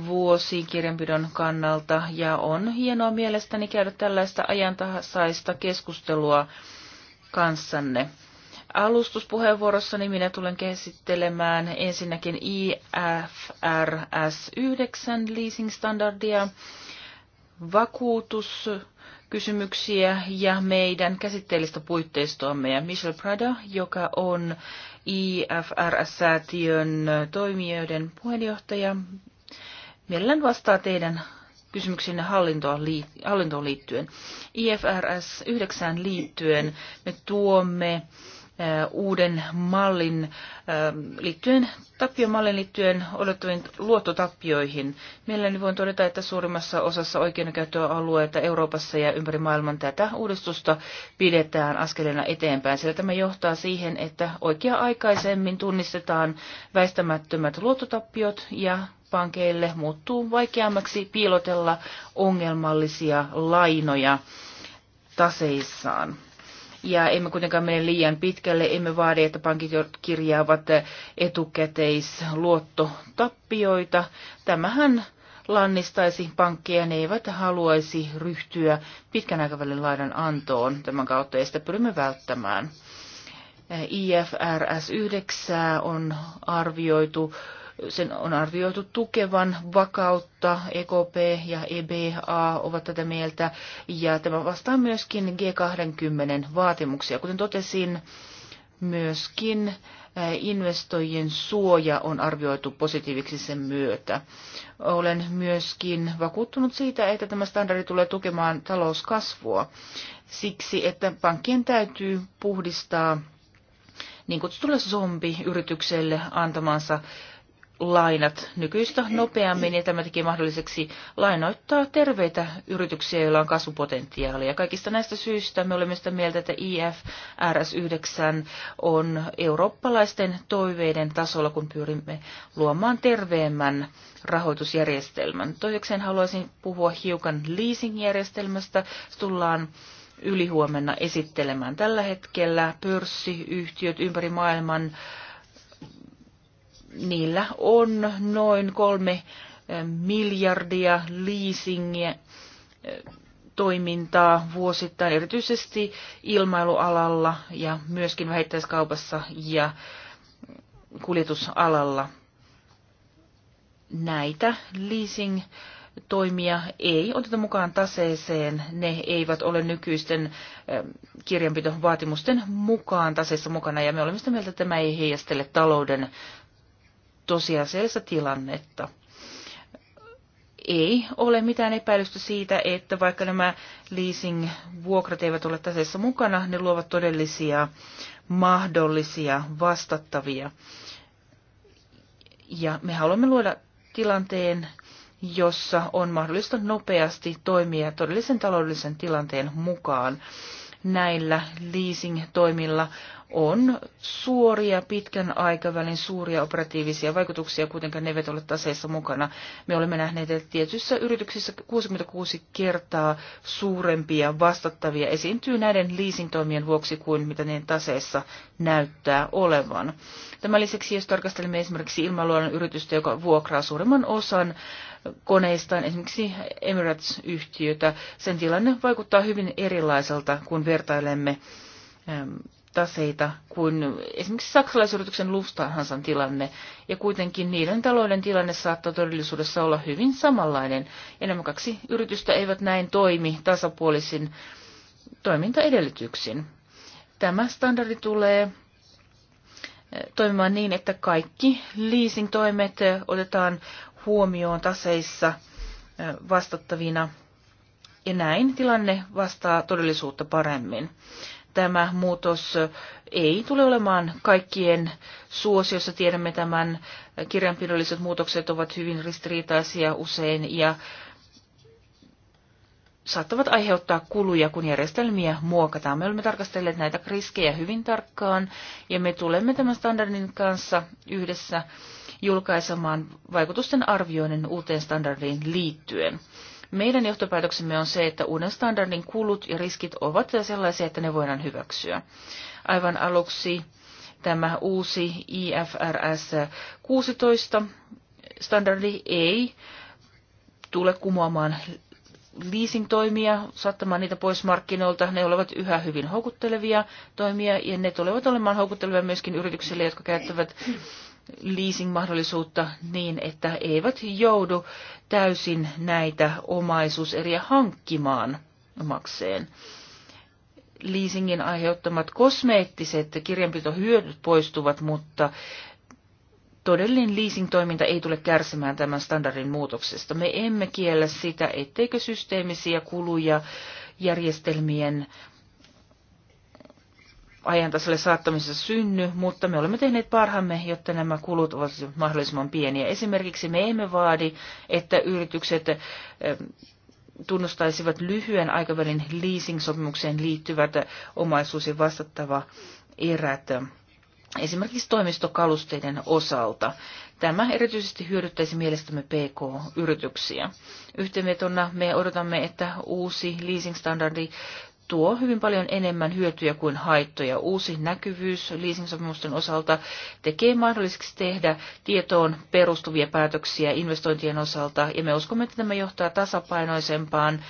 vuosi kirjanpidon kannalta ja on hienoa mielestäni käydä tällaista ajantasaista keskustelua kanssanne. Alustuspuheenvuorossani minä tulen käsittelemään ensinnäkin IFRS 9 leasing-standardia, vakuutuskysymyksiä ja meidän käsitteellistä puitteistoamme. Ja Michel Prada, joka on IFRS-säätiön toimijoiden puheenjohtaja, mielellään vastaa teidän kysymyksenne hallintoon liittyen. IFRS 9 liittyen me tuomme äh, uuden mallin ähm, liittyen, tappiomallin liittyen odottaviin luottotappioihin. Mielelläni voin todeta, että suurimmassa osassa oikeudenkäyttöalueita Euroopassa ja ympäri maailman tätä uudistusta pidetään askeleena eteenpäin, sillä tämä johtaa siihen, että oikea-aikaisemmin tunnistetaan väistämättömät luottotappiot ja pankeille muuttuu vaikeammaksi piilotella ongelmallisia lainoja taseissaan. Ja emme kuitenkaan mene liian pitkälle, emme vaadi, että pankit kirjaavat etukäteisluottotappioita. Tämähän lannistaisi pankkeja, ne eivät haluaisi ryhtyä pitkän aikavälin laidan antoon tämän kautta, ja sitä pyrimme välttämään. IFRS 9 on arvioitu sen on arvioitu tukevan vakautta. EKP ja EBA ovat tätä mieltä ja tämä vastaa myöskin G20 vaatimuksia. Kuten totesin, myöskin eh, investoijien suoja on arvioitu positiiviksi sen myötä. Olen myöskin vakuuttunut siitä, että tämä standardi tulee tukemaan talouskasvua siksi, että pankkien täytyy puhdistaa niin kutsutulle zombiyritykselle antamansa lainat nykyistä nopeammin ja tämä teki mahdolliseksi lainoittaa terveitä yrityksiä, joilla on kasvupotentiaalia. Kaikista näistä syistä me olemme sitä mieltä, että IFRS 9 on eurooppalaisten toiveiden tasolla, kun pyrimme luomaan terveemmän rahoitusjärjestelmän. Toisekseen haluaisin puhua hiukan leasingjärjestelmästä. tullaan ylihuomenna esittelemään. Tällä hetkellä pörssiyhtiöt ympäri maailman niillä on noin kolme eh, miljardia leasingiä eh, toimintaa vuosittain, erityisesti ilmailualalla ja myöskin vähittäiskaupassa ja kuljetusalalla. Näitä leasing toimia ei oteta mukaan taseeseen. Ne eivät ole nykyisten eh, kirjanpitovaatimusten mukaan taseessa mukana ja me olemme sitä mieltä, että tämä ei heijastele talouden tosiasiallista tilannetta. Ei ole mitään epäilystä siitä, että vaikka nämä leasing-vuokrat eivät ole tässä mukana, ne luovat todellisia mahdollisia vastattavia. Ja me haluamme luoda tilanteen, jossa on mahdollista nopeasti toimia todellisen taloudellisen tilanteen mukaan. Näillä leasing-toimilla on suoria pitkän aikavälin suuria operatiivisia vaikutuksia, kuitenkaan ne eivät ole taseissa mukana. Me olemme nähneet, että tietyissä yrityksissä 66 kertaa suurempia vastattavia esiintyy näiden leasingtoimien vuoksi kuin mitä ne taseissa näyttää olevan. Tämän lisäksi, jos tarkastelemme esimerkiksi ilmailualan yritystä, joka vuokraa suurimman osan koneistaan, esimerkiksi Emirates-yhtiötä, sen tilanne vaikuttaa hyvin erilaiselta, kun vertailemme taseita kuin esimerkiksi saksalaisyrityksen Lufthansan tilanne, ja kuitenkin niiden talouden tilanne saattaa todellisuudessa olla hyvin samanlainen, Enemmän kaksi yritystä eivät näin toimi tasapuolisin toimintaedellytyksin. Tämä standardi tulee eh, toimimaan niin, että kaikki leasing-toimet otetaan huomioon taseissa eh, vastattavina, ja näin tilanne vastaa todellisuutta paremmin tämä muutos ei tule olemaan kaikkien suosiossa. Tiedämme tämän, kirjanpidolliset muutokset ovat hyvin ristiriitaisia usein ja saattavat aiheuttaa kuluja, kun järjestelmiä muokataan. Me olemme tarkastelleet näitä riskejä hyvin tarkkaan ja me tulemme tämän standardin kanssa yhdessä julkaisemaan vaikutusten arvioinnin uuteen standardiin liittyen. Meidän johtopäätöksemme on se, että uuden standardin kulut ja riskit ovat sellaisia, että ne voidaan hyväksyä. Aivan aluksi tämä uusi IFRS 16 standardi ei tule kumoamaan leasing-toimia, saattamaan niitä pois markkinoilta. Ne olevat yhä hyvin houkuttelevia toimia ja ne tulevat olemaan houkuttelevia myöskin yrityksille, jotka käyttävät leasing-mahdollisuutta niin, että eivät joudu täysin näitä omaisuuseriä hankkimaan makseen. Leasingin aiheuttamat kosmeettiset kirjanpitohyödyt poistuvat, mutta todellinen leasing-toiminta ei tule kärsimään tämän standardin muutoksesta. Me emme kiellä sitä, etteikö systeemisiä kuluja järjestelmien ajan tasalle saattamisessa synny, mutta me olemme tehneet parhaamme, jotta nämä kulut ovat mahdollisimman pieniä. Esimerkiksi me emme vaadi, että yritykset eh, tunnustaisivat lyhyen aikavälin leasing-sopimukseen liittyvät omaisuus- ja vastattava erät esimerkiksi toimistokalusteiden osalta. Tämä erityisesti hyödyttäisi mielestämme PK-yrityksiä. Yhteenvetona me odotamme, että uusi leasing-standardi tuo hyvin paljon enemmän hyötyjä kuin haittoja. Uusi näkyvyys leasingsopimusten osalta tekee mahdolliseksi tehdä tietoon perustuvia päätöksiä investointien osalta, ja me uskomme, että tämä johtaa tasapainoisempaan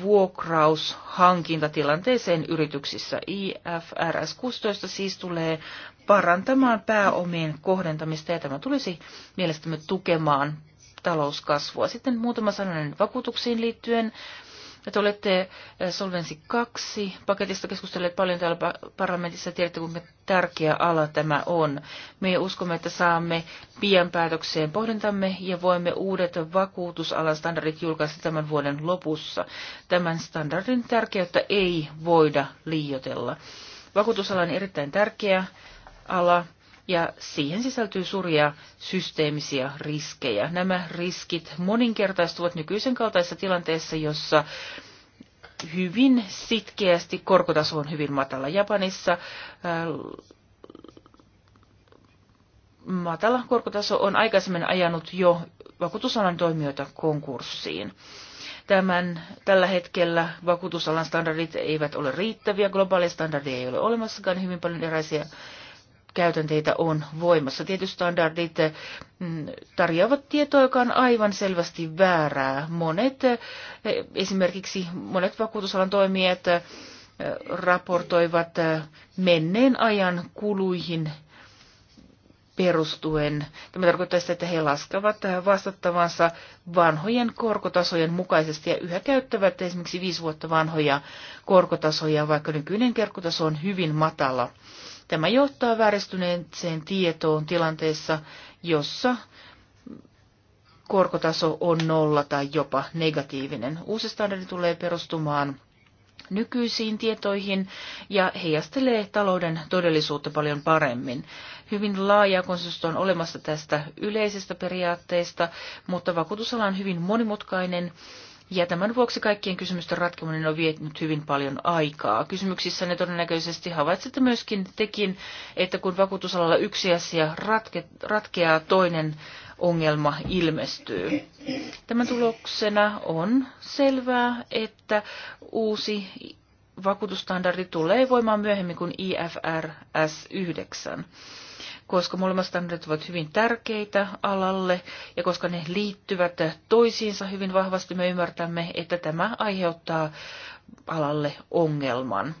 vuokraushankintatilanteeseen yrityksissä. IFRS 16 siis tulee parantamaan pääomien kohdentamista ja tämä tulisi mielestämme tukemaan talouskasvua. Sitten muutama sananen vakuutuksiin liittyen. Te olette eh, Solvensi 2 paketista keskustelleet paljon täällä parlamentissa. Tiedätte, kuinka tärkeä ala tämä on. Me uskomme, että saamme pian päätökseen pohdintamme ja voimme uudet vakuutusalan standardit julkaista tämän vuoden lopussa. Tämän standardin tärkeyttä ei voida liioitella. Vakuutusala on erittäin tärkeä ala ja siihen sisältyy suuria systeemisiä riskejä. Nämä riskit moninkertaistuvat nykyisen kaltaisessa tilanteessa, jossa hyvin sitkeästi korkotaso on hyvin matala. Japanissa äh, matala korkotaso on aikaisemmin ajanut jo vakuutusalan toimijoita konkurssiin. Tämän, tällä hetkellä vakuutusalan standardit eivät ole riittäviä, globaaleja standardeja ei ole olemassakaan, hyvin paljon eräisiä käytänteitä on voimassa. Tietysti standardit mm, tarjoavat tietoa, joka on aivan selvästi väärää. Monet, eh, esimerkiksi monet vakuutusalan toimijat eh, raportoivat eh, menneen ajan kuluihin perustuen. Tämä tarkoittaa sitä, että he laskevat vastattavansa vanhojen korkotasojen mukaisesti ja yhä käyttävät esimerkiksi viisi vuotta vanhoja korkotasoja, vaikka nykyinen korkotaso on hyvin matala. Tämä johtaa vääristyneeseen tietoon tilanteessa, jossa korkotaso on nolla tai jopa negatiivinen. Uusi standardi tulee perustumaan nykyisiin tietoihin ja heijastelee talouden todellisuutta paljon paremmin. Hyvin laaja konsensus on olemassa tästä yleisestä periaatteesta, mutta vakuutusala on hyvin monimutkainen ja tämän vuoksi kaikkien kysymysten ratkeminen on vietnyt hyvin paljon aikaa. Kysymyksissä ne todennäköisesti havaitsette myöskin tekin, että kun vakuutusalalla yksi asia ratke, ratkeaa, toinen ongelma ilmestyy. Tämän tuloksena on selvää, että uusi vakuutusstandardi tulee voimaan myöhemmin kuin IFRS 9 koska molemmat standardit ovat hyvin tärkeitä alalle ja koska ne liittyvät toisiinsa hyvin vahvasti, me ymmärtämme, että tämä aiheuttaa alalle ongelman.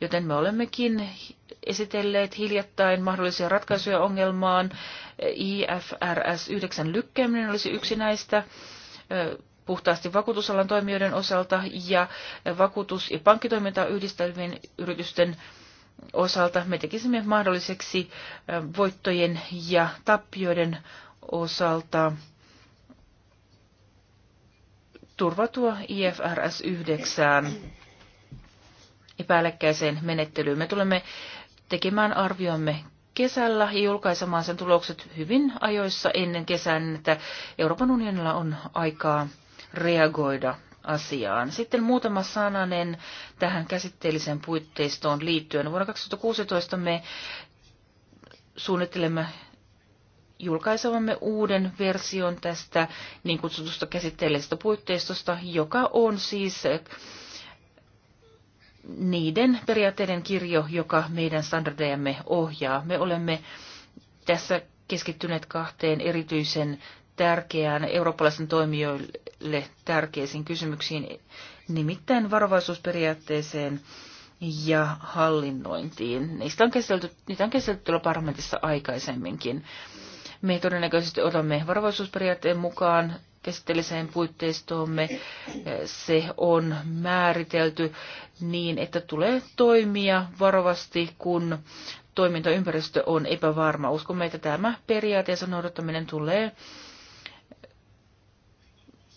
Joten me olemmekin esitelleet hiljattain mahdollisia ratkaisuja ongelmaan. IFRS 9 lykkääminen olisi yksi näistä puhtaasti vakuutusalan toimijoiden osalta ja vakuutus- ja pankkitoimintaa yhdistävien yritysten osalta me tekisimme mahdolliseksi voittojen ja tappioiden osalta turvatua IFRS 9 päällekkäiseen menettelyyn. Me tulemme tekemään arviomme kesällä ja julkaisemaan sen tulokset hyvin ajoissa ennen kesän, että Euroopan unionilla on aikaa reagoida asiaan. Sitten muutama sananen tähän käsitteelliseen puitteistoon liittyen. Vuonna 2016 me suunnittelemme julkaisemamme uuden version tästä niin kutsutusta käsitteellisestä puitteistosta, joka on siis eh, niiden periaatteiden kirjo, joka meidän standardejamme ohjaa. Me olemme tässä keskittyneet kahteen erityisen tärkeään eurooppalaisten toimijoille, kaikille tärkeisiin kysymyksiin, nimittäin varovaisuusperiaatteeseen ja hallinnointiin. Niistä on käsitelty, niitä on käsitelty tuolla parlamentissa aikaisemminkin. Me todennäköisesti otamme varovaisuusperiaatteen mukaan käsitteelliseen puitteistoomme. Se on määritelty niin, että tulee toimia varovasti, kun toimintaympäristö on epävarma. Uskomme, että tämä periaatteessa noudattaminen tulee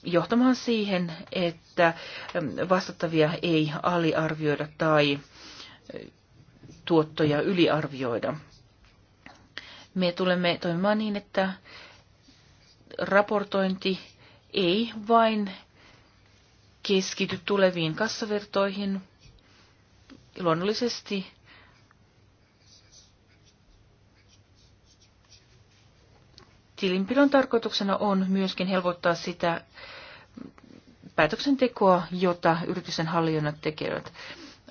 johtamaan siihen, että ähm, vastattavia ei aliarvioida tai äh, tuottoja yliarvioida. Me tulemme toimimaan niin, että raportointi ei vain keskity tuleviin kassavirtoihin. Luonnollisesti Tilinpidon tarkoituksena on myöskin helpottaa sitä päätöksentekoa, jota yritysten hallinnot tekevät.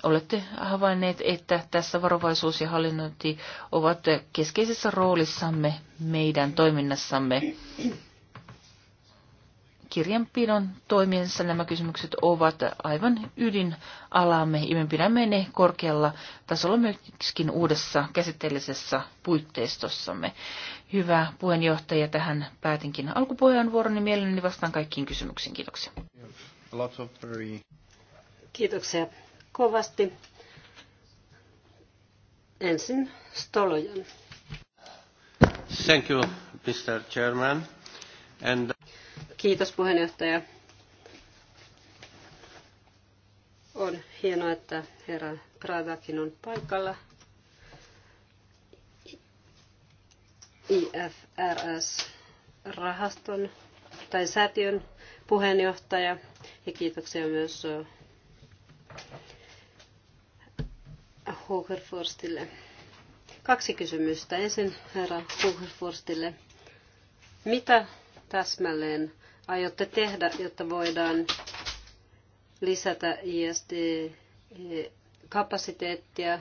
Olette havainneet, että tässä varovaisuus ja hallinnointi ovat keskeisessä roolissamme meidän toiminnassamme kirjanpidon toimiensa nämä kysymykset ovat aivan ydinalaamme, ja me pidämme ne korkealla tasolla myöskin uudessa käsitteellisessä puitteistossamme. Hyvä puheenjohtaja, tähän päätinkin alkupuheen niin mielelläni vastaan kaikkiin kysymyksiin. Kiitoksia. Kiitoksia kovasti. Ensin Stolojan. Thank you, Mr. Chairman. And... Kiitos puheenjohtaja. On hienoa, että herra Pradakin on paikalla. IFRS-rahaston tai säätiön puheenjohtaja ja kiitoksia myös Hogerforstille. Kaksi kysymystä ensin herra Hogerforstille. Mitä täsmälleen aiotte tehdä, jotta voidaan lisätä ISD-kapasiteettia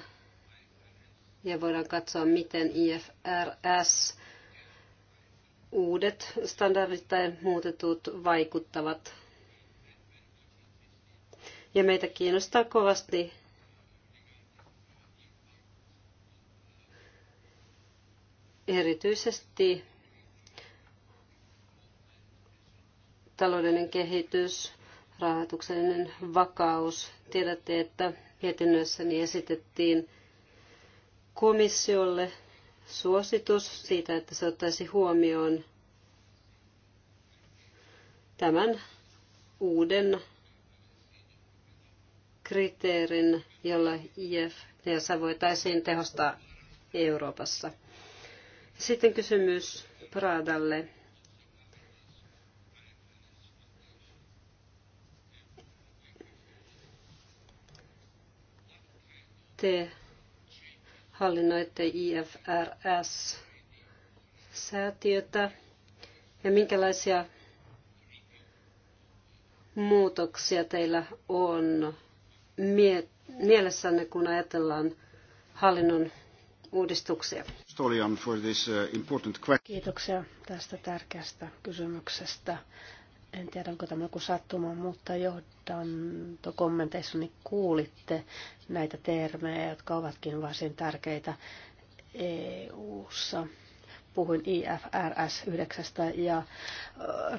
ja voidaan katsoa, miten IFRS uudet standardit tai muutetut vaikuttavat. Ja meitä kiinnostaa kovasti erityisesti taloudellinen kehitys, rahoituksellinen vakaus. Tiedätte, että mietinnössäni esitettiin komissiolle suositus siitä, että se ottaisi huomioon tämän uuden kriteerin, jolla ja voitaisiin tehostaa Euroopassa. Sitten kysymys Pradalle. te hallinnoitte IFRS-säätiötä ja minkälaisia muutoksia teillä on mie- mielessänne, kun ajatellaan hallinnon uudistuksia? Uh, Kiitoksia tästä tärkeästä kysymyksestä. En tiedä, onko tämä joku sattuma, mutta niin kuulitte näitä termejä, jotka ovatkin varsin tärkeitä EU-ssa. Puhuin IFRS 9 ja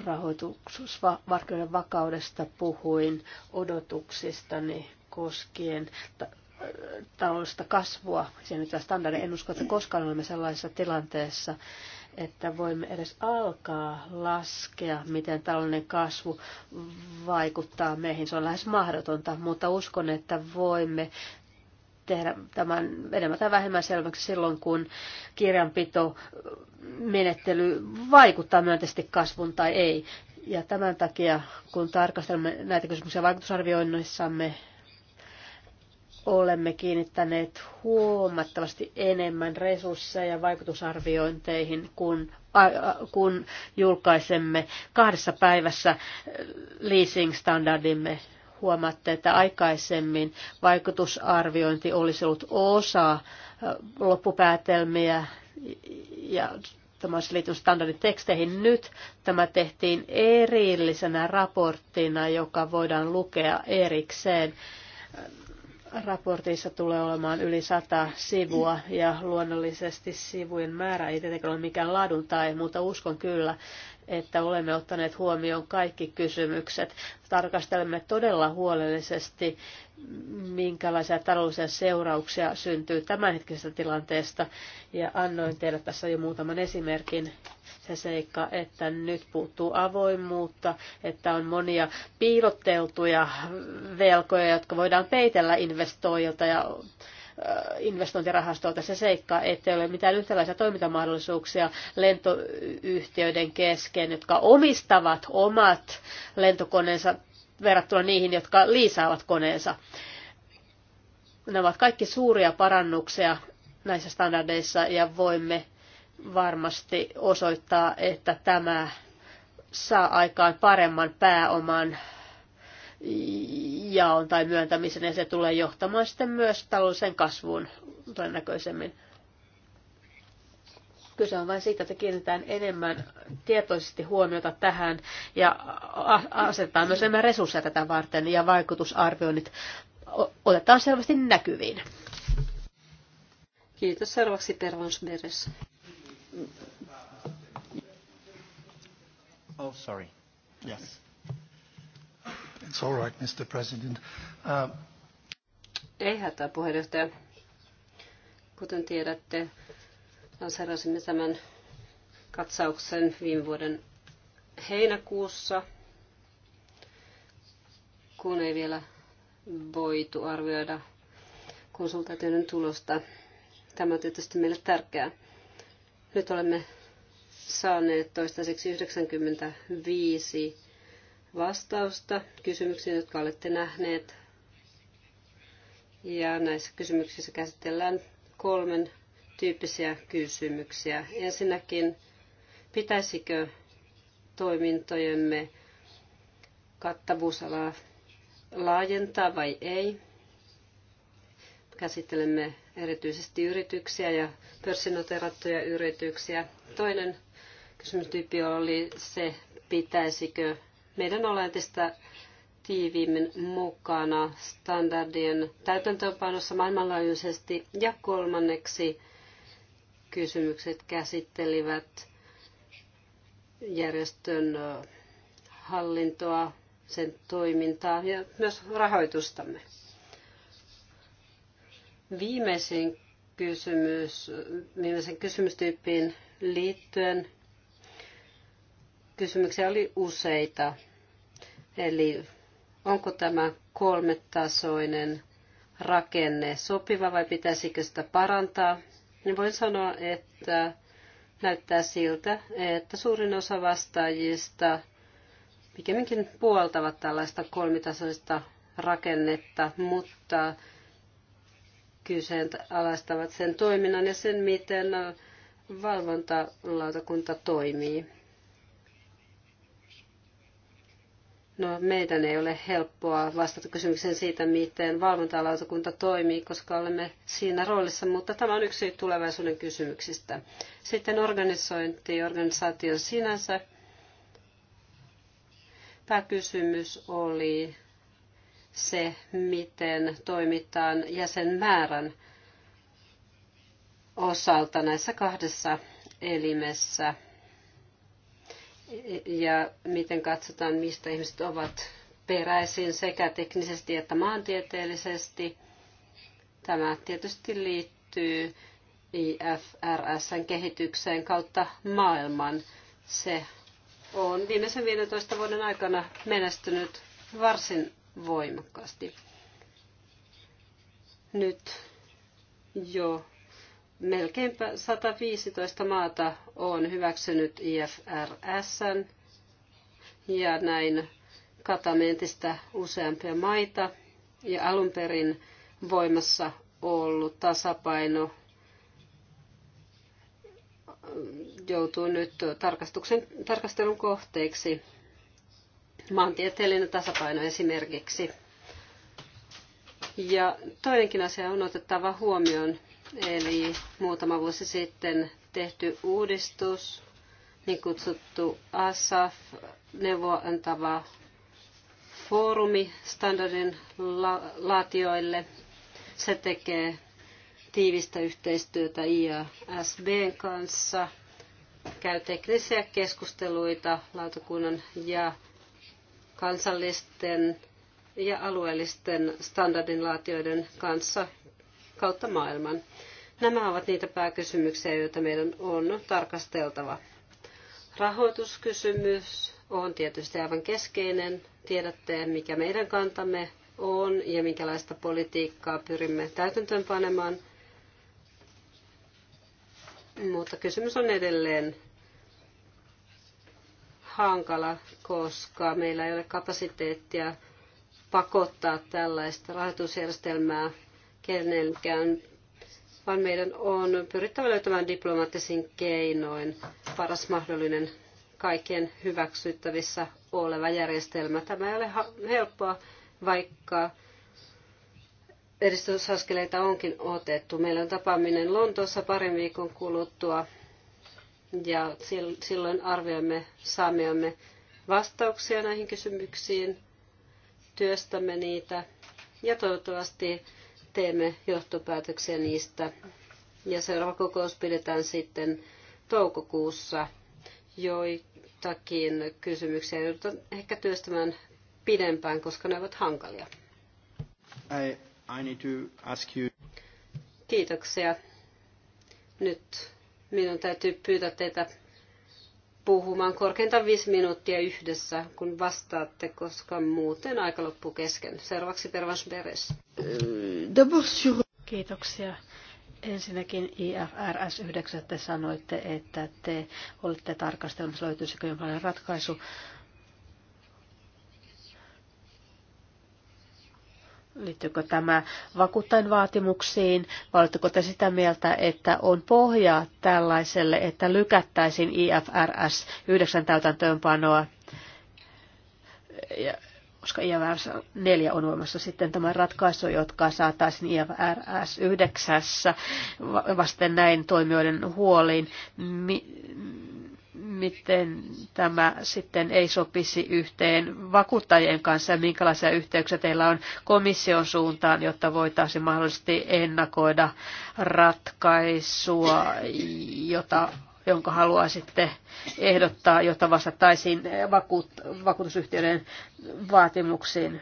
rahoitusmarkkinoiden vakaudesta puhuin odotuksistani koskien taloudellista kasvua. Siinä nyt standardi. En usko, että koskaan olemme sellaisessa tilanteessa, että voimme edes alkaa laskea, miten tällainen kasvu vaikuttaa meihin. Se on lähes mahdotonta, mutta uskon, että voimme tehdä tämän enemmän tai vähemmän selväksi silloin, kun kirjanpito menettely vaikuttaa myönteisesti kasvun tai ei. Ja tämän takia, kun tarkastelemme näitä kysymyksiä vaikutusarvioinnissamme, olemme kiinnittäneet huomattavasti enemmän resursseja vaikutusarviointeihin kuin kun julkaisemme kahdessa päivässä eh, leasing-standardimme. Huomaatte, että aikaisemmin vaikutusarviointi olisi ollut osa eh, loppupäätelmiä ja tämä olisi liittynyt standarditeksteihin. Nyt tämä tehtiin erillisenä raporttina, joka voidaan lukea erikseen raportissa tulee olemaan yli sata sivua ja luonnollisesti sivujen määrä ei tietenkään ole mikään laadun tai, mutta uskon kyllä, että olemme ottaneet huomioon kaikki kysymykset. Tarkastelemme todella huolellisesti, minkälaisia taloudellisia seurauksia syntyy tämänhetkisestä tilanteesta ja annoin teille tässä jo muutaman esimerkin se seikka, että nyt puuttuu avoimuutta, että on monia piilotteltuja velkoja, jotka voidaan peitellä investoijilta ja investointirahastoilta se seikka, ettei ole mitään yhtäläisiä toimintamahdollisuuksia lentoyhtiöiden kesken, jotka omistavat omat lentokoneensa verrattuna niihin, jotka liisaavat koneensa. Nämä ovat kaikki suuria parannuksia näissä standardeissa ja voimme varmasti osoittaa, että tämä saa aikaan paremman pääoman jaon tai myöntämisen, ja se tulee johtamaan sitten myös taloudellisen kasvuun todennäköisemmin. Kyse on vain siitä, että kiinnitetään enemmän tietoisesti huomiota tähän ja asetetaan myös enemmän resursseja tätä varten ja vaikutusarvioinnit otetaan selvästi näkyviin. Kiitos. Seuraavaksi Pervans Oh, sorry. Yes. It's all right, Mr. President. Uh... Ei hätää, puheenjohtaja. Kuten tiedätte, lanseerasimme tämän katsauksen viime vuoden heinäkuussa, kun ei vielä voitu arvioida konsultaatioiden tulosta. Tämä on tietysti meille tärkeää. Nyt olemme saaneet toistaiseksi 95 vastausta kysymyksiin, jotka olette nähneet. Ja näissä kysymyksissä käsitellään kolmen tyyppisiä kysymyksiä. Ensinnäkin, pitäisikö toimintojemme kattavuusalaa laajentaa vai ei? Käsittelemme erityisesti yrityksiä ja pörssinoterattuja yrityksiä. Toinen kysymystyyppi oli se, pitäisikö meidän olla entistä tiiviimmin mukana standardien täytäntöönpanossa maailmanlaajuisesti. Ja kolmanneksi kysymykset käsittelivät järjestön hallintoa, sen toimintaa ja myös rahoitustamme. Viimeisin kysymys, viimeisen kysymystyyppiin liittyen kysymyksiä oli useita. Eli onko tämä kolmetasoinen rakenne sopiva vai pitäisikö sitä parantaa? Niin voin sanoa, että näyttää siltä, että suurin osa vastaajista pikemminkin puoltavat tällaista kolmitasoista rakennetta, mutta kyseenalaistavat sen toiminnan ja sen, miten valvontalautakunta toimii. No, meidän ei ole helppoa vastata kysymykseen siitä, miten valvontalautakunta toimii, koska olemme siinä roolissa, mutta tämä on yksi tulevaisuuden kysymyksistä. Sitten organisointi, organisaation sinänsä. Pääkysymys oli se, miten toimitaan jäsenmäärän osalta näissä kahdessa elimessä ja miten katsotaan, mistä ihmiset ovat peräisin sekä teknisesti että maantieteellisesti. Tämä tietysti liittyy IFRSn kehitykseen kautta maailman. Se on viimeisen 15 vuoden aikana menestynyt varsin voimakkaasti. Nyt jo melkeinpä 115 maata on hyväksynyt IFRS ja näin katamme entistä useampia maita. Ja alun perin voimassa ollut tasapaino joutuu nyt tarkastuksen, tarkastelun kohteeksi maantieteellinen tasapaino esimerkiksi. Ja toinenkin asia on otettava huomioon, eli muutama vuosi sitten tehty uudistus, niin kutsuttu ASAF-neuvoa antava foorumi standardin laatioille. Se tekee tiivistä yhteistyötä IASBn kanssa, käy teknisiä keskusteluita lautakunnan ja kansallisten ja alueellisten standardinlaatioiden kanssa kautta maailman. Nämä ovat niitä pääkysymyksiä, joita meidän on tarkasteltava. Rahoituskysymys on tietysti aivan keskeinen. Tiedätte, mikä meidän kantamme on ja minkälaista politiikkaa pyrimme täytäntöönpanemaan. Mutta kysymys on edelleen hankala, koska meillä ei ole kapasiteettia pakottaa tällaista rahoitusjärjestelmää kenenkään, vaan meidän on pyrittävä löytämään diplomaattisin keinoin paras mahdollinen kaikkien hyväksyttävissä oleva järjestelmä. Tämä ei ole helppoa, vaikka edistysaskeleita onkin otettu. Meillä on tapaaminen Lontoossa parin viikon kuluttua ja silloin arvioimme saamiamme vastauksia näihin kysymyksiin, työstämme niitä ja toivottavasti teemme johtopäätöksiä niistä. Ja seuraava kokous pidetään sitten toukokuussa. Joitakin kysymyksiä joudutaan ehkä työstämään pidempään, koska ne ovat hankalia. I, I need to ask you. Kiitoksia. Nyt Minun täytyy pyytää teitä puhumaan korkeintaan viisi minuuttia yhdessä, kun vastaatte, koska muuten aika loppuu kesken. Seuraavaksi Pervans Beres. Kiitoksia. Ensinnäkin IFRS 9 te sanoitte, että te olette tarkastelemassa, löytyisikö jonkinlainen ratkaisu. Liittyykö tämä vakuuttain vaatimuksiin, vai oletteko te sitä mieltä, että on pohjaa tällaiselle, että lykättäisiin IFRS 9 täytäntöönpanoa, ja, koska IFRS 4 on voimassa sitten tämä ratkaisu, jotka saataisiin IFRS 9 vasten näin toimijoiden huoliin. Mi- miten tämä sitten ei sopisi yhteen vakuuttajien kanssa ja minkälaisia yhteyksiä teillä on komission suuntaan, jotta voitaisiin mahdollisesti ennakoida ratkaisua, jota, jonka haluaisitte ehdottaa, jotta vastattaisiin vakuut, vakuutusyhtiöiden vaatimuksiin.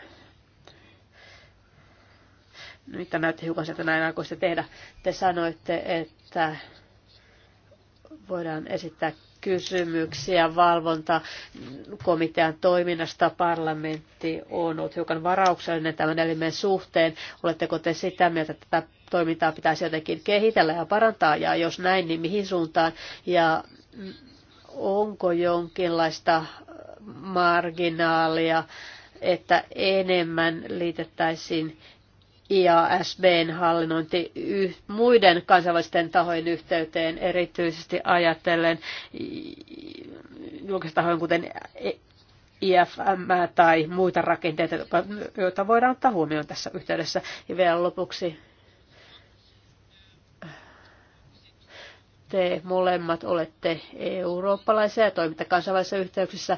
Nyt no, näytti hiukan sieltä näin aikoista tehdä. Te sanoitte, että voidaan esittää kysymyksiä valvontakomitean toiminnasta. Parlamentti on ollut hiukan varauksellinen tämän elimen suhteen. Oletteko te sitä mieltä, että tätä toimintaa pitäisi jotenkin kehitellä ja parantaa, ja jos näin, niin mihin suuntaan, ja onko jonkinlaista marginaalia, että enemmän liitettäisiin IASBn hallinnointi muiden kansainvälisten tahojen yhteyteen, erityisesti ajatellen julkisten tahojen, kuten IFM tai muita rakenteita, joita voidaan ottaa huomioon tässä yhteydessä. Ja vielä lopuksi te molemmat olette eurooppalaisia ja toimitte kansainvälisissä yhteyksissä.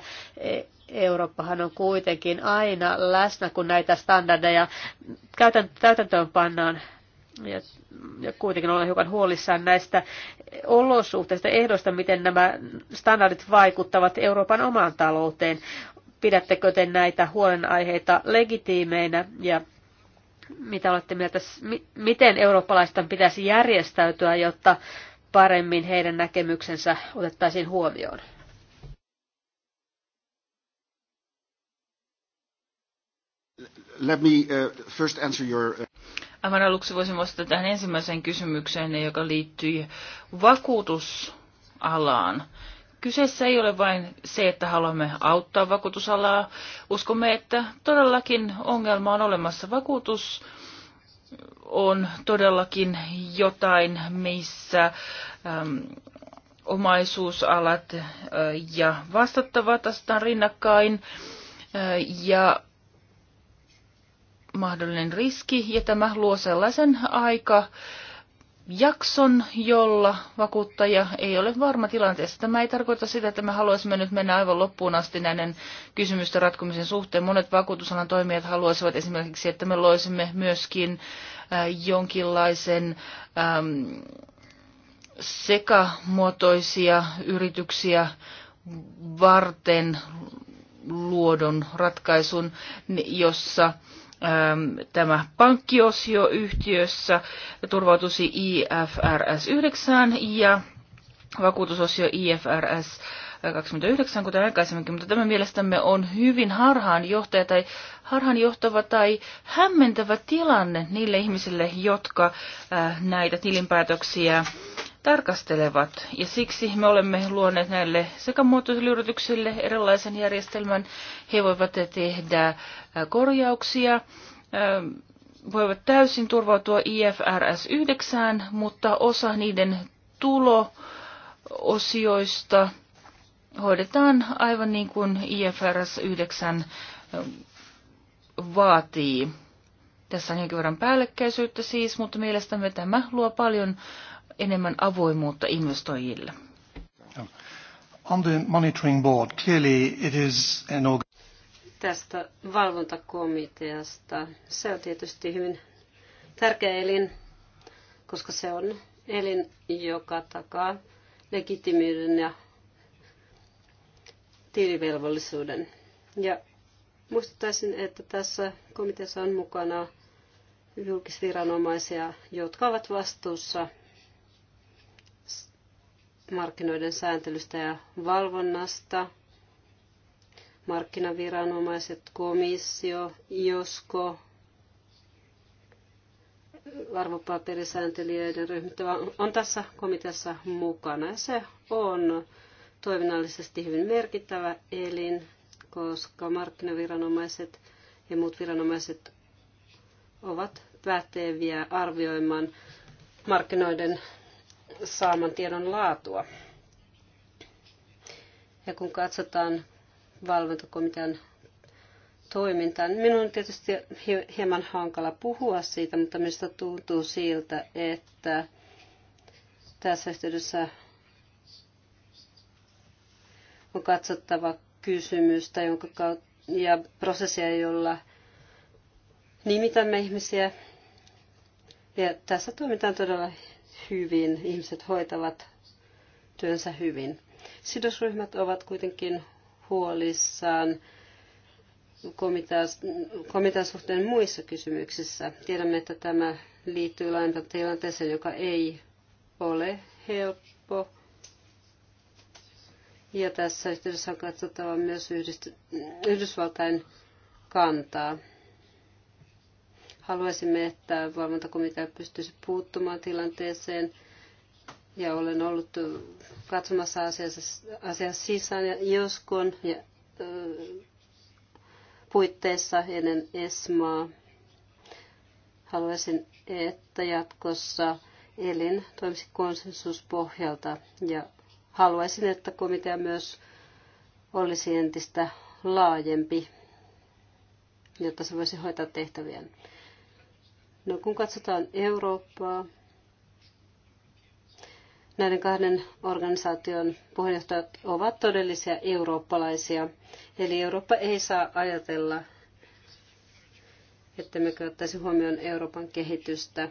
Eurooppahan on kuitenkin aina läsnä, kun näitä standardeja täytäntöön pannaan. Ja, ja kuitenkin olen hiukan huolissaan näistä olosuhteista, ehdoista, miten nämä standardit vaikuttavat Euroopan omaan talouteen. Pidättekö te näitä huolenaiheita legitiimeinä ja mitä olette mieltä, miten eurooppalaisten pitäisi järjestäytyä, jotta paremmin heidän näkemyksensä otettaisiin huomioon? let me uh, first answer your... Uh, Aivan aluksi voisin vastata tähän ensimmäiseen kysymykseen, joka liittyy vakuutusalaan. Kyseessä ei ole vain se, että haluamme auttaa vakuutusalaa. Uskomme, että todellakin ongelma on olemassa. Vakuutus on todellakin jotain, missä äm, omaisuusalat ä, ja vastattavat asetetaan rinnakkain. Ä, ja mahdollinen riski, ja tämä luo sellaisen aika jakson, jolla vakuuttaja ei ole varma tilanteesta. Tämä ei tarkoita sitä, että me haluaisimme nyt mennä aivan loppuun asti näiden kysymysten ratkomisen suhteen. Monet vakuutusalan toimijat haluaisivat esimerkiksi, että me loisimme myöskin äh, jonkinlaisen ähm, sekamuotoisia yrityksiä varten luodon ratkaisun, jossa tämä pankkiosio yhtiössä turvautuisi IFRS 9 ja vakuutusosio IFRS 29, kuten aikaisemminkin, mutta tämä mielestämme on hyvin harhaanjohtaja tai harhaanjohtava tai hämmentävä tilanne niille ihmisille, jotka äh, näitä tilinpäätöksiä tarkastelevat. Ja siksi me olemme luoneet näille sekä muotoisille yrityksille erilaisen järjestelmän. He voivat tehdä äh, korjauksia, äh, voivat täysin turvautua IFRS 9, mutta osa niiden tuloosioista hoidetaan aivan niin kuin IFRS 9 äh, vaatii. Tässä on jonkin verran päällekkäisyyttä siis, mutta mielestämme tämä luo paljon enemmän avoimuutta investoijille. On the monitoring board, clearly it is an organ- Tästä valvontakomiteasta. Se on tietysti hyvin tärkeä elin, koska se on elin, joka takaa legitimiyden ja tilivelvollisuuden. Ja muistuttaisin, että tässä komiteassa on mukana julkisviranomaisia, jotka ovat vastuussa markkinoiden sääntelystä ja valvonnasta, markkinaviranomaiset, komissio, josko, arvopaperisääntelijöiden ryhmittävä on tässä komiteassa mukana. Ja se on toiminnallisesti hyvin merkittävä elin, koska markkinaviranomaiset ja muut viranomaiset ovat päteviä arvioimaan markkinoiden saaman tiedon laatua. Ja kun katsotaan valvontakomitean toimintaa, niin minun on tietysti hieman hankala puhua siitä, mutta minusta tuntuu siltä, että tässä yhteydessä on katsottava kysymystä jonka kautta, ja prosessia, jolla nimitämme ihmisiä. Ja tässä toimitaan todella hyvin, ihmiset hoitavat työnsä hyvin. Sidosryhmät ovat kuitenkin huolissaan komitean suhteen muissa kysymyksissä. Tiedämme, että tämä liittyy laajempaan tilanteeseen, joka ei ole helppo. Ja tässä yhteydessä on katsottava myös Yhdysvaltain kantaa. Haluaisimme, että valvontakomitea pystyisi puuttumaan tilanteeseen ja olen ollut katsomassa asiassa, asiassa sisään ja joskon ja, ö, puitteissa ennen ESMAa. Haluaisin, että jatkossa elin toimisi konsensuspohjalta ja haluaisin, että komitea myös olisi entistä laajempi, jotta se voisi hoitaa tehtäviään. No, kun katsotaan Eurooppaa, näiden kahden organisaation puheenjohtajat ovat todellisia eurooppalaisia. Eli Eurooppa ei saa ajatella, että me ottaisi huomioon Euroopan kehitystä.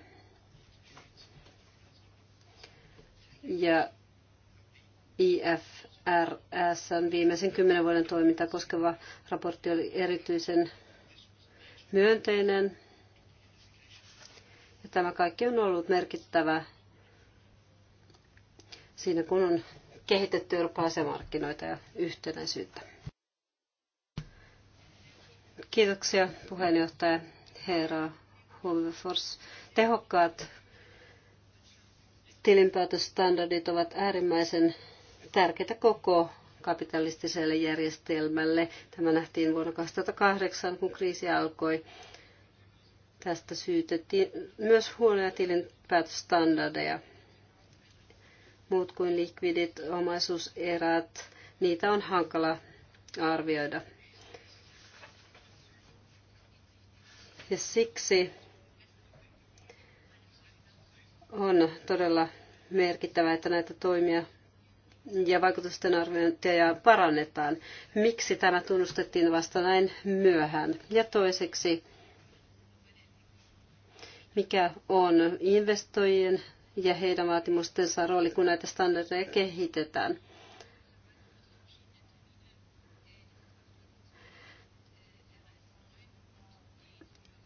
Ja IFRS on viimeisen kymmenen vuoden toiminta koskeva raportti oli erityisen myönteinen Tämä kaikki on ollut merkittävä siinä, kun on kehitetty Euroopan markkinoita ja yhtenäisyyttä. Kiitoksia puheenjohtaja Herra Hulvefors. Tehokkaat tilinpäätösstandardit ovat äärimmäisen tärkeitä koko kapitalistiselle järjestelmälle. Tämä nähtiin vuonna 2008, kun kriisi alkoi. Tästä syytettiin myös huonoja tilinpäätöstandardeja. Muut kuin likvidit omaisuuserät, niitä on hankala arvioida. Ja siksi on todella merkittävää, että näitä toimia ja vaikutusten arviointia parannetaan. Miksi tämä tunnustettiin vasta näin myöhään? Ja toiseksi mikä on investoijien ja heidän vaatimustensa rooli, kun näitä standardeja kehitetään.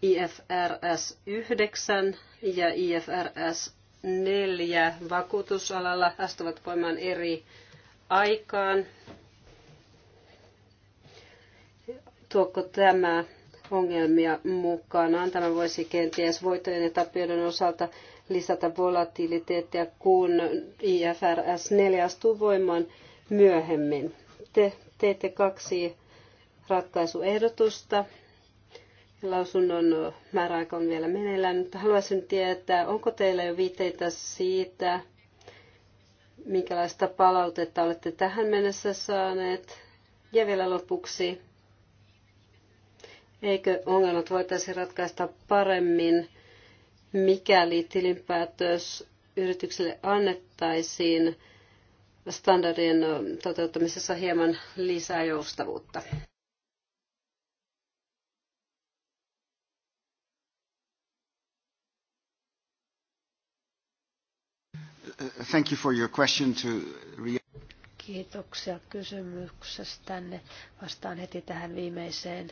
IFRS 9 ja IFRS 4 vakuutusalalla astuvat voimaan eri aikaan. Tuoko tämä ongelmia mukanaan. Tämä voisi kenties voittojen ja tappioiden osalta lisätä volatiliteettia, kun IFRS 4 astuu voimaan myöhemmin. Te teette kaksi ratkaisuehdotusta. Lausunnon määräaika on vielä meneillään, mutta haluaisin tietää, onko teillä jo viiteitä siitä, minkälaista palautetta olette tähän mennessä saaneet. Ja vielä lopuksi, Eikö ongelmat voitaisi ratkaista paremmin, mikäli tilinpäätös yritykselle annettaisiin standardien toteuttamisessa hieman lisää joustavuutta? Thank you for your question to... Kiitoksia kysymyksestänne. Vastaan heti tähän viimeiseen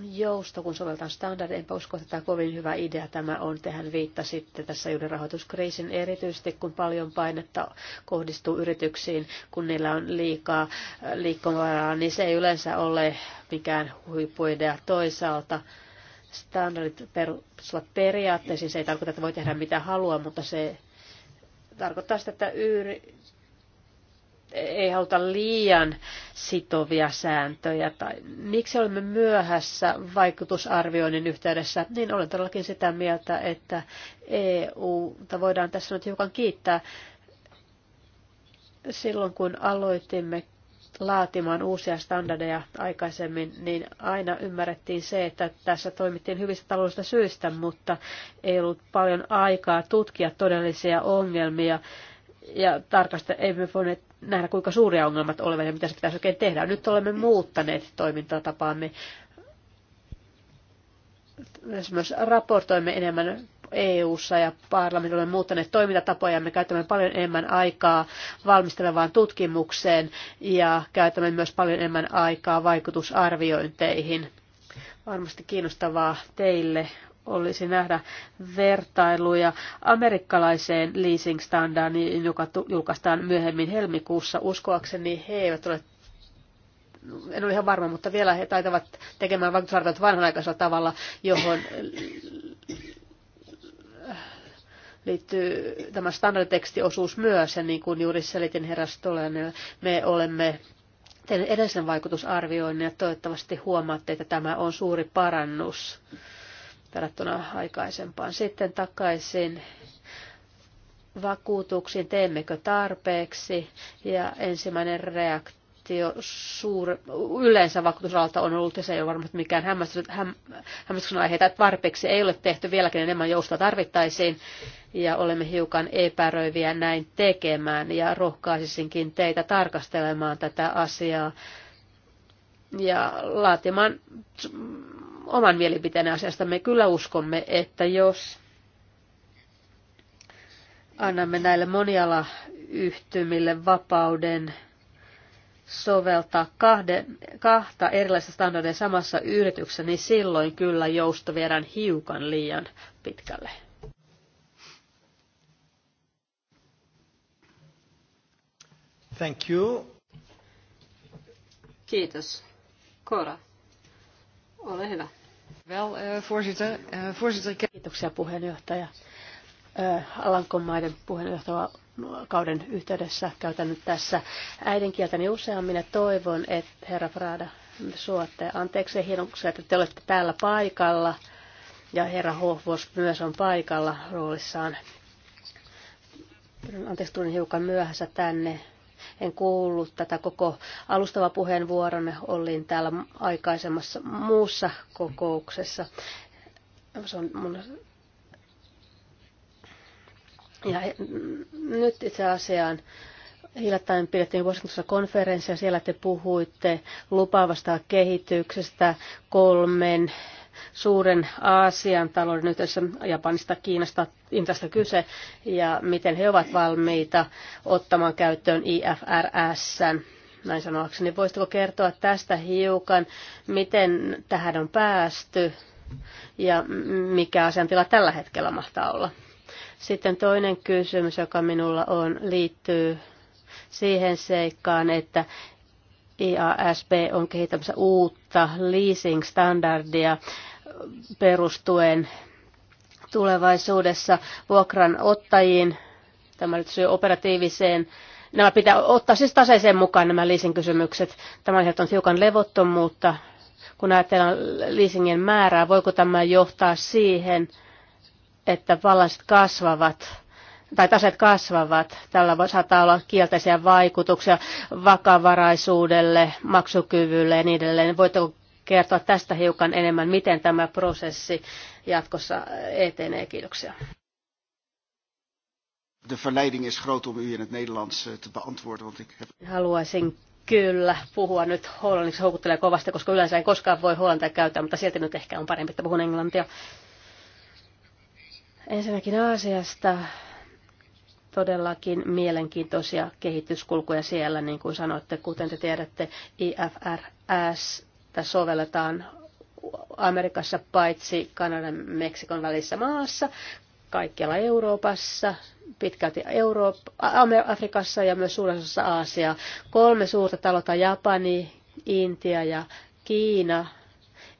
jousto, kun sovelletaan standardeja. Enpä usko, että tämä kovin hyvä idea tämä on. Tehän viittasitte tässä juuri rahoituskriisin erityisesti, kun paljon painetta kohdistuu yrityksiin, kun niillä on liikaa äh, liikkumavaraa, niin se ei yleensä ole mikään huippuidea toisaalta. Standardit perustuvat periaatteisiin, se ei tarkoita, että voi tehdä mitä haluaa, mutta se tarkoittaa sitä, että ei haluta liian sitovia sääntöjä tai miksi olemme myöhässä vaikutusarvioinnin yhteydessä, niin olen todellakin sitä mieltä, että EU voidaan tässä nyt hiukan kiittää. Silloin kun aloitimme laatimaan uusia standardeja aikaisemmin, niin aina ymmärrettiin se, että tässä toimittiin hyvistä taloudellisista syistä, mutta ei ollut paljon aikaa tutkia todellisia ongelmia ja tarkasta, emme voineet nähdä, kuinka suuria ongelmat olivat ja mitä se pitäisi oikein tehdä. Nyt olemme muuttaneet toimintatapaamme. Myös raportoimme enemmän EU-ssa ja parlamentilla olemme muuttaneet toimintatapoja. Me käytämme paljon enemmän aikaa valmistelevaan tutkimukseen ja käytämme myös paljon enemmän aikaa vaikutusarviointeihin. Varmasti kiinnostavaa teille olisi nähdä vertailuja amerikkalaiseen leasing-standardiin, joka julkaistaan myöhemmin helmikuussa. Uskoakseni he eivät ole en ole ihan varma, mutta vielä he taitavat tekemään vaikutusarviot vanhanaikaisella tavalla, johon liittyy tämä standarditekstiosuus myös, ja niin kuin juuri selitin herra Stolainen, me olemme tehneet edellisen vaikutusarvioinnin, ja toivottavasti huomaatte, että tämä on suuri parannus verrattuna aikaisempaan. Sitten takaisin vakuutuksiin, teemmekö tarpeeksi ja ensimmäinen reaktio suur, yleensä vakuutusalalta on ollut, ja se ei ole varmasti mikään hämmästyksen aiheita, että tarpeeksi ei ole tehty, vieläkin enemmän joustoa tarvittaisiin, ja olemme hiukan epäröiviä näin tekemään, ja rohkaisisinkin teitä tarkastelemaan tätä asiaa ja laatimaan oman mielipiteen asiasta. Me kyllä uskomme, että jos annamme näille monialayhtymille vapauden soveltaa kahden, kahta erilaista standardia samassa yrityksessä, niin silloin kyllä jousto viedään hiukan liian pitkälle. Thank you. Kiitos. Kora. Ole hyvä. Well, uh, eh, voorzitter, uh, voorzitter. Kiitoksia puheenjohtaja. Eh, Alankomaiden puheenjohtajakauden yhteydessä käytän nyt tässä äidinkieltäni useammin ja toivon, että herra Prada, suotte anteeksi hienoksi, että te olette täällä paikalla ja herra Hofvos myös on paikalla roolissaan. Anteeksi, tulin hiukan myöhässä tänne, en kuullut tätä koko alustava puheenvuoron. Olin täällä aikaisemmassa muussa kokouksessa. Se on mun... Ja nyt itse asiaan hiljattain pidettiin Washingtonissa konferenssia. Siellä te puhuitte lupaavasta kehityksestä kolmen suuren Aasian talouden yhteydessä Japanista, Kiinasta, Intasta kyse, ja miten he ovat valmiita ottamaan käyttöön IFRS. Näin sanoakseni, voisitko kertoa tästä hiukan, miten tähän on päästy ja mikä asiantila tällä hetkellä mahtaa olla? Sitten toinen kysymys, joka minulla on, liittyy siihen seikkaan, että IASB on kehittämässä uutta leasing-standardia perustuen tulevaisuudessa vuokranottajiin. Tämä nyt syy operatiiviseen. Nämä pitää ottaa siis taseeseen mukaan nämä leasing-kysymykset. Tämä on hiukan levottomuutta, kun ajatellaan leasingien määrää. Voiko tämä johtaa siihen, että vallaiset kasvavat? tai taseet kasvavat. Tällä voi, saattaa olla kielteisiä vaikutuksia vakavaraisuudelle, maksukyvylle ja niin edelleen. Voitteko kertoa tästä hiukan enemmän, miten tämä prosessi jatkossa etenee? Kiitoksia. De verleiding is groot om u in het Nederlands eh, te beantwoorden, want ik heb... Haluaisin kyllä puhua nyt hollanniksi houkuttelee kovasti, koska yleensä ei koskaan voi hollantia käyttää, mutta silti nyt ehkä on parempi, että puhun englantia. Ensinnäkin Aasiasta todellakin mielenkiintoisia kehityskulkuja siellä, niin kuin sanoitte, kuten te tiedätte, IFRS sovelletaan Amerikassa paitsi Kanadan ja Meksikon välissä maassa, kaikkialla Euroopassa, pitkälti Euroop- Afrikassa ja myös suuressa osassa Aasiaa. Kolme suurta taloutta, Japani, Intia ja Kiina,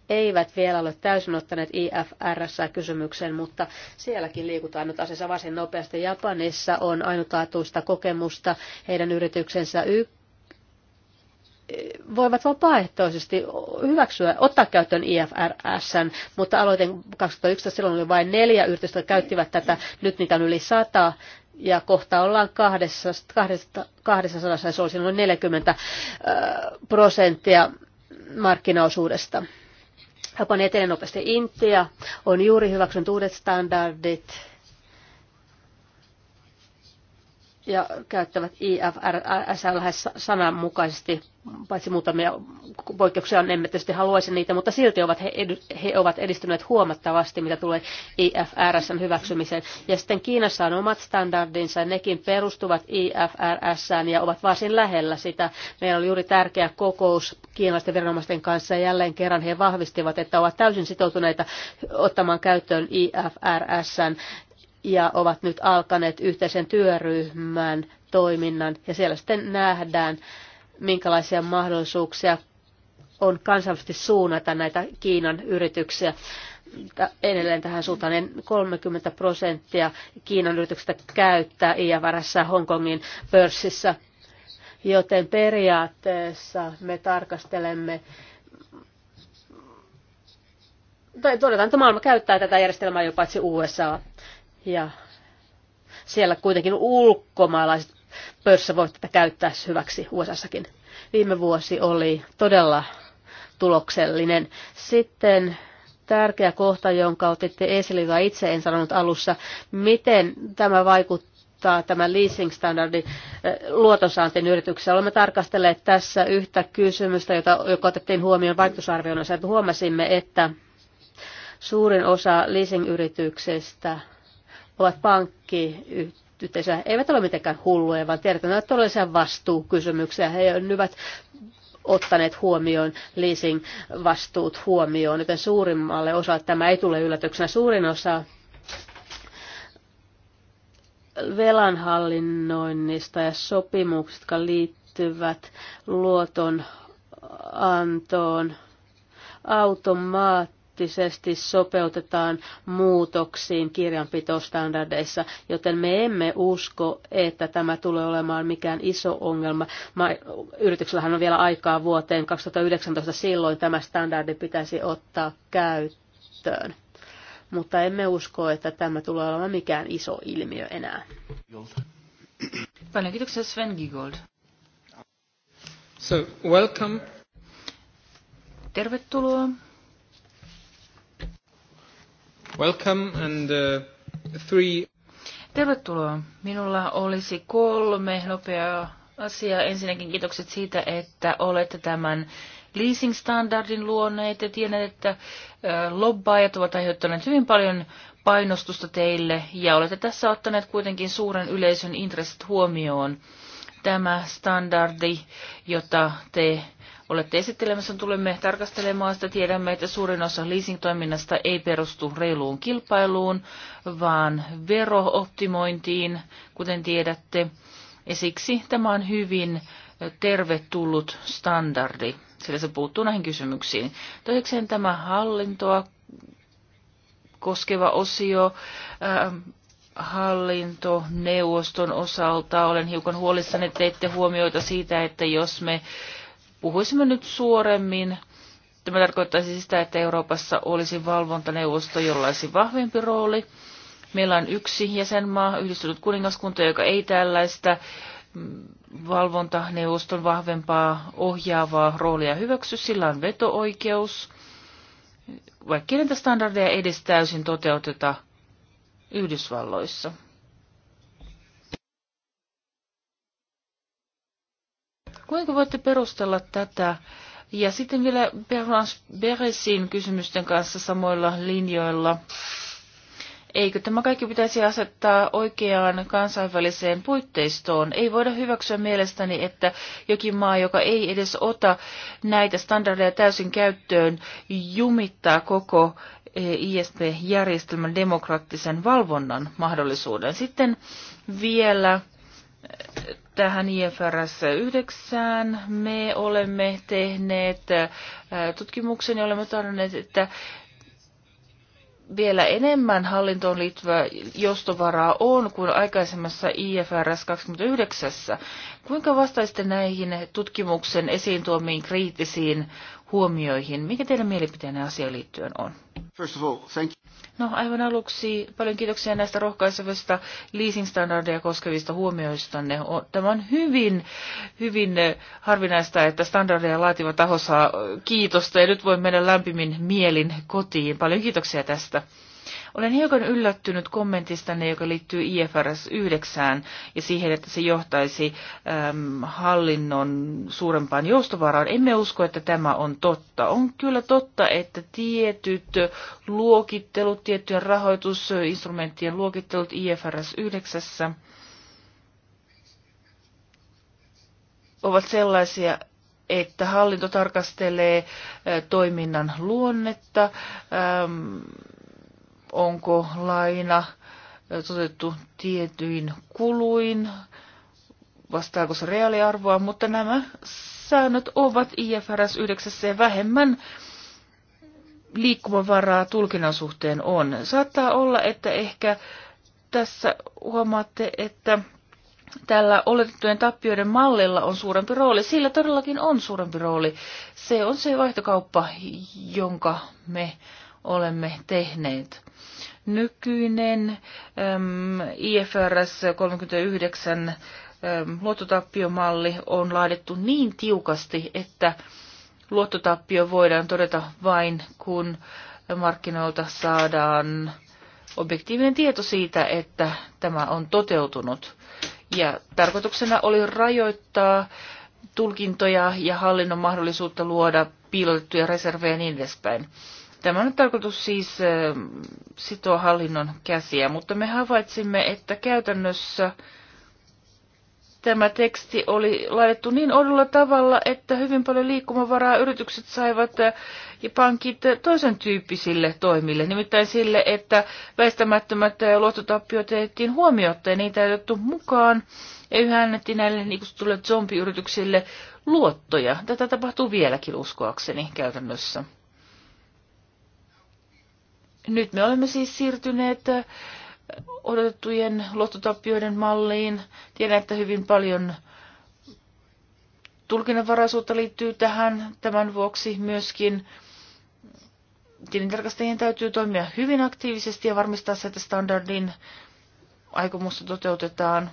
eivät vielä ole täysin ottaneet IFRS-kysymykseen, mutta sielläkin liikutaan nyt asiassa varsin nopeasti. Japanissa on ainutlaatuista kokemusta heidän yrityksensä y. voivat vapaaehtoisesti hyväksyä, ottaa käyttöön IFRS, mutta aloitin 2011, silloin oli vain neljä yritystä, jotka käyttivät tätä, nyt niitä on yli sata, ja kohta ollaan 200, 200 se olisi noin 40 prosenttia markkinaosuudesta. Japani etenee nopeasti. Intia on juuri hyväksynyt uudet standardit ja käyttävät IFRS lähes sananmukaisesti, paitsi muutamia poikkeuksia on, emme tietysti haluaisi niitä, mutta silti ovat he, edu, he ovat edistyneet huomattavasti, mitä tulee IFRSn hyväksymiseen. Ja sitten Kiinassa on omat standardinsa, nekin perustuvat IFRSään ja ovat varsin lähellä sitä. Meillä oli juuri tärkeä kokous kiinalaisten viranomaisten kanssa ja jälleen kerran he vahvistivat, että ovat täysin sitoutuneita ottamaan käyttöön IFRSn ja ovat nyt alkaneet yhteisen työryhmän toiminnan ja siellä sitten nähdään, minkälaisia mahdollisuuksia on kansallisesti suunnata näitä Kiinan yrityksiä edelleen tähän suuntaan. 30 niin prosenttia Kiinan yrityksistä käyttää varassa Hongkongin pörssissä, joten periaatteessa me tarkastelemme tai todetaan, että maailma käyttää tätä järjestelmää jo paitsi USA. Ja siellä kuitenkin ulkomaalaiset pörssissä voivat tätä käyttää hyväksi USAssakin. Viime vuosi oli todella tuloksellinen. Sitten tärkeä kohta, jonka otitte esille, jota itse en sanonut alussa, miten tämä vaikuttaa tämän leasing-standardin eh, luotonsaantin yrityksessä. Olemme tarkastelleet tässä yhtä kysymystä, jota, joka otettiin huomioon vaikutusarvioinnissa, huomasimme, että suurin osa leasing-yrityksistä ovat pankki yhteisöä, eivät ole mitenkään hulluja, vaan tiedetään todellisia vastuukysymyksiä. He ovat ottaneet huomioon leasing-vastuut huomioon, joten suurimmalle osalle tämä ei tule yllätyksenä. Suurin osa velanhallinnoinnista ja sopimuksista, jotka liittyvät luoton antoon automaat automaattisesti sopeutetaan muutoksiin kirjanpitostandardeissa, joten me emme usko, että tämä tulee olemaan mikään iso ongelma. Yrityksellähän on vielä aikaa vuoteen 2019, silloin tämä standardi pitäisi ottaa käyttöön. Mutta emme usko, että tämä tulee olemaan mikään iso ilmiö enää. Paljon kiitoksia Sven Gigold. So, welcome. Tervetuloa Welcome and uh, three... Tervetuloa. Minulla olisi kolme nopeaa asiaa. Ensinnäkin kiitokset siitä, että olette tämän leasing-standardin luoneet ja tiedän, että lobbaajat ovat aiheuttaneet hyvin paljon painostusta teille ja olette tässä ottaneet kuitenkin suuren yleisön intressit huomioon. Tämä standardi, jota te olette esittelemässä, tulemme tarkastelemaan sitä. Tiedämme, että suurin osa leasing-toiminnasta ei perustu reiluun kilpailuun, vaan verooptimointiin, kuten tiedätte. Ja siksi tämä on hyvin tervetullut standardi, sillä se puuttuu näihin kysymyksiin. Toisekseen tämä hallintoa koskeva osio ähm, hallintoneuvoston osalta. Olen hiukan huolissani, että ette huomioita siitä, että jos me puhuisimme nyt suoremmin. Tämä tarkoittaisi sitä, että Euroopassa olisi valvontaneuvosto, jolla olisi vahvempi rooli. Meillä on yksi jäsenmaa, yhdistynyt kuningaskunta, joka ei tällaista mm, valvontaneuvoston vahvempaa ohjaavaa roolia hyväksy. Sillä on veto-oikeus, vaikka näitä standardeja edes täysin toteuteta Yhdysvalloissa. Kuinka voitte perustella tätä? Ja sitten vielä Beresin kysymysten kanssa samoilla linjoilla. Eikö tämä kaikki pitäisi asettaa oikeaan kansainväliseen puitteistoon? Ei voida hyväksyä mielestäni, että jokin maa, joka ei edes ota näitä standardeja täysin käyttöön, jumittaa koko eh, ISP-järjestelmän demokraattisen valvonnan mahdollisuuden. Sitten vielä eh, tähän IFRS 9. Me olemme tehneet äh, tutkimuksen ja olemme tarjonneet, että vielä enemmän hallintoon liittyvää jostovaraa on kuin aikaisemmassa IFRS 29. Kuinka vastaisitte näihin tutkimuksen esiin tuomiin kriittisiin huomioihin. Mikä teidän mielipiteenne asiaan liittyen on? First of all, thank you. No aivan aluksi paljon kiitoksia näistä rohkaisevista leasing-standardeja koskevista huomioistanne. Tämä on hyvin, hyvin eh, harvinaista, että standardeja laativa taho saa eh, kiitosta ja nyt voi mennä lämpimin mielin kotiin. Paljon kiitoksia tästä. Olen hiukan yllättynyt kommentistanne, joka liittyy IFRS 9 ja siihen, että se johtaisi äm, hallinnon suurempaan joustovaraan. Emme usko, että tämä on totta. On kyllä totta, että tietyt luokittelut, tiettyjen rahoitusinstrumenttien luokittelut IFRS 9 ovat sellaisia, että hallinto tarkastelee toiminnan luonnetta, onko laina toteutettu tietyin kuluin, vastaako se reaaliarvoa, mutta nämä säännöt ovat IFRS 9 vähemmän liikkumavaraa tulkinnan suhteen on. Saattaa olla, että ehkä tässä huomaatte, että tällä oletettujen tappioiden mallilla on suurempi rooli. Sillä todellakin on suurempi rooli. Se on se vaihtokauppa, jonka me olemme tehneet. Nykyinen äm, IFRS 39 äm, luottotappiomalli on laadittu niin tiukasti, että luottotappio voidaan todeta vain, kun markkinoilta saadaan objektiivinen tieto siitä, että tämä on toteutunut. Ja tarkoituksena oli rajoittaa tulkintoja ja hallinnon mahdollisuutta luoda piilotettuja reservejä ja niin edespäin. Tämä on tarkoitus siis sitoa hallinnon käsiä, mutta me havaitsimme, että käytännössä tämä teksti oli laitettu niin odolla tavalla, että hyvin paljon liikkumavaraa yritykset saivat ja pankit toisen tyyppisille toimille, nimittäin sille, että väistämättömät luottotappiot tehtiin huomiota ja niitä ei otettu mukaan, ja yhä annettiin näille niin zombiyrityksille luottoja. Tätä tapahtuu vieläkin uskoakseni käytännössä. Nyt me olemme siis siirtyneet odotettujen luottotappioiden malliin. Tiedän, että hyvin paljon tulkinnanvaraisuutta liittyy tähän. Tämän vuoksi myöskin tilintarkastajien täytyy toimia hyvin aktiivisesti ja varmistaa se, että standardin aikomusta toteutetaan.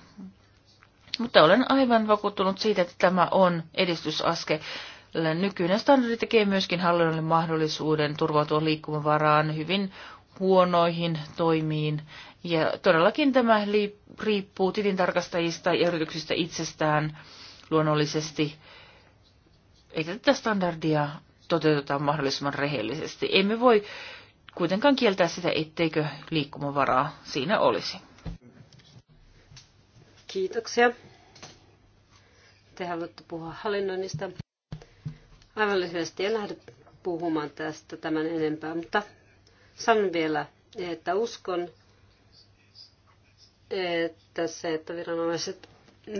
Mutta olen aivan vakuuttunut siitä, että tämä on edistysaskel. Nykyinen standardi tekee myöskin hallinnolle mahdollisuuden turvautua liikkumavaraan hyvin huonoihin toimiin. Ja todellakin tämä riippuu tilintarkastajista ja yrityksistä itsestään luonnollisesti. Ei tätä standardia toteuteta mahdollisimman rehellisesti. Emme voi kuitenkaan kieltää sitä, etteikö liikkumavaraa siinä olisi. Kiitoksia. Te haluatte puhua hallinnoinnista. Aivan lyhyesti en lähde puhumaan tästä tämän enempää, mutta sanon vielä, että uskon, että se, että viranomaiset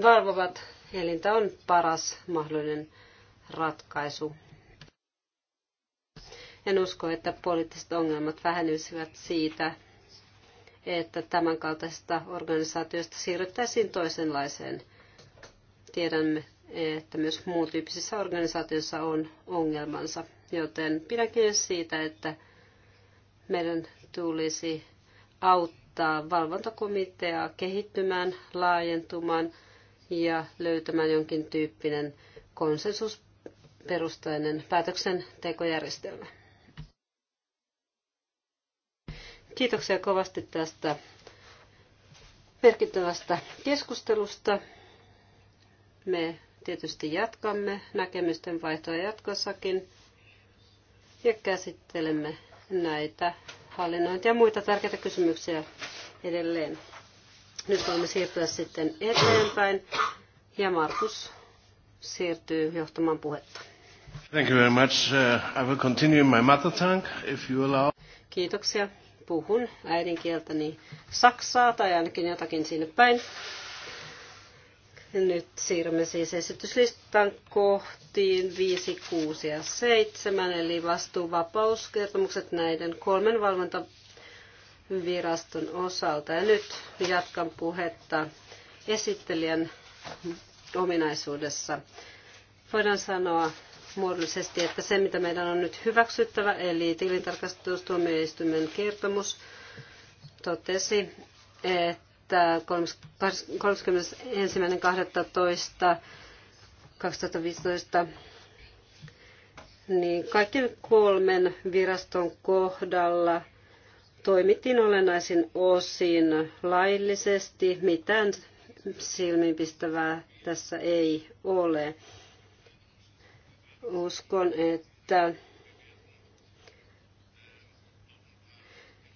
valvovat elintä on paras mahdollinen ratkaisu. En usko, että poliittiset ongelmat vähenisivät siitä, että tämänkaltaisesta organisaatiosta siirryttäisiin toisenlaiseen. Tiedämme että myös muun tyyppisissä organisaatioissa on ongelmansa. Joten pidänkin siitä, että meidän tulisi auttaa valvontakomiteaa kehittymään, laajentumaan ja löytämään jonkin tyyppinen konsensusperustainen päätöksentekojärjestelmä. Kiitoksia kovasti tästä merkittävästä keskustelusta. Me Tietysti jatkamme näkemysten vaihtoa jatkossakin ja käsittelemme näitä hallinnointia ja muita tärkeitä kysymyksiä edelleen. Nyt voimme siirtyä sitten eteenpäin ja Markus siirtyy johtamaan puhetta. Thank you very much. Uh, I will continue my mother tongue, if you allow. Kiitoksia. Puhun äidinkieltäni saksaa tai ainakin jotakin sinne päin. Nyt siirrymme siis esityslistan kohtiin 5, 6 ja 7, eli vastuuvapauskertomukset näiden kolmen valvontaviraston osalta. Ja nyt jatkan puhetta esittelijän ominaisuudessa. Voidaan sanoa muodollisesti, että se mitä meidän on nyt hyväksyttävä, eli tilintarkastustuomioistuimen kertomus, totesi, että että 31.12.2015 niin kaikkien kolmen viraston kohdalla toimittiin olennaisin osin laillisesti. Mitään silmiinpistävää tässä ei ole. Uskon, että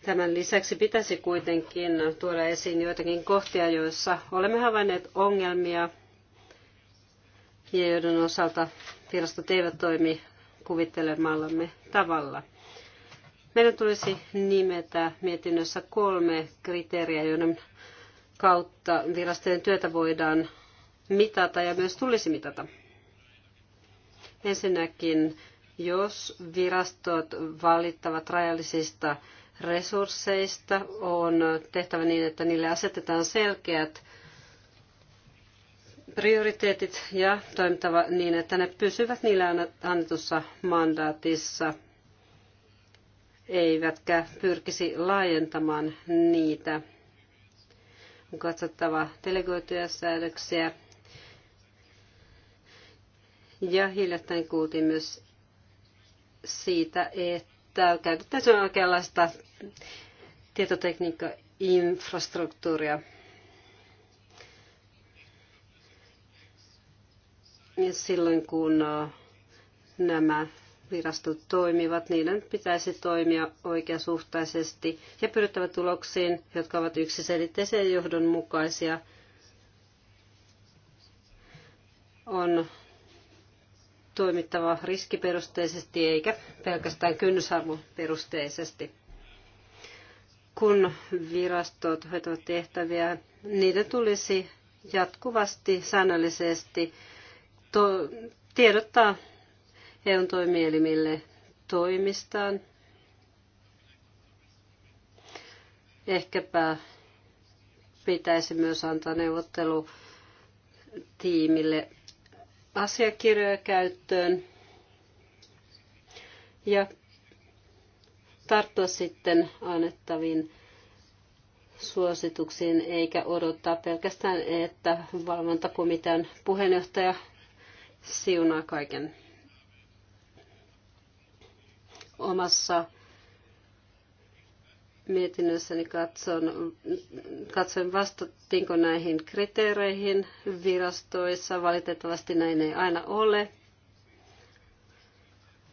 Tämän lisäksi pitäisi kuitenkin tuoda esiin joitakin kohtia, joissa olemme havainneet ongelmia ja joiden osalta virastot eivät toimi kuvittelemallamme tavalla. Meidän tulisi nimetä mietinnössä kolme kriteeriä, joiden kautta virastojen työtä voidaan mitata ja myös tulisi mitata. Ensinnäkin, jos virastot valittavat rajallisista resursseista on tehtävä niin, että niille asetetaan selkeät prioriteetit ja toimittava niin, että ne pysyvät niille annetussa mandaatissa, eivätkä pyrkisi laajentamaan niitä. On katsottava delegoituja säädöksiä. Ja hiljattain kuultiin myös siitä, että että käytettäisiin oikeanlaista tietotekniikka-infrastruktuuria. Ja silloin kun nämä virastot toimivat, niiden pitäisi toimia oikeasuhtaisesti ja pyrittävä tuloksiin, jotka ovat yksiselitteisen johdonmukaisia. On toimittava riskiperusteisesti eikä pelkästään kynnysarvoperusteisesti. Kun virastot hoitavat tehtäviä, niiden tulisi jatkuvasti, säännöllisesti to- tiedottaa EUn toimielimille toimistaan. Ehkäpä pitäisi myös antaa neuvottelutiimille asiakirjoja käyttöön ja tarttua sitten annettaviin suosituksiin eikä odottaa pelkästään, että valvontakomitean puheenjohtaja siunaa kaiken omassa mietinnössäni katson, katsoin vastattiinko näihin kriteereihin virastoissa. Valitettavasti näin ei aina ole.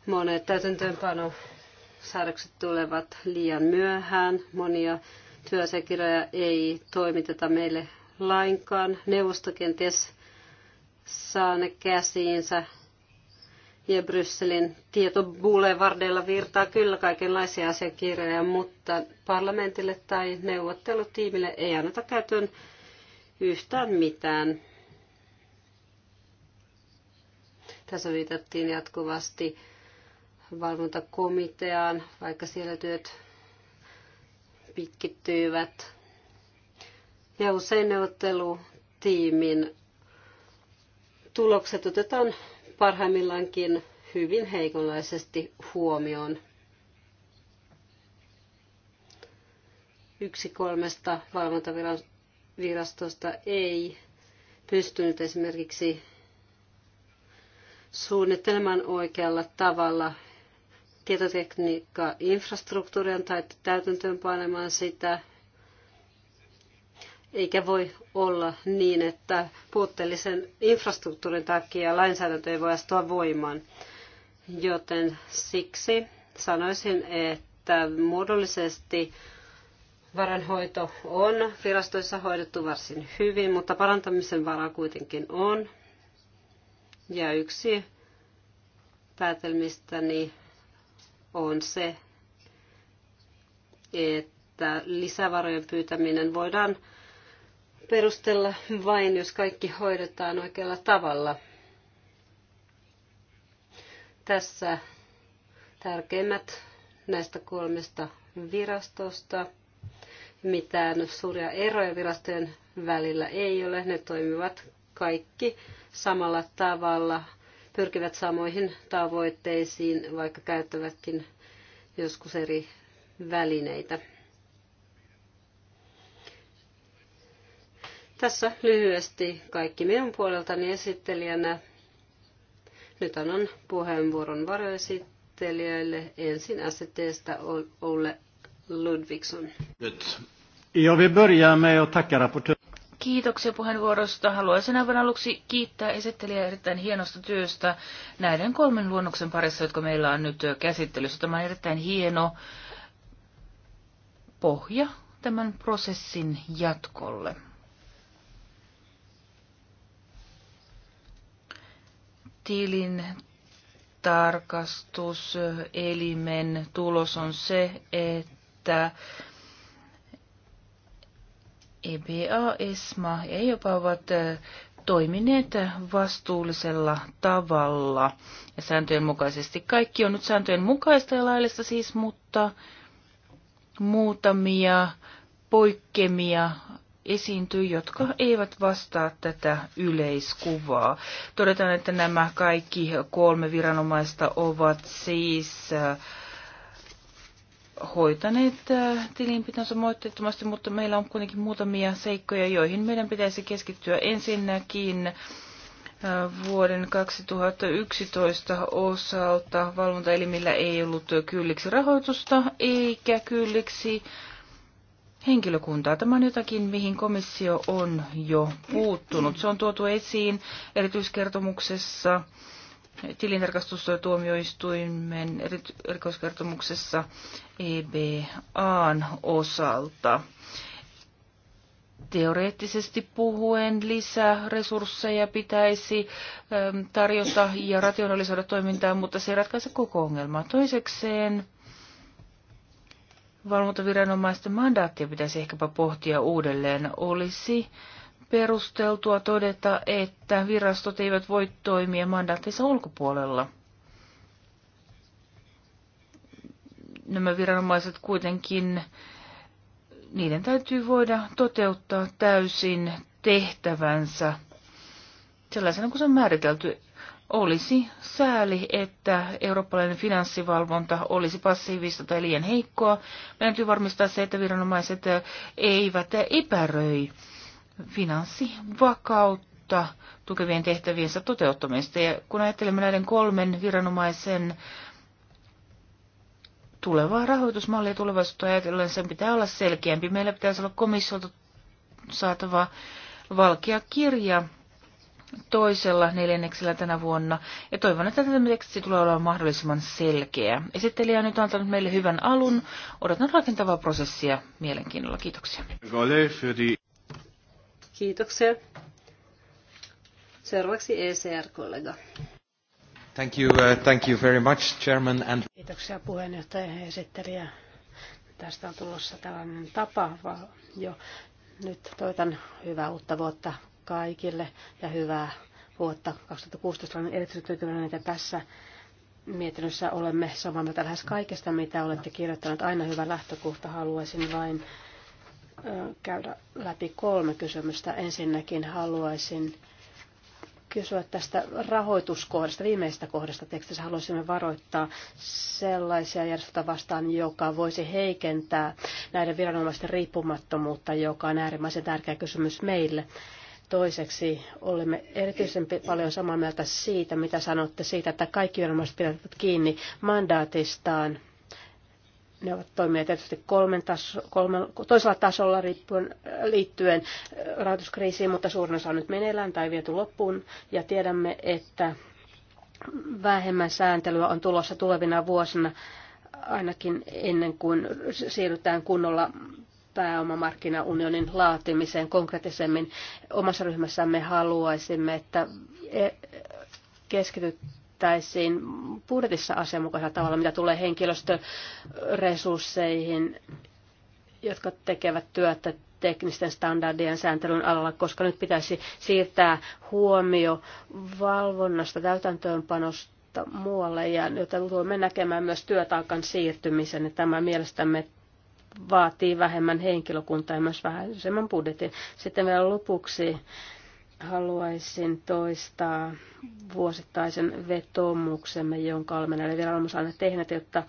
Monet täytäntöönpanosäädökset tulevat liian myöhään. Monia työasiakirjoja ei toimiteta meille lainkaan. Neuvosto kenties saa ne käsiinsä ja Brysselin tietobulevardeilla virtaa kyllä kaikenlaisia asiakirjoja, mutta parlamentille tai neuvottelutiimille ei anneta käytön yhtään mitään. Tässä viitattiin jatkuvasti valvontakomiteaan, vaikka siellä työt pitkittyivät. Ja usein neuvottelutiimin tulokset otetaan parhaimmillaankin hyvin heikonlaisesti huomioon. Yksi kolmesta valvontavirastosta ei pystynyt esimerkiksi suunnittelemaan oikealla tavalla tietotekniikka infrastruktuuria tai panemaan sitä eikä voi olla niin, että puutteellisen infrastruktuurin takia lainsäädäntö ei voi astua voimaan. Joten siksi sanoisin, että muodollisesti varanhoito on virastoissa hoidettu varsin hyvin, mutta parantamisen varaa kuitenkin on. Ja yksi päätelmistäni on se, että lisävarojen pyytäminen voidaan perustella vain, jos kaikki hoidetaan oikealla tavalla. Tässä tärkeimmät näistä kolmesta virastosta. Mitään suuria eroja virastojen välillä ei ole. Ne toimivat kaikki samalla tavalla, pyrkivät samoihin tavoitteisiin, vaikka käyttävätkin joskus eri välineitä. Tässä lyhyesti kaikki minun puoleltani esittelijänä. Nyt annan puheenvuoron varoesittelijöille. Ensin STstä Olle Ludvigsson. ja vill börja med att tacka rapportören. Kiitoksia puheenvuorosta. Haluaisin aivan aluksi kiittää esittelijää erittäin hienosta työstä näiden kolmen luonnoksen parissa, jotka meillä on nyt käsittelyssä. Tämä on erittäin hieno pohja tämän prosessin jatkolle. tilin tarkastuselimen tulos on se, että EBA, ESMA ja jopa ovat äh, toimineet vastuullisella tavalla ja sääntöjen mukaisesti. Kaikki on nyt sääntöjen mukaista ja laillista siis, mutta muutamia poikkemia esiintyy, jotka eivät vastaa tätä yleiskuvaa. Todetaan, että nämä kaikki kolme viranomaista ovat siis äh, hoitaneet äh, tilinpitonsa moitteettomasti, mutta meillä on kuitenkin muutamia seikkoja, joihin meidän pitäisi keskittyä ensinnäkin äh, vuoden 2011 osalta valvontaelimillä ei ollut kylliksi rahoitusta eikä kylliksi äh, henkilökuntaa. Tämä on jotakin, mihin komissio on jo puuttunut. Se on tuotu esiin erityiskertomuksessa, tuomioistuimen erikoiskertomuksessa EBAn osalta. Teoreettisesti puhuen lisää resursseja pitäisi tarjota ja rationalisoida toimintaa, mutta se ei ratkaise koko ongelmaa. Toisekseen valvontaviranomaisten mandaattia pitäisi ehkäpä pohtia uudelleen. Olisi perusteltua todeta, että virastot eivät voi toimia mandaattinsa ulkopuolella. Nämä viranomaiset kuitenkin, niiden täytyy voida toteuttaa täysin tehtävänsä sellaisena kuin se on määritelty, olisi sääli, että eurooppalainen finanssivalvonta olisi passiivista tai liian heikkoa. Meidän täytyy varmistaa se, että viranomaiset eivät epäröi finanssivakautta tukevien tehtäviensä toteuttamista. Ja kun ajattelemme näiden kolmen viranomaisen tulevaa rahoitusmallia tulevaisuutta ajatellen, sen pitää olla selkeämpi. Meillä pitäisi olla komissiolta saatava valkea kirja toisella neljänneksellä tänä vuonna, ja toivon, että tämä teksti tulee olemaan mahdollisimman selkeä. Esittelijä on nyt antanut meille hyvän alun. Odotan rakentavaa prosessia mielenkiinnolla. Kiitoksia. Kiitoksia. Seuraavaksi ECR-kollega. Thank you, uh, thank you very much, Chairman and... Kiitoksia puheenjohtaja ja esittelijä. Tästä on tulossa tällainen tapa jo. Nyt toitan hyvää uutta vuotta kaikille ja hyvää vuotta 2016. Olen erityisesti tyytyväinen, että tässä mietinnössä olemme samaa mieltä lähes kaikesta, mitä olette kirjoittaneet. Aina hyvä lähtökohta. Haluaisin vain käydä läpi kolme kysymystä. Ensinnäkin haluaisin kysyä tästä rahoituskohdasta, viimeisestä kohdasta tekstissä. Haluaisimme varoittaa sellaisia järjestöjä vastaan, joka voisi heikentää näiden viranomaisten riippumattomuutta, joka on äärimmäisen tärkeä kysymys meille. Toiseksi olemme erityisen paljon samaa mieltä siitä, mitä sanotte siitä, että kaikki viranomaiset pitävät kiinni mandaatistaan. Ne ovat toimineet tietysti kolmen taso, kolmen, toisella tasolla riippuen, äh, liittyen äh, rahoituskriisiin, mutta suurin osa on nyt meneillään tai viety loppuun. Ja tiedämme, että vähemmän sääntelyä on tulossa tulevina vuosina ainakin ennen kuin siirrytään kunnolla pääomamarkkinaunionin laatimiseen konkreettisemmin. Omassa ryhmässämme haluaisimme, että e- keskityttäisiin budjetissa asianmukaisella tavalla, mitä tulee henkilöstöresursseihin, jotka tekevät työtä teknisten standardien sääntelyn alalla, koska nyt pitäisi siirtää huomio valvonnasta täytäntöönpanosta muualle ja nyt tulemme näkemään myös työtaakan siirtymisen. Tämä mielestämme vaatii vähemmän henkilökuntaa ja myös vähäisemmän budjetin. Sitten vielä lopuksi haluaisin toistaa vuosittaisen vetoomuksemme, jonka olemme näille viranomaisille tehneet, jotta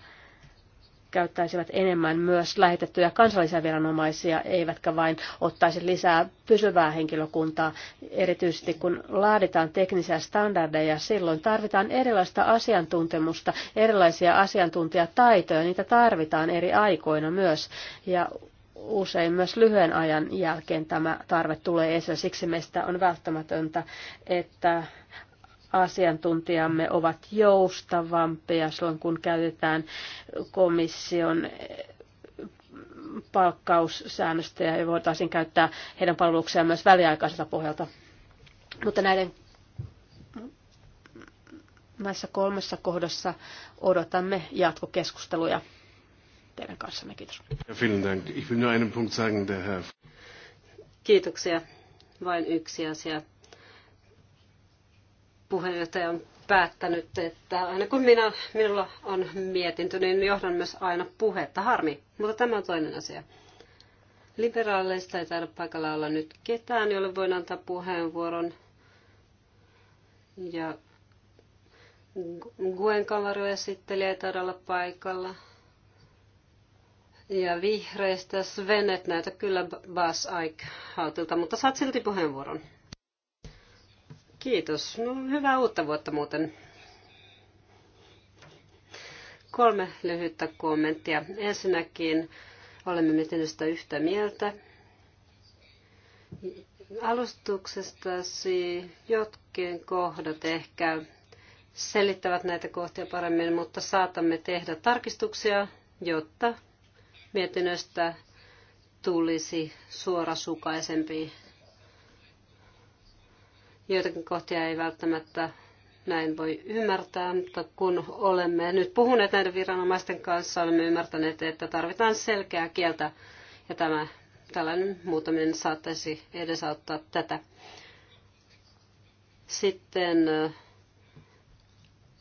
käyttäisivät enemmän myös lähetettyjä kansallisia viranomaisia, eivätkä vain ottaisi lisää pysyvää henkilökuntaa. Erityisesti kun laaditaan teknisiä standardeja, silloin tarvitaan erilaista asiantuntemusta, erilaisia asiantuntijataitoja, niitä tarvitaan eri aikoina myös. Ja usein myös lyhyen ajan jälkeen tämä tarve tulee esille. Siksi meistä on välttämätöntä, että asiantuntijamme ovat joustavampia silloin, kun käytetään komission palkkaussäännöstä ja voitaisiin käyttää heidän palveluksiaan myös väliaikaiselta pohjalta. Mutta näiden näissä kolmessa kohdassa odotamme jatkokeskusteluja teidän kanssanne. Kiitos. Kiitoksia. Vain yksi asia puheenjohtaja on päättänyt, että aina kun minä, minulla on mietintö, niin johdan myös aina puhetta. Harmi, mutta tämä on toinen asia. Liberaaleista ei taida paikalla olla nyt ketään, jolle voin antaa puheenvuoron. Ja Guen kamaroesittelijä ei taida olla paikalla. Ja vihreistä Svenet näitä kyllä Bas Aik hautilta, mutta saat silti puheenvuoron. Kiitos. No, hyvää uutta vuotta muuten. Kolme lyhyttä kommenttia. Ensinnäkin olemme mietinnöstä yhtä mieltä. Alustuksestasi jotkin kohdat ehkä selittävät näitä kohtia paremmin, mutta saatamme tehdä tarkistuksia, jotta mietinnöstä tulisi suorasukaisempi Joitakin kohtia ei välttämättä näin voi ymmärtää, mutta kun olemme nyt puhuneet näiden viranomaisten kanssa, olemme ymmärtäneet, että tarvitaan selkeää kieltä ja tämä tällainen muutaminen saattaisi edesauttaa tätä. Sitten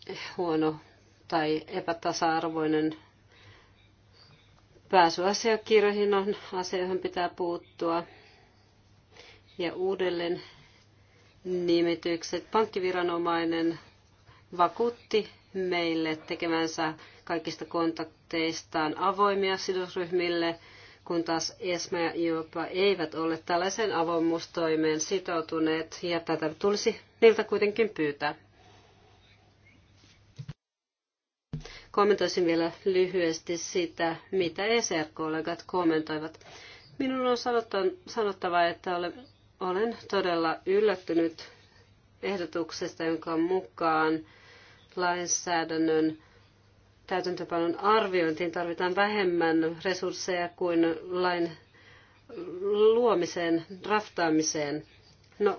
eh, huono tai epätasa-arvoinen pääsyasiakirjoihin on asia, johon pitää puuttua. Ja uudelleen nimitykset. Pankkiviranomainen vakuutti meille tekemänsä kaikista kontakteistaan avoimia sidosryhmille, kun taas ESMA ja IOPA eivät ole tällaiseen avoimuustoimeen sitoutuneet, ja tätä tulisi niiltä kuitenkin pyytää. Kommentoisin vielä lyhyesti sitä, mitä esr kollegat kommentoivat. Minun on sanottava, että olen olen todella yllättynyt ehdotuksesta, jonka mukaan lainsäädännön täytäntöpanon arviointiin tarvitaan vähemmän resursseja kuin lain luomiseen, draftaamiseen. No,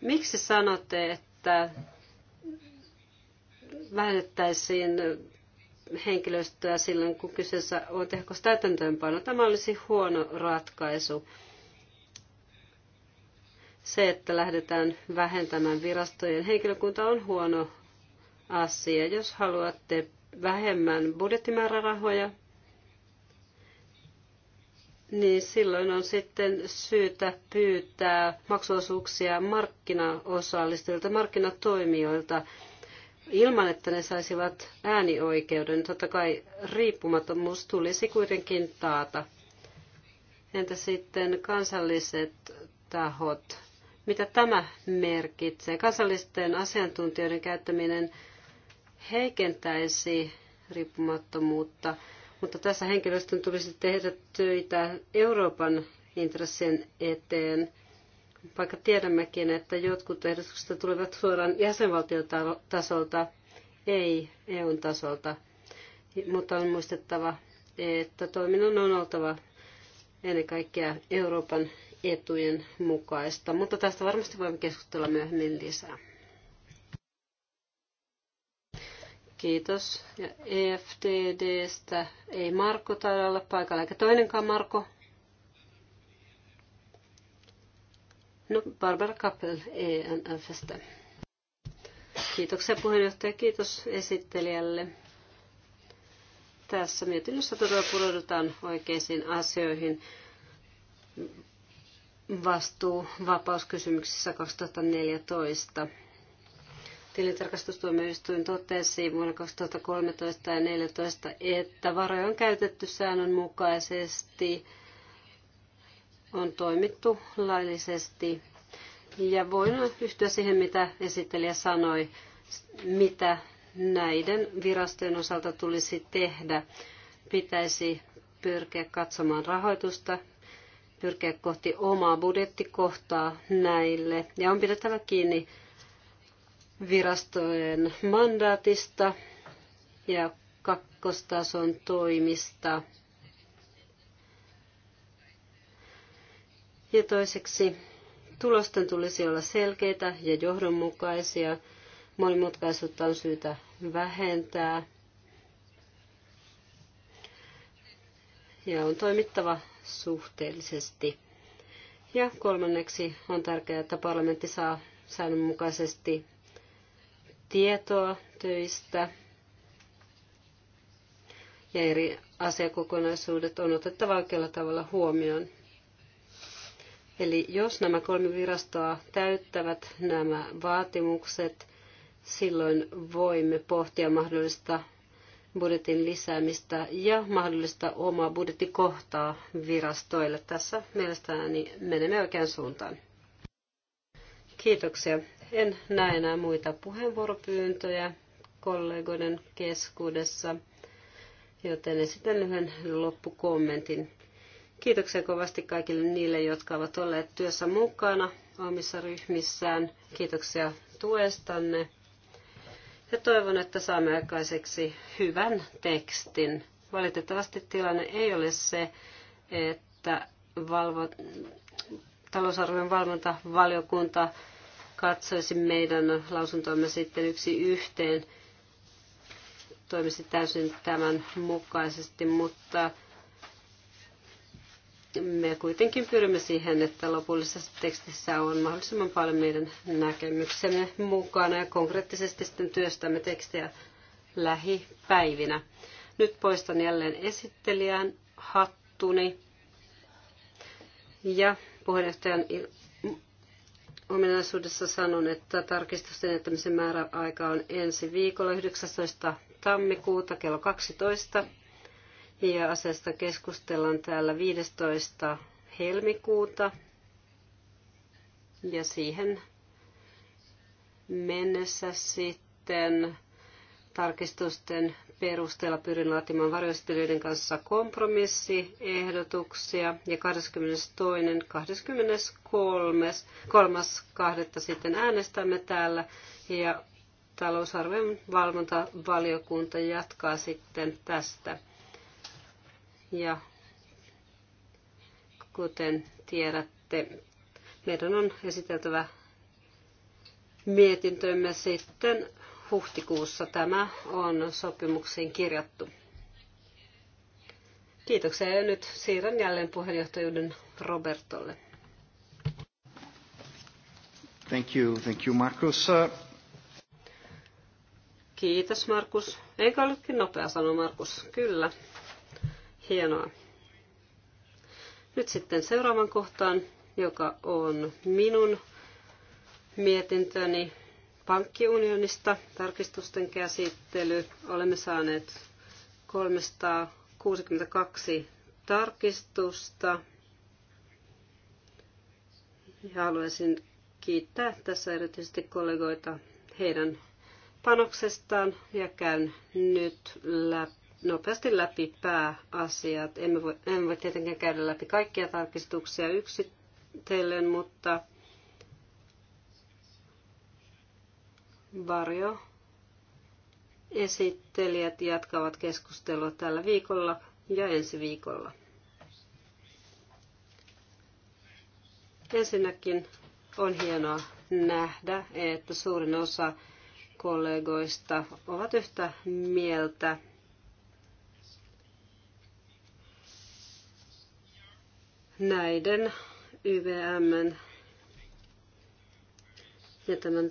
miksi sanotte, että vähennettäisiin henkilöstöä silloin, kun kyseessä on tehokas täytäntöönpano? Tämä olisi huono ratkaisu. Se, että lähdetään vähentämään virastojen henkilökunta on huono asia. Jos haluatte vähemmän budjettimäärärahoja, niin silloin on sitten syytä pyytää maksuosuuksia markkinaosallistujilta, markkinatoimijoilta, ilman että ne saisivat äänioikeuden. Totta kai riippumattomuus tulisi kuitenkin taata. Entä sitten kansalliset tahot? mitä tämä merkitsee. Kansallisten asiantuntijoiden käyttäminen heikentäisi riippumattomuutta, mutta tässä henkilöstön tulisi tehdä töitä Euroopan intressien eteen, vaikka tiedämmekin, että jotkut ehdotukset tulevat suoraan jäsenvaltiotasolta, ei eu tasolta. Mutta on muistettava, että toiminnan on oltava ennen kaikkea Euroopan etujen mukaista, mutta tästä varmasti voimme keskustella myöhemmin lisää. Kiitos. Ja EFTDstä ei Marko taida olla paikalla, eikä toinenkaan Marko. No, Barbara Kappel ENFstä. Kiitoksia puheenjohtaja, kiitos esittelijälle. Tässä mietinnössä todella pureudutaan oikeisiin asioihin vastuu vapauskysymyksissä 2014. Tilintarkastustuomioistuin totesi vuonna 2013 ja 2014, että varoja on käytetty säännönmukaisesti, on toimittu laillisesti. Ja voin yhtyä siihen, mitä esittelijä sanoi, mitä näiden virastojen osalta tulisi tehdä. Pitäisi pyrkiä katsomaan rahoitusta pyrkiä kohti omaa budjettikohtaa näille. Ja on pidettävä kiinni virastojen mandaatista ja kakkostason toimista. Ja toiseksi tulosten tulisi olla selkeitä ja johdonmukaisia. Monimutkaisuutta on syytä vähentää. Ja on toimittava suhteellisesti. Ja kolmanneksi on tärkeää, että parlamentti saa säännönmukaisesti tietoa töistä ja eri asiakokonaisuudet on otettava oikealla tavalla huomioon. Eli jos nämä kolme virastoa täyttävät nämä vaatimukset, silloin voimme pohtia mahdollista budjetin lisäämistä ja mahdollista omaa budjettikohtaa virastoille. Tässä mielestäni menemme oikeaan suuntaan. Kiitoksia. En näe enää muita puheenvuoropyyntöjä kollegoiden keskuudessa, joten esitän lyhyen loppukommentin. Kiitoksia kovasti kaikille niille, jotka ovat olleet työssä mukana omissa ryhmissään. Kiitoksia tuestanne ja toivon, että saamme aikaiseksi hyvän tekstin. Valitettavasti tilanne ei ole se, että valvo, talousarvion valvontavaliokunta katsoisi meidän lausuntoamme sitten yksi yhteen, toimisi täysin tämän mukaisesti, mutta me kuitenkin pyrimme siihen, että lopullisessa tekstissä on mahdollisimman paljon meidän näkemyksemme mukana ja konkreettisesti sitten työstämme tekstiä lähipäivinä. Nyt poistan jälleen esittelijän hattuni ja puheenjohtajan ominaisuudessa sanon, että tarkistusten jättämisen määräaika on ensi viikolla 19. tammikuuta kello 12. Ja asiasta keskustellaan täällä 15. helmikuuta. Ja siihen mennessä sitten tarkistusten perusteella pyrin laatimaan varjostelijoiden kanssa kompromissiehdotuksia ja 22. 23. 3.2. sitten äänestämme täällä ja talousarvion valvontavaliokunta jatkaa sitten tästä. Ja kuten tiedätte, meidän on esiteltävä mietintömme sitten huhtikuussa. Tämä on sopimukseen kirjattu. Kiitoksia ja nyt siirrän jälleen puheenjohtajuuden Robertolle. Thank you, thank you Markus. Uh, Kiitos Markus. Enkä ollutkin nopea sanoa Markus. Kyllä. Hienoa. Nyt sitten seuraavan kohtaan, joka on minun mietintöni pankkiunionista, tarkistusten käsittely. Olemme saaneet 362 tarkistusta. Ja haluaisin kiittää tässä erityisesti kollegoita heidän panoksestaan ja käyn nyt läpi nopeasti läpi pääasiat. Emme voi, emme voi tietenkään käydä läpi kaikkia tarkistuksia yksitellen, mutta varjo esittelijät jatkavat keskustelua tällä viikolla ja ensi viikolla. Ensinnäkin on hienoa nähdä, että suurin osa kollegoista ovat yhtä mieltä näiden YVM ja tämän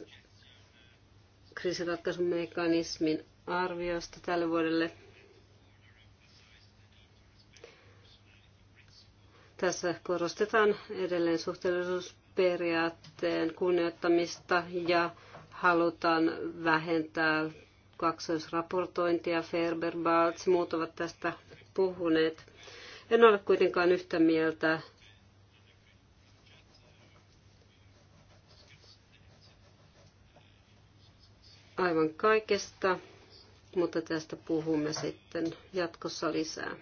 kriisiratkaisumekanismin arviosta tälle vuodelle. Tässä korostetaan edelleen suhteellisuusperiaatteen kunnioittamista ja halutaan vähentää kaksoisraportointia. Ferber, Balz, muut ovat tästä puhuneet. En ole kuitenkaan yhtä mieltä aivan kaikesta, mutta tästä puhumme sitten jatkossa lisää.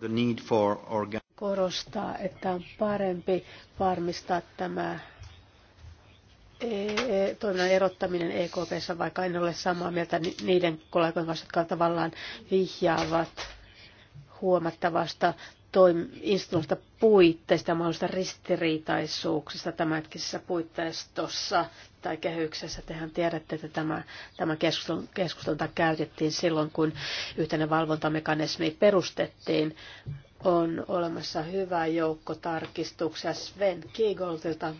The need for organ- Korostaa, että on parempi varmistaa tämä toiminnan erottaminen EKPssä, vaikka en ole samaa mieltä niiden kollegojen kanssa, jotka tavallaan vihjaavat huomattavasta instituutista puitteista ja mahdollisista ristiriitaisuuksista tämänhetkisessä puitteistossa tai kehyksessä. Tehän tiedätte, että tämä, tämä keskustelu, käytettiin silloin, kun yhteinen valvontamekanismi perustettiin on olemassa hyvä joukko tarkistuksia Sven Kiegoltilta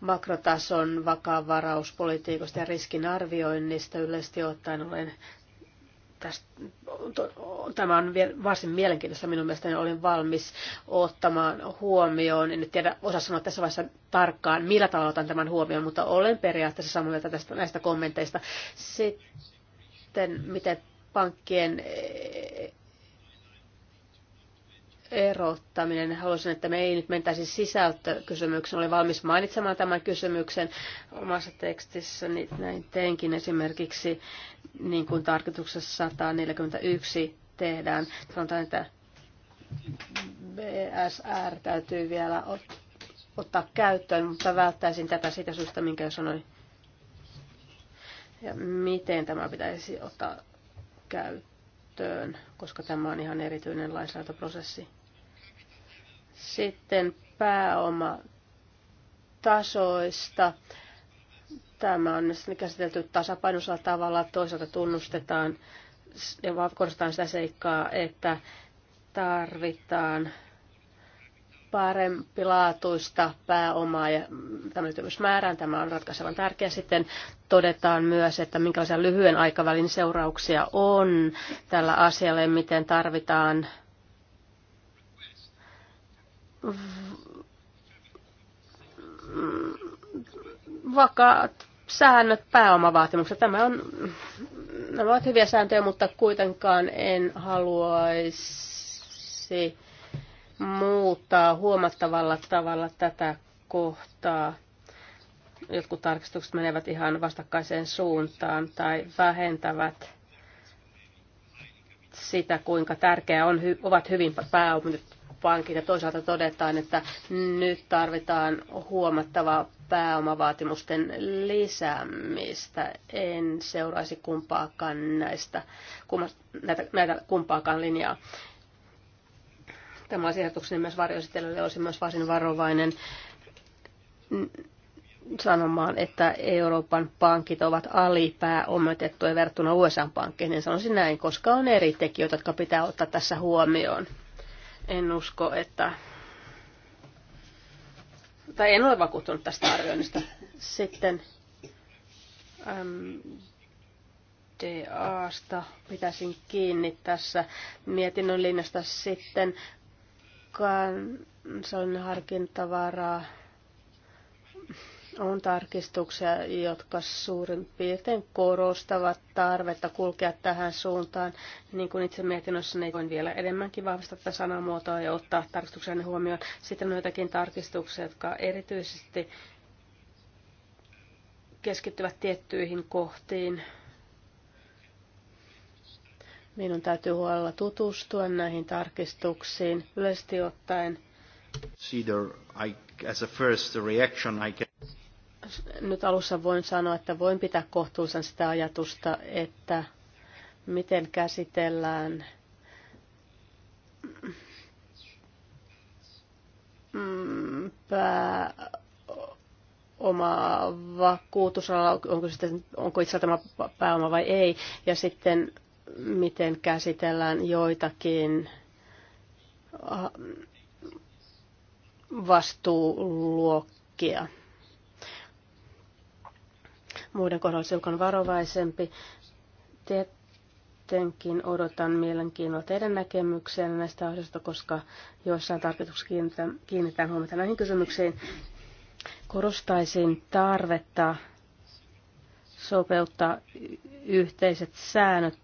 makrotason vakavarauspolitiikosta ja riskinarvioinnista yleisesti ottaen olen tämä on varsin mielenkiintoista minun mielestäni. Olin valmis ottamaan huomioon, en nyt tiedä osa sanoa tässä vaiheessa tarkkaan, millä tavalla otan tämän huomioon, mutta olen periaatteessa samaa mieltä tästä, näistä kommenteista. Sitten, miten pankkien erottaminen. Haluaisin, että me ei nyt mentäisi sisältökysymykseen. Olen valmis mainitsemaan tämän kysymyksen omassa tekstissä. Niin näin teinkin esimerkiksi niin kuin tarkoituksessa 141 tehdään. Sanotaan, että BSR täytyy vielä ottaa käyttöön, mutta välttäisin tätä siitä syystä, minkä jo sanoin. Ja miten tämä pitäisi ottaa käyttöön, koska tämä on ihan erityinen lainsäädäntöprosessi. Sitten pääoma tasoista. Tämä on käsitelty tasapainoisella tavalla. Toisaalta tunnustetaan ja korostetaan sitä seikkaa, että tarvitaan parempi laatuista pääomaa ja tämä liittyy myös määrään. Tämä on ratkaisevan tärkeä. Sitten todetaan myös, että minkälaisia lyhyen aikavälin seurauksia on tällä asialla ja miten tarvitaan vakaat säännöt pääomavaatimukset. Tämä on, nämä ovat hyviä sääntöjä, mutta kuitenkaan en haluaisi muuttaa huomattavalla tavalla tätä kohtaa. Jotkut tarkistukset menevät ihan vastakkaiseen suuntaan tai vähentävät sitä, kuinka tärkeää on, ovat hyvin pääomitettu pankit ja toisaalta todetaan, että nyt tarvitaan huomattavaa pääomavaatimusten lisäämistä. En seuraisi kumpaakaan näistä, näitä, näitä kumpaakaan linjaa. Tämä asiatukseni myös varjoesittelylle olisi myös varsin varovainen sanomaan, että Euroopan pankit ovat alipääomitettuja verrattuna USA-pankkeihin, sanoisin näin, koska on eri tekijöitä, jotka pitää ottaa tässä huomioon. En usko, että... Tai en ole vakuuttunut tästä arvioinnista. Sitten DAsta pitäisin kiinni tässä mietinnön linjasta sitten kansallinen harkintavaraa on tarkistuksia, jotka suurin piirtein korostavat tarvetta kulkea tähän suuntaan. Niin kuin itse mietinnössä, niin voin vielä enemmänkin vahvistaa tätä sanamuotoa ja ottaa tarkistuksen huomioon. Sitten on joitakin tarkistuksia, jotka erityisesti keskittyvät tiettyihin kohtiin. Minun täytyy huolella tutustua näihin tarkistuksiin yleisesti ottaen. Cedar, I, as a first reaction, I can nyt alussa voin sanoa, että voin pitää kohtuullisen sitä ajatusta, että miten käsitellään mm, pää, oma vakuutusala, onko, sitten, onko itse tämä pääoma vai ei, ja sitten miten käsitellään joitakin vastuuluokkia muiden kohdalla se hiukan varovaisempi. Tietenkin odotan mielenkiinnolla teidän näkemyksiä näistä asioista, koska joissain tarkoituksissa kiinnitän, kiinnitän huomiota näihin kysymyksiin. Korostaisin tarvetta sopeuttaa yhteiset säännöt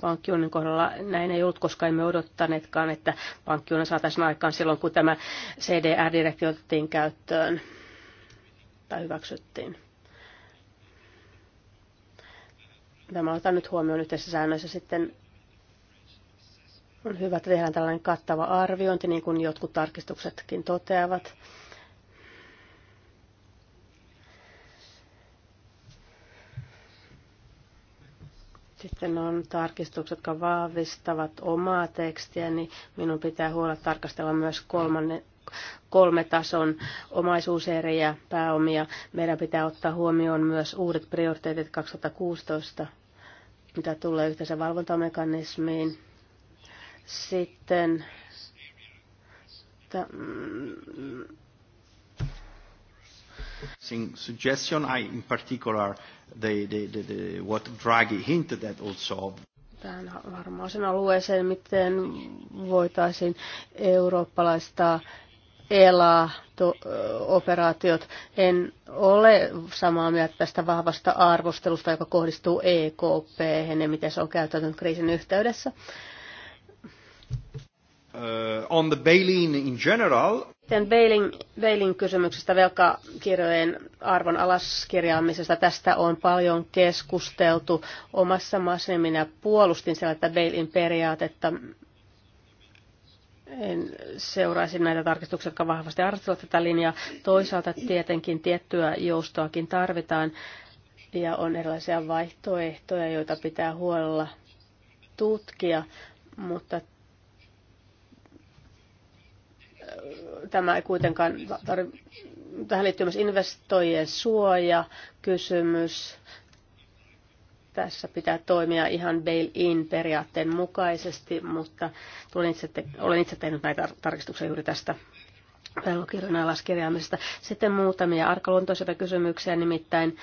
pankkiunin kohdalla näin ei ollut, koska emme odottaneetkaan, että pankkiunin saataisiin aikaan silloin, kun tämä CDR-direktio otettiin käyttöön tai hyväksyttiin. Tämä otan nyt huomioon yhteisissä säännöissä sitten. On hyvä, että tehdään tällainen kattava arviointi, niin kuin jotkut tarkistuksetkin toteavat. Sitten on tarkistukset, jotka vahvistavat omaa tekstiä, niin minun pitää huolella tarkastella myös kolmanne, kolme tason omaisuuseriä, pääomia. Meidän pitää ottaa huomioon myös uudet prioriteetit 2016 mitä tulee yhteensä valvontamekanismiin. Sitten suggestion, I in particular the, the, the, the, what Draghi hinted at also. Tähän varmaan sen alueeseen, miten voitaisiin eurooppalaista ELA-operaatiot. En ole samaa mieltä tästä vahvasta arvostelusta, joka kohdistuu EKP ja miten se on käytetty kriisin yhteydessä. Uh, on the bailing in general. Sitten bailin, bailing kysymyksestä velkakirjojen arvon alaskirjaamisesta. Tästä on paljon keskusteltu. Omassa maassa, minä puolustin sellaista bailin periaatetta en seuraisi näitä tarkistuksia, jotka vahvasti arvostavat tätä linjaa. Toisaalta tietenkin tiettyä joustoakin tarvitaan ja on erilaisia vaihtoehtoja, joita pitää huolella tutkia, mutta äh, tämä ei kuitenkaan tarvi, tähän liittyy myös investoijien suoja, kysymys, tässä pitää toimia ihan bail-in periaatteen mukaisesti, mutta tulen itse te- olen itse tehnyt näitä tarkistuksia juuri tästä velkokirjan alaskirjaamisesta. Sitten muutamia arkaluontoisia kysymyksiä, nimittäin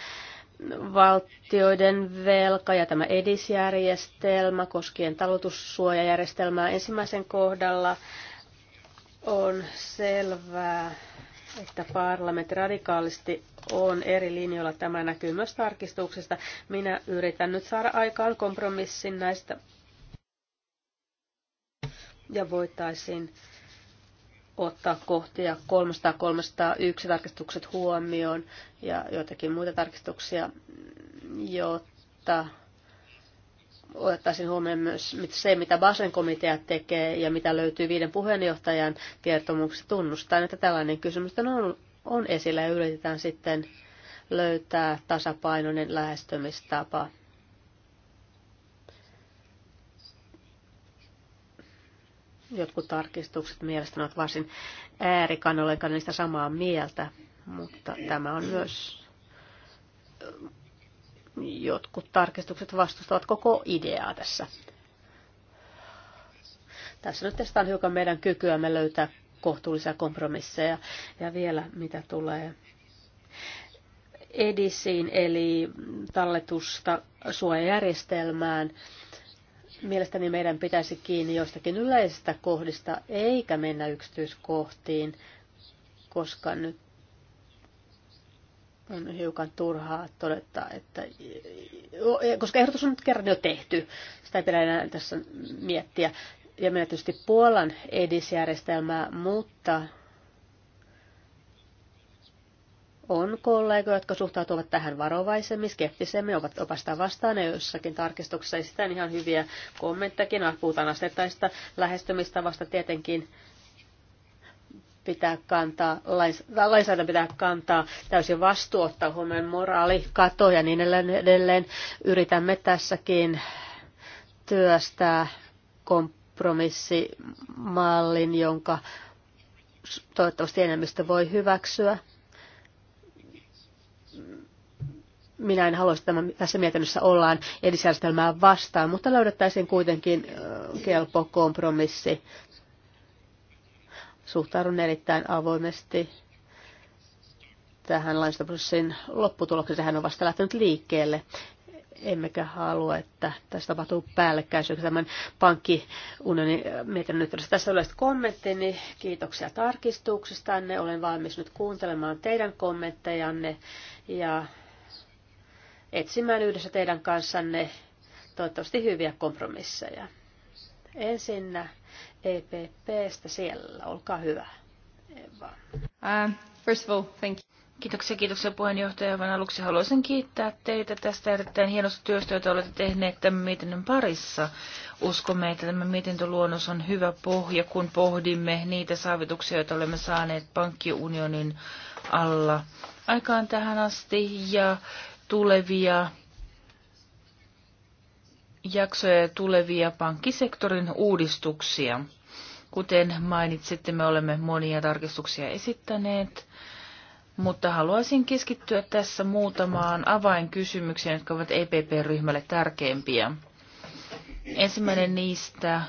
valtioiden velka ja tämä edisjärjestelmä koskien talutussuojajärjestelmää ensimmäisen kohdalla on selvää, että parlamentti radikaalisti on eri linjoilla. Tämä näkyy myös tarkistuksesta. Minä yritän nyt saada aikaan kompromissin näistä ja voitaisiin ottaa kohtia 300-301 tarkistukset huomioon ja joitakin muita tarkistuksia, jotta otettaisiin huomioon myös se, mitä Basen komitea tekee ja mitä löytyy viiden puheenjohtajan kertomuksessa tunnustaa, että tällainen kysymys on, on esillä ja yritetään sitten löytää tasapainoinen lähestymistapa. Jotkut tarkistukset mielestäni ovat varsin äärikannolle, enkä niistä samaa mieltä, mutta tämä on myös Jotkut tarkistukset vastustavat koko ideaa tässä. Tässä nyt testaan hiukan meidän kykyämme löytää kohtuullisia kompromisseja. Ja vielä mitä tulee EDISiin eli talletusta suojajärjestelmään, mielestäni meidän pitäisi kiinni joistakin yleisistä kohdista eikä mennä yksityiskohtiin, koska nyt on hiukan turhaa todeta, että koska ehdotus on nyt kerran jo tehty, sitä ei pidä enää tässä miettiä. Ja meillä tietysti Puolan edisjärjestelmää, mutta on kollegoja, jotka suhtautuvat tähän varovaisemmin, skeptisemmin, ovat opasta vastaan ja jossakin tarkistuksessa esitän ihan hyviä kommenttejakin, puhutaan lähestymistä lähestymistavasta tietenkin pitää kantaa, lainsäädännön pitää kantaa täysin vastuu, ottaa huomioon moraali, kato ja niin edelleen. Yritämme tässäkin työstää kompromissimallin, jonka toivottavasti enemmistö voi hyväksyä. Minä en halua että tässä mietinnössä ollaan edisjärjestelmää vastaan, mutta löydettäisiin kuitenkin kelpo kompromissi Suhtaudun erittäin avoimesti tähän lainsäädäntöprosessin lopputulokseen. Sehän on vasta lähtenyt liikkeelle emmekä halua, että tässä tapahtuu päällekkäisyys tämän pankkiunionin mietinnön yhteydessä. Tässä olivat kommenttini. Niin kiitoksia tarkistuksistanne. Olen valmis nyt kuuntelemaan teidän kommenttejanne ja etsimään yhdessä teidän kanssanne toivottavasti hyviä kompromisseja. Ensinnä EPPstä siellä. Olkaa hyvä. Eva. Uh, first of all, thank you. Kiitoksia, kiitoksia puheenjohtaja. Vain aluksi haluaisin kiittää teitä tästä erittäin hienosta työstä, jota olette tehneet tämän mietinnön parissa. Uskomme, että tämä mietintöluonnos on hyvä pohja, kun pohdimme niitä saavutuksia, joita olemme saaneet pankkiunionin alla aikaan tähän asti ja tulevia jaksoja ja tulevia pankkisektorin uudistuksia. Kuten mainitsitte, me olemme monia tarkistuksia esittäneet, mutta haluaisin keskittyä tässä muutamaan avainkysymykseen, jotka ovat EPP-ryhmälle tärkeimpiä. Ensimmäinen niistä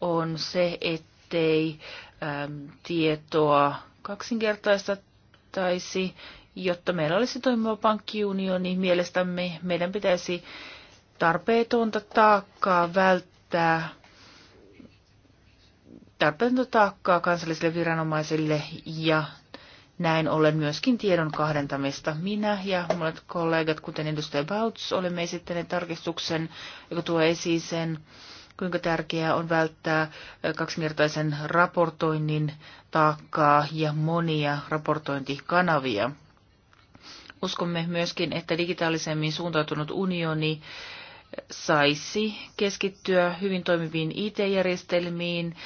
on se, ettei äm, tietoa kaksinkertaistettaisi, jotta meillä olisi toimiva pankkiunioni. Mielestämme meidän pitäisi tarpeetonta taakkaa välttää tarpeetonta taakkaa kansallisille viranomaisille ja näin ollen myöskin tiedon kahdentamista. Minä ja monet kollegat, kuten edustaja Bautz, olemme esittäneet tarkistuksen, joka tuo esiin sen, kuinka tärkeää on välttää kaksinkertaisen raportoinnin taakkaa ja monia raportointikanavia. Uskomme myöskin, että digitaalisemmin suuntautunut unioni saisi keskittyä hyvin toimiviin IT-järjestelmiin,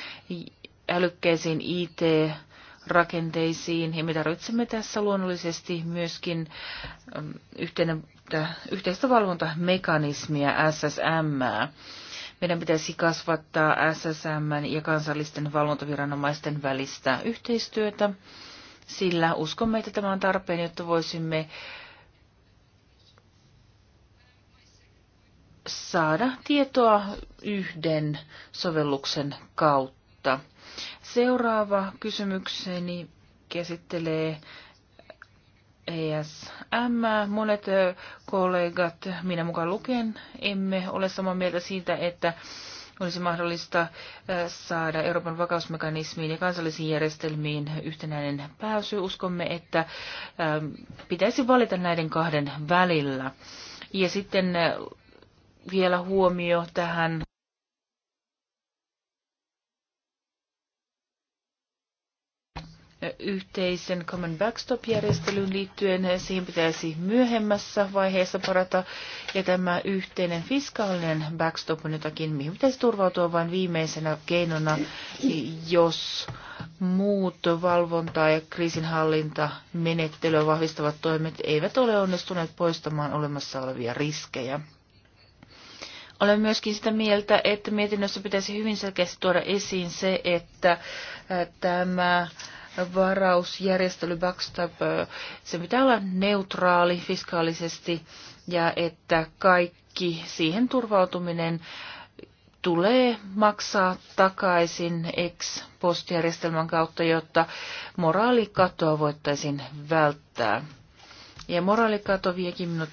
älykkäisiin IT-rakenteisiin. Ja me tarvitsemme tässä luonnollisesti myöskin mm, yhteistä valvontamekanismia SSM. Meidän pitäisi kasvattaa SSM ja kansallisten valvontaviranomaisten välistä yhteistyötä, sillä uskomme, että tämä on tarpeen, jotta voisimme saada tietoa yhden sovelluksen kautta. Seuraava kysymykseni käsittelee ESM. Monet kollegat, minä mukaan lukien, emme ole samaa mieltä siitä, että olisi mahdollista saada Euroopan vakausmekanismiin ja kansallisiin järjestelmiin yhtenäinen pääsy. Uskomme, että pitäisi valita näiden kahden välillä. Ja sitten vielä huomio tähän yhteisen Common Backstop-järjestelyyn liittyen. Siihen pitäisi myöhemmässä vaiheessa parata. Ja tämä yhteinen fiskaalinen backstop on jotakin, mihin pitäisi turvautua vain viimeisenä keinona, jos muut valvonta ja kriisinhallintamenettelyä vahvistavat toimet eivät ole onnistuneet poistamaan olemassa olevia riskejä. Olen myöskin sitä mieltä, että mietinnössä pitäisi hyvin selkeästi tuoda esiin se, että äh, tämä varausjärjestely backstop, äh, se pitää olla neutraali fiskaalisesti ja että kaikki siihen turvautuminen tulee maksaa takaisin ex postjärjestelmän kautta, jotta moraalikatoa voittaisiin välttää. Ja moraalikato viekin minut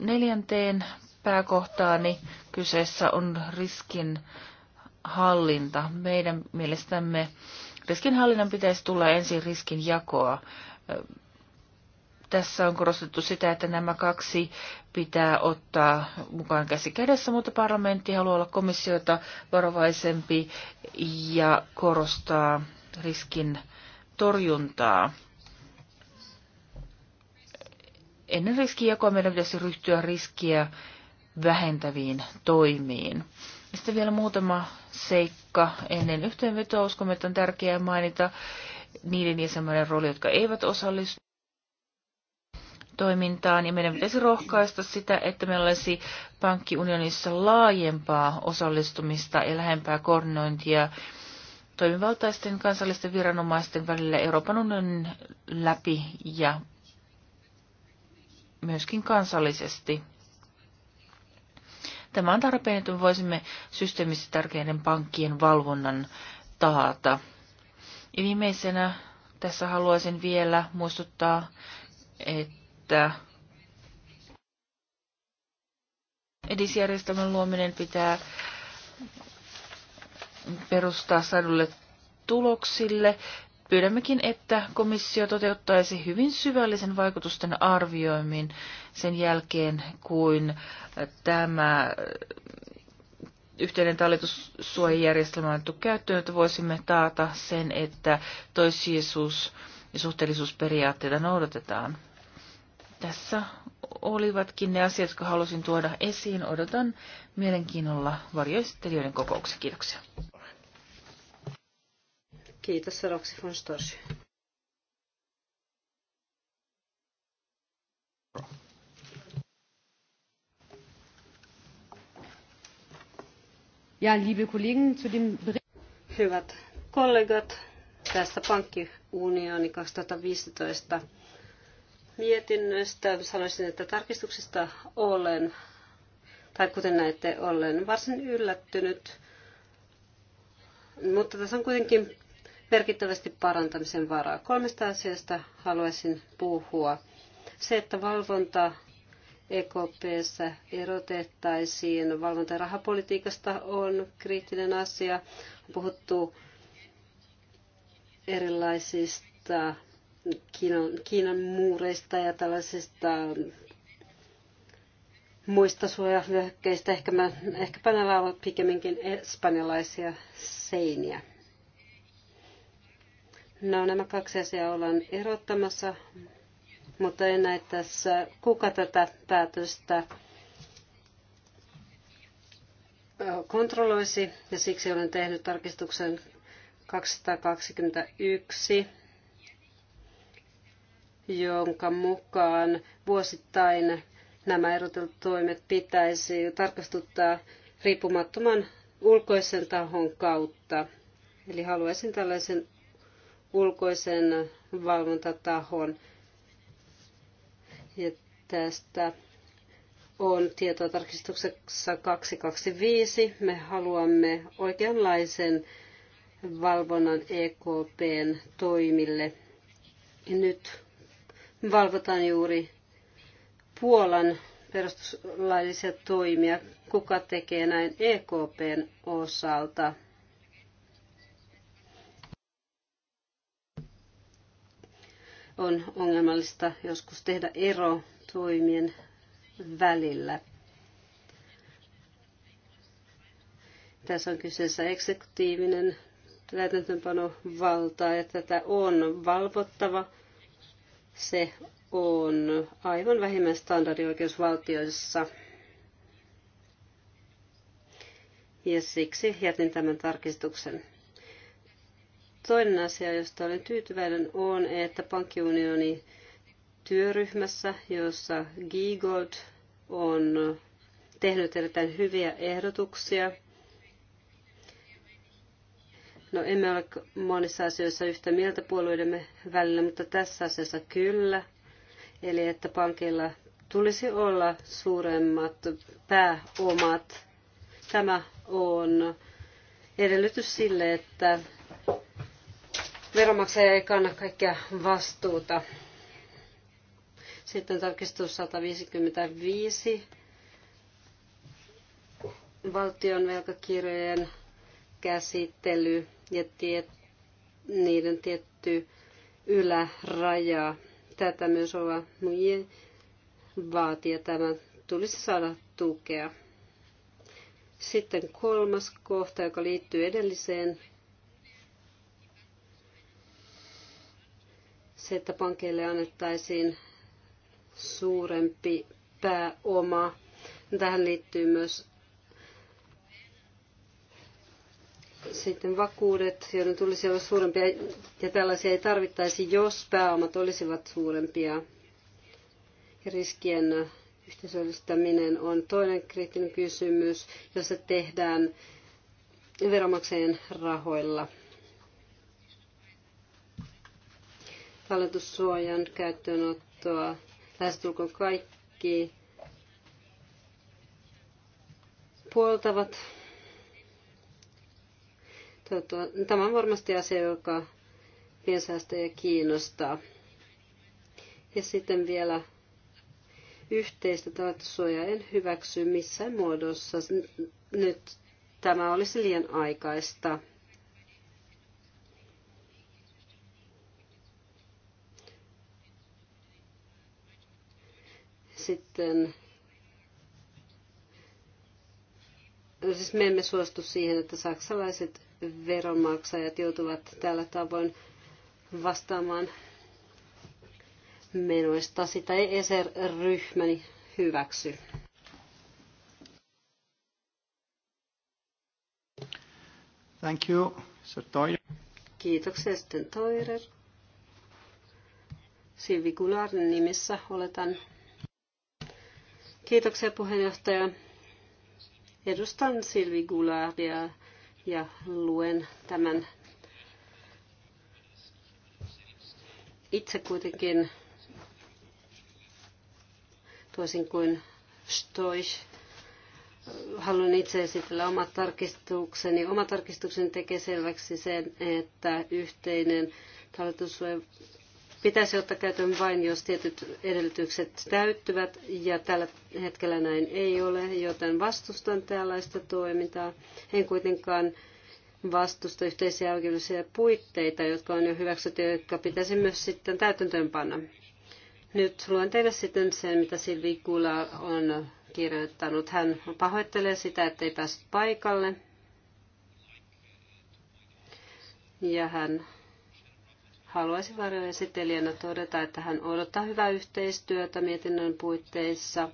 neljänteen niin Kyseessä on riskin hallinta. Meidän mielestämme riskinhallinnan pitäisi tulla ensin riskin jakoa. Tässä on korostettu sitä, että nämä kaksi pitää ottaa mukaan käsi kädessä, mutta parlamentti haluaa olla komissiota varovaisempi ja korostaa riskin torjuntaa. Ennen riskijakoa meidän pitäisi ryhtyä riskiä vähentäviin toimiin. Ja sitten vielä muutama seikka ennen yhteenvetoa. Uskomme, että on tärkeää mainita niiden jäsenmaiden rooli, jotka eivät osallistu toimintaan, ja meidän pitäisi rohkaista sitä, että meillä olisi pankkiunionissa laajempaa osallistumista ja lähempää koordinointia toimivaltaisten kansallisten viranomaisten välillä Euroopan unionin läpi ja myöskin kansallisesti. Tämä on tarpeen, että me voisimme systeemisesti tärkeiden pankkien valvonnan taata. Ja viimeisenä tässä haluaisin vielä muistuttaa, että edisjärjestelmän luominen pitää perustaa sadulle tuloksille pyydämmekin, että komissio toteuttaisi hyvin syvällisen vaikutusten arvioimin sen jälkeen, kuin tämä eh, yhteinen talletussuojajärjestelmä on käyttöön, että voisimme taata sen, että toissijaisuus ja suhteellisuusperiaatteita noudatetaan. Tässä olivatkin ne asiat, jotka halusin tuoda esiin. Odotan mielenkiinnolla varjoistelijoiden kokouksia. Kiitoksia. Kiitos Roksi von Storch. Ja, liebe Kollegen, zu dem Hyvät kollegat, tästä pankkiunioni 2015 mietinnöstä sanoisin, että tarkistuksista olen, tai kuten näette, olen varsin yllättynyt. Mutta tässä on kuitenkin merkittävästi parantamisen varaa. Kolmesta asiasta haluaisin puhua. Se, että valvonta EKPssä erotettaisiin valvonta- ja rahapolitiikasta on kriittinen asia. On puhuttu erilaisista Kiinan, Kiinan muureista ja tällaisista muista suojavyöhykkeistä. Ehkä mä, ehkäpä nämä ovat pikemminkin espanjalaisia seiniä. No nämä kaksi asiaa ollaan erottamassa, mutta en näe tässä, kuka tätä päätöstä kontrolloisi, ja siksi olen tehnyt tarkistuksen 221, jonka mukaan vuosittain nämä erotellut toimet pitäisi tarkastuttaa riippumattoman ulkoisen tahon kautta. Eli haluaisin tällaisen ulkoisen valvontatahon. Ja tästä on tietoa tarkistuksessa 225. Me haluamme oikeanlaisen valvonnan EKPn toimille. Nyt valvotaan juuri Puolan perustuslaillisia toimia. Kuka tekee näin EKPn osalta? on ongelmallista joskus tehdä ero toimien välillä. Tässä on kyseessä eksekutiivinen täytäntöönpanovalta ja tätä on valvottava. Se on aivan vähimmäistandardi oikeusvaltioissa. Ja siksi jätin tämän tarkistuksen. Toinen asia, josta olen tyytyväinen, on, että pankkiunioni työryhmässä, jossa Giegold on tehnyt erittäin hyviä ehdotuksia. No emme ole monissa asioissa yhtä mieltä puolueidemme välillä, mutta tässä asiassa kyllä. Eli että pankilla tulisi olla suuremmat pääomat. Tämä on edellytys sille, että veronmaksaja ei kanna kaikkea vastuuta. Sitten tarkistus 155. Valtion velkakirjojen käsittely ja tiet, niiden tietty yläraja. Tätä myös Ova Muje vaatii ja tämä tulisi saada tukea. Sitten kolmas kohta, joka liittyy edelliseen Se, että pankeille annettaisiin suurempi pääoma. Tähän liittyy myös sitten vakuudet, joiden tulisi olla suurempia, ja tällaisia ei tarvittaisi, jos pääomat olisivat suurempia. Riskien yhteisöllistäminen on toinen kriittinen kysymys, jossa tehdään veromaksajien rahoilla. Talletussuojan käyttöönottoa lähestulkoon kaikki puoltavat. Tämä on varmasti asia, joka piensäästöjä kiinnostaa. Ja sitten vielä yhteistä talletussuojaa en hyväksy missään muodossa. Nyt tämä olisi liian aikaista. sitten siis me emme suostu siihen, että saksalaiset veronmaksajat joutuvat tällä tavoin vastaamaan menoista. Sitä ei ESER-ryhmäni hyväksy. Thank you, Sir Toiler. Kiitoksia sitten Toirer. Silvi Gularin nimissä oletan Kiitoksia puheenjohtaja. Edustan Silvi Gularia ja luen tämän itse kuitenkin toisin kuin Stoich. Haluan itse esitellä omat tarkistukseni. Oma tarkistukseni tekee selväksi sen, että yhteinen talletussuoja pitäisi ottaa käyttöön vain, jos tietyt edellytykset täyttyvät, ja tällä hetkellä näin ei ole, joten vastustan tällaista toimintaa. En kuitenkaan vastusta yhteisiä oikeudellisia puitteita, jotka on jo hyväksytty, jotka pitäisi myös sitten täytäntöönpanna. Nyt luen teille sitten sen, mitä Silvi Kula on kirjoittanut. Hän pahoittelee sitä, ettei päässyt paikalle. Ja hän Haluaisin varjoesittelijänä todeta, että hän odottaa hyvää yhteistyötä mietinnön puitteissa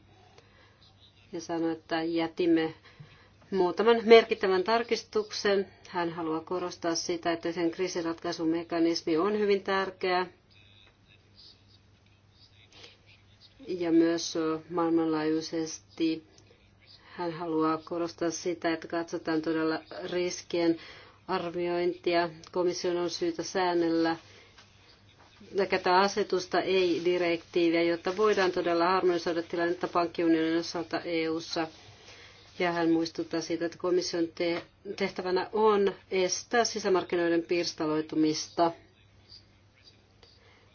ja sanoi, että jätimme muutaman merkittävän tarkistuksen. Hän haluaa korostaa sitä, että sen kriisiratkaisumekanismi on hyvin tärkeä ja myös maailmanlaajuisesti hän haluaa korostaa sitä, että katsotaan todella riskien arviointia. Komission on syytä säännellä tätä asetusta, ei direktiiviä, jotta voidaan todella harmonisoida tilannetta pankkiunionin osalta EU-ssa. Ja hän muistuttaa siitä, että komission tehtävänä on estää sisämarkkinoiden pirstaloitumista.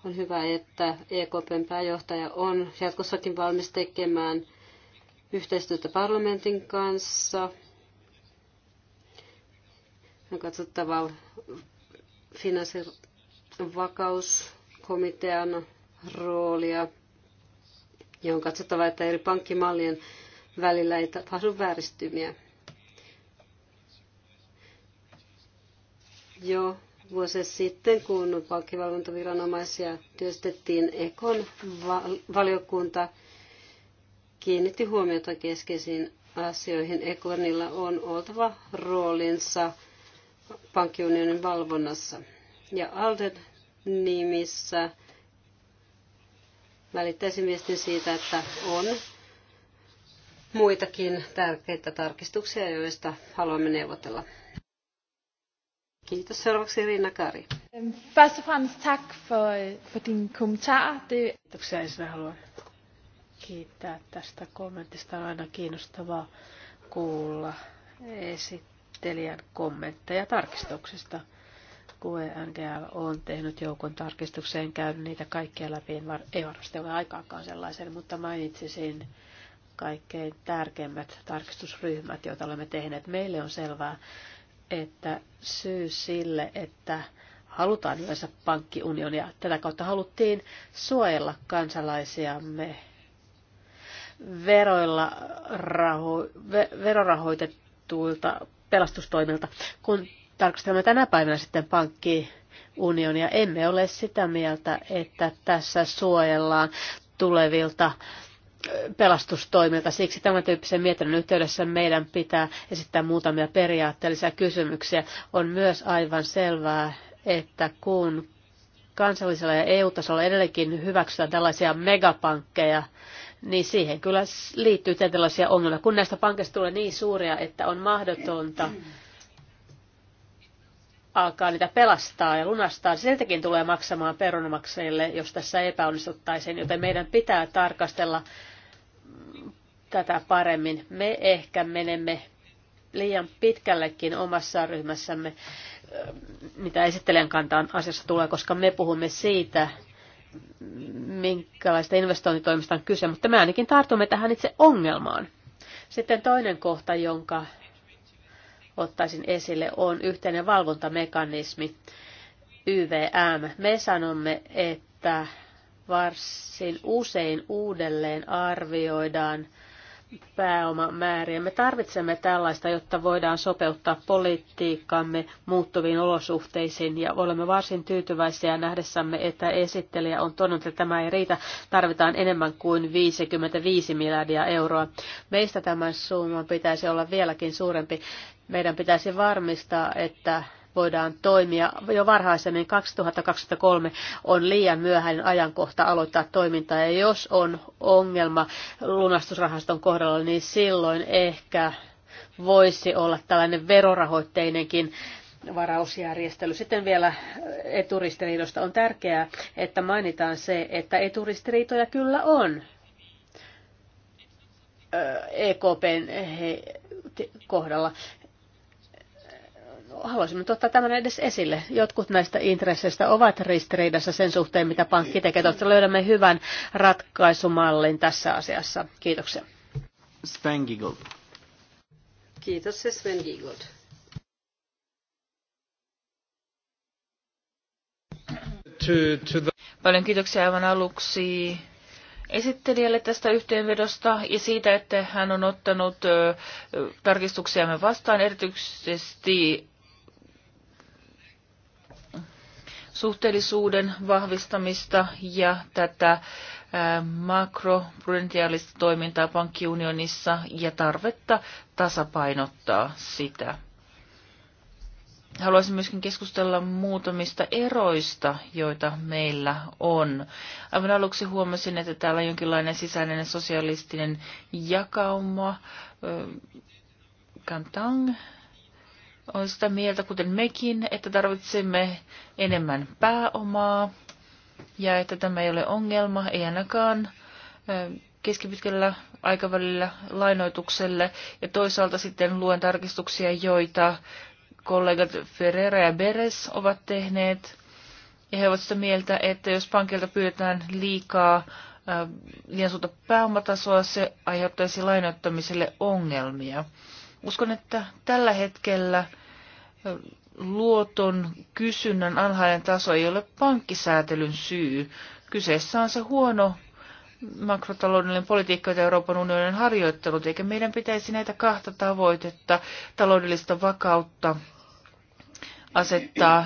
On hyvä, että EKPn pääjohtaja on jatkossakin valmis tekemään yhteistyötä parlamentin kanssa. On katsottava finanssivakaus komitean roolia ja on katsottava, että eri pankkimallien välillä ei tapahdu vääristymiä. Jo vuosi sitten, kun pankkivalvontaviranomaisia työstettiin, Ekon valiokunta kiinnitti huomiota keskeisiin asioihin. Ekonilla on oltava roolinsa pankkiunionin valvonnassa. Ja Alden nimissä välittäisin viestin siitä, että on muitakin tärkeitä tarkistuksia, joista haluamme neuvotella. Kiitos. Seuraavaksi Riina Kari. Først og fremmest for, for din kommentar. Det... Kiitoksia ensin haluan kiittää tästä kommentista. On aina kiinnostavaa kuulla esittelijän kommentteja tarkistuksista. QENGL on tehnyt joukon tarkistukseen, käynyt niitä kaikkia läpi, ei varmasti ole aikaakaan sellaisen, mutta mainitsisin kaikkein tärkeimmät tarkistusryhmät, joita olemme tehneet. Meille on selvää, että syy sille, että halutaan yleensä pankkiunionia, tätä kautta haluttiin suojella kansalaisiamme veroilla raho, ve, verorahoitettuilta pelastustoimilta. Kun tarkastelemme tänä päivänä sitten pankkiunionia. Emme ole sitä mieltä, että tässä suojellaan tulevilta pelastustoimilta. Siksi tämän tyyppisen mietinnön yhteydessä meidän pitää esittää muutamia periaatteellisia kysymyksiä. On myös aivan selvää, että kun kansallisella ja EU-tasolla edelleenkin hyväksytään tällaisia megapankkeja, niin siihen kyllä liittyy tällaisia ongelmia. Kun näistä pankkeista tulee niin suuria, että on mahdotonta alkaa niitä pelastaa ja lunastaa, siltäkin tulee maksamaan peronamaksajille, jos tässä epäonnistuttaisiin, joten meidän pitää tarkastella tätä paremmin. Me ehkä menemme liian pitkällekin omassa ryhmässämme, mitä esittelijän kantaan asiassa tulee, koska me puhumme siitä, minkälaista investointitoimista on kyse, mutta me ainakin tartumme tähän itse ongelmaan. Sitten toinen kohta, jonka ottaisin esille, on yhteinen valvontamekanismi YVM. Me sanomme, että varsin usein uudelleen arvioidaan pääomamääriä. Me tarvitsemme tällaista, jotta voidaan sopeuttaa politiikkaamme muuttuviin olosuhteisiin ja olemme varsin tyytyväisiä nähdessämme, että esittelijä on todennut, että tämä ei riitä. Tarvitaan enemmän kuin 55 miljardia euroa. Meistä tämän summan pitäisi olla vieläkin suurempi. Meidän pitäisi varmistaa, että voidaan toimia jo varhaisemmin. 2023 on liian myöhäinen ajankohta aloittaa toimintaa ja jos on ongelma lunastusrahaston kohdalla, niin silloin ehkä voisi olla tällainen verorahoitteinenkin varausjärjestely. Sitten vielä eturistiriidosta on tärkeää, että mainitaan se, että eturistiriitoja kyllä on. EKPn kohdalla haluaisin nyt ottaa tämän edes esille. Jotkut näistä intresseistä ovat ristiriidassa sen suhteen, mitä pankki tekee. Toivottavasti löydämme hyvän ratkaisumallin tässä asiassa. Kiitoksia. Sven Giegold. Kiitos Sven Giegold. Paljon kiitoksia aivan aluksi esittelijälle tästä yhteenvedosta ja siitä, että hän on ottanut tarkistuksiamme vastaan erityisesti suhteellisuuden vahvistamista ja tätä makroprudentiaalista toimintaa pankkiunionissa ja tarvetta tasapainottaa sitä. Haluaisin myöskin keskustella muutamista eroista, joita meillä on. Aivan aluksi huomasin, että täällä on jonkinlainen sisäinen sosialistinen jakauma. Kantang on sitä mieltä, kuten mekin, että tarvitsemme enemmän pääomaa ja että tämä ei ole ongelma, ei ainakaan keskipitkällä aikavälillä lainoitukselle. Ja toisaalta sitten luen tarkistuksia, joita kollegat Ferreira ja Beres ovat tehneet. Ja he ovat sitä mieltä, että jos pankilta pyydetään liikaa liian suurta pääomatasoa, se aiheuttaisi lainoittamiselle ongelmia. Uskon, että tällä hetkellä luoton kysynnän alhainen taso ei ole pankkisäätelyn syy. Kyseessä on se huono makrotaloudellinen politiikka, jota Euroopan unionin on harjoittanut, eikä meidän pitäisi näitä kahta tavoitetta, taloudellista vakautta, asettaa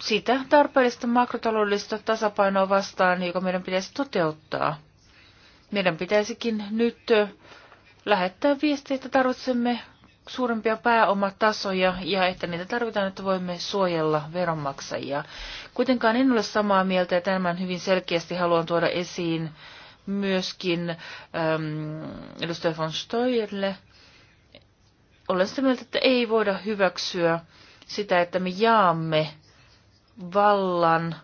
sitä tarpeellista makrotaloudellista tasapainoa vastaan, joka meidän pitäisi toteuttaa. Meidän pitäisikin nyt lähettää viestiä, että tarvitsemme suurempia pääomatasoja ja että niitä tarvitaan, että voimme suojella veronmaksajia. Kuitenkaan en ole samaa mieltä ja tämän hyvin selkeästi haluan tuoda esiin myöskin ähm, edustaja von Steuerle. Olen sitä mieltä, että ei voida hyväksyä sitä, että me jaamme vallan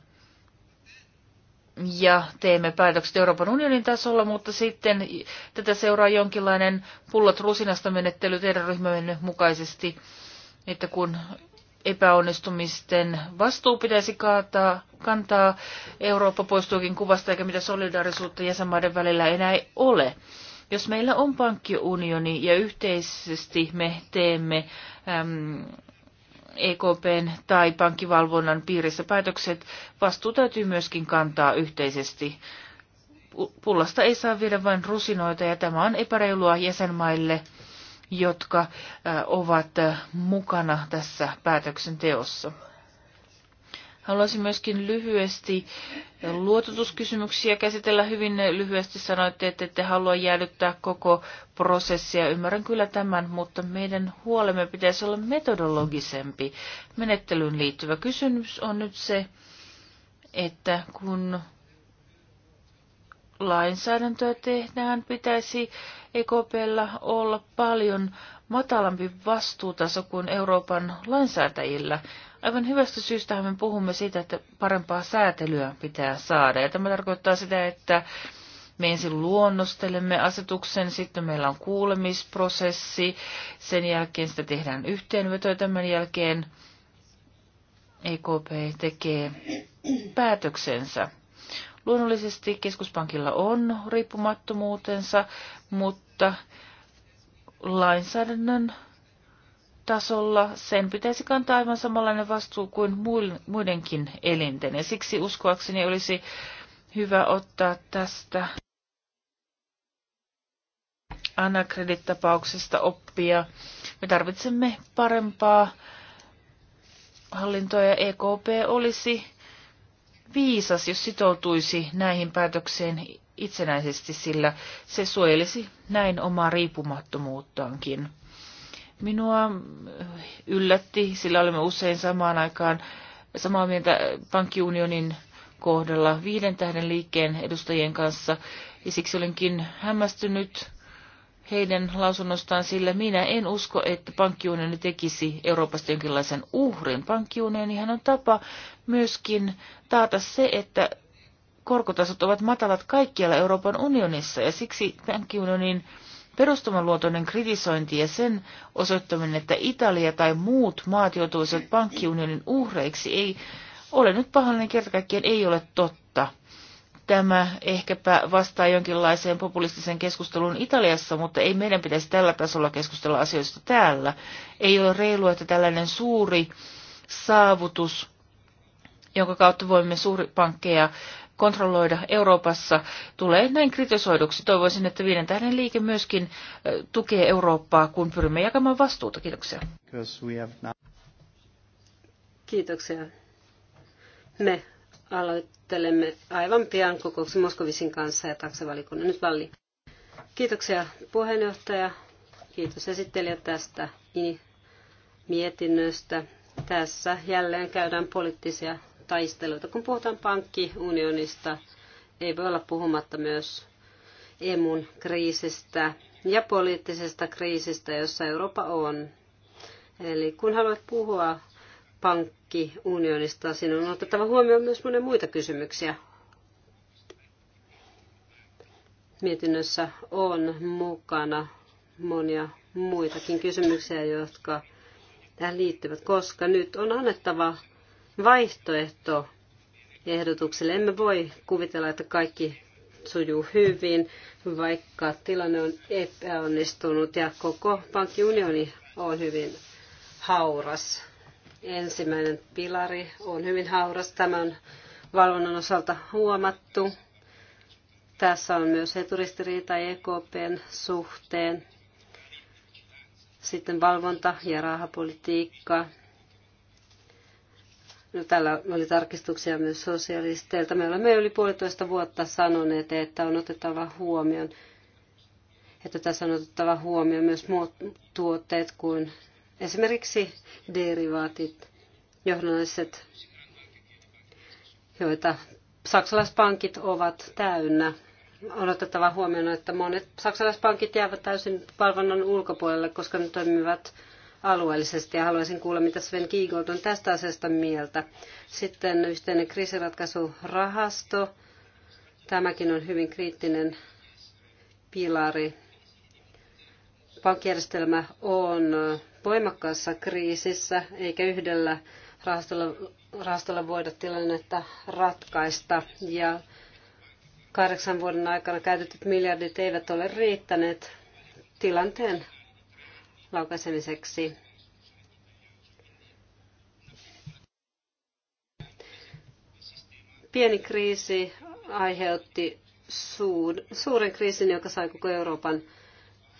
ja teemme päätökset Euroopan unionin tasolla, mutta sitten tätä seuraa jonkinlainen pullot rusinasta menettely teidän ryhmämme mukaisesti, että kun epäonnistumisten vastuu pitäisi kaataa, kantaa, Eurooppa poistuukin kuvasta eikä mitä solidaarisuutta jäsenmaiden välillä enää ei ole. Jos meillä on pankkiunioni ja yhteisesti me teemme äm, EKPn tai pankkivalvonnan piirissä päätökset. Vastuu täytyy myöskin kantaa yhteisesti. Pullasta ei saa viedä vain rusinoita ja tämä on epäreilua jäsenmaille, jotka ovat mukana tässä päätöksenteossa. Haluaisin myöskin lyhyesti luototuskysymyksiä käsitellä hyvin lyhyesti. Sanoitte, että ette halua jäädyttää koko prosessia. Ymmärrän kyllä tämän, mutta meidän huolemme pitäisi olla metodologisempi. Menettelyyn liittyvä kysymys on nyt se, että kun lainsäädäntöä tehdään, pitäisi EKPllä olla paljon matalampi vastuutaso kuin Euroopan lainsäätäjillä. Aivan hyvästä syystä me puhumme siitä, että parempaa säätelyä pitää saada. Ja tämä tarkoittaa sitä, että me ensin luonnostelemme asetuksen, sitten meillä on kuulemisprosessi, sen jälkeen sitä tehdään yhteenveto ja tämän jälkeen EKP tekee päätöksensä. Luonnollisesti keskuspankilla on riippumattomuutensa, mutta lainsäädännön tasolla sen pitäisi kantaa aivan samanlainen vastuu kuin muidenkin elinten. Ja siksi uskoakseni olisi hyvä ottaa tästä anakredit-tapauksesta oppia. Me tarvitsemme parempaa hallintoa ja EKP olisi viisas, jos sitoutuisi näihin päätökseen itsenäisesti, sillä se suojelisi näin omaa riippumattomuuttaankin. Minua yllätti, sillä olemme usein samaan aikaan samaa mieltä pankkiunionin kohdalla viiden tähden liikkeen edustajien kanssa, ja siksi olenkin hämmästynyt heidän lausunnostaan, sillä minä en usko, että pankkiunioni tekisi Euroopasta jonkinlaisen uhrin. Pankkiunionihan on tapa myöskin taata se, että korkotasot ovat matalat kaikkialla Euroopan unionissa, ja siksi pankkiunionin perustumaluotoinen kritisointi ja sen osoittaminen, että Italia tai muut maat joutuisivat pankkiunionin uhreiksi, ei ole nyt pahallinen kerta ei ole totta. Tämä ehkäpä vastaa jonkinlaiseen populistiseen keskusteluun Italiassa, mutta ei meidän pitäisi tällä tasolla keskustella asioista täällä. Ei ole reilua, että tällainen suuri saavutus jonka kautta voimme suuripankkeja kontrolloida Euroopassa, tulee näin kritisoiduksi. Toivoisin, että viiden tähden liike myöskin tukee Eurooppaa, kun pyrimme jakamaan vastuuta. Kiitoksia. Kiitoksia. Me aloittelemme aivan pian kokouksen Moskovisin kanssa ja taksevalikunnan nyt valli. Kiitoksia puheenjohtaja. Kiitos esittelijä tästä mietinnöstä. Tässä jälleen käydään poliittisia taisteluita. Kun puhutaan pankkiunionista, ei voi olla puhumatta myös emun kriisistä ja poliittisesta kriisistä, jossa Eurooppa on. Eli kun haluat puhua pankkiunionista, sinun on otettava huomioon myös monia muita kysymyksiä. Mietinnössä on mukana monia muitakin kysymyksiä, jotka tähän liittyvät, koska nyt on annettava vaihtoehto ehdotukselle. Emme voi kuvitella, että kaikki sujuu hyvin, vaikka tilanne on epäonnistunut ja koko pankkiunioni on hyvin hauras. Ensimmäinen pilari on hyvin hauras. Tämä on valvonnan osalta huomattu. Tässä on myös eturistiriita EKPn suhteen. Sitten valvonta ja rahapolitiikka. No, täällä oli tarkistuksia myös sosialisteilta. Me olemme yli puolitoista vuotta sanoneet, että on otettava huomioon, että tässä on otettava huomioon myös muut tuotteet kuin esimerkiksi derivaatit, johdannaiset, joita saksalaispankit ovat täynnä. On otettava huomioon, että monet saksalaispankit jäävät täysin valvonnan ulkopuolelle, koska ne toimivat alueellisesti. Ja haluaisin kuulla, mitä Sven Kiigolt on tästä asiasta mieltä. Sitten yhteinen kriisiratkaisurahasto. Tämäkin on hyvin kriittinen pilari. Pankkijärjestelmä on voimakkaassa kriisissä, eikä yhdellä rahastolla, rahastolla voida tilannetta ratkaista. Ja kahdeksan vuoden aikana käytetyt miljardit eivät ole riittäneet tilanteen laukaisemiseksi. Pieni kriisi aiheutti suuren kriisin, joka sai koko Euroopan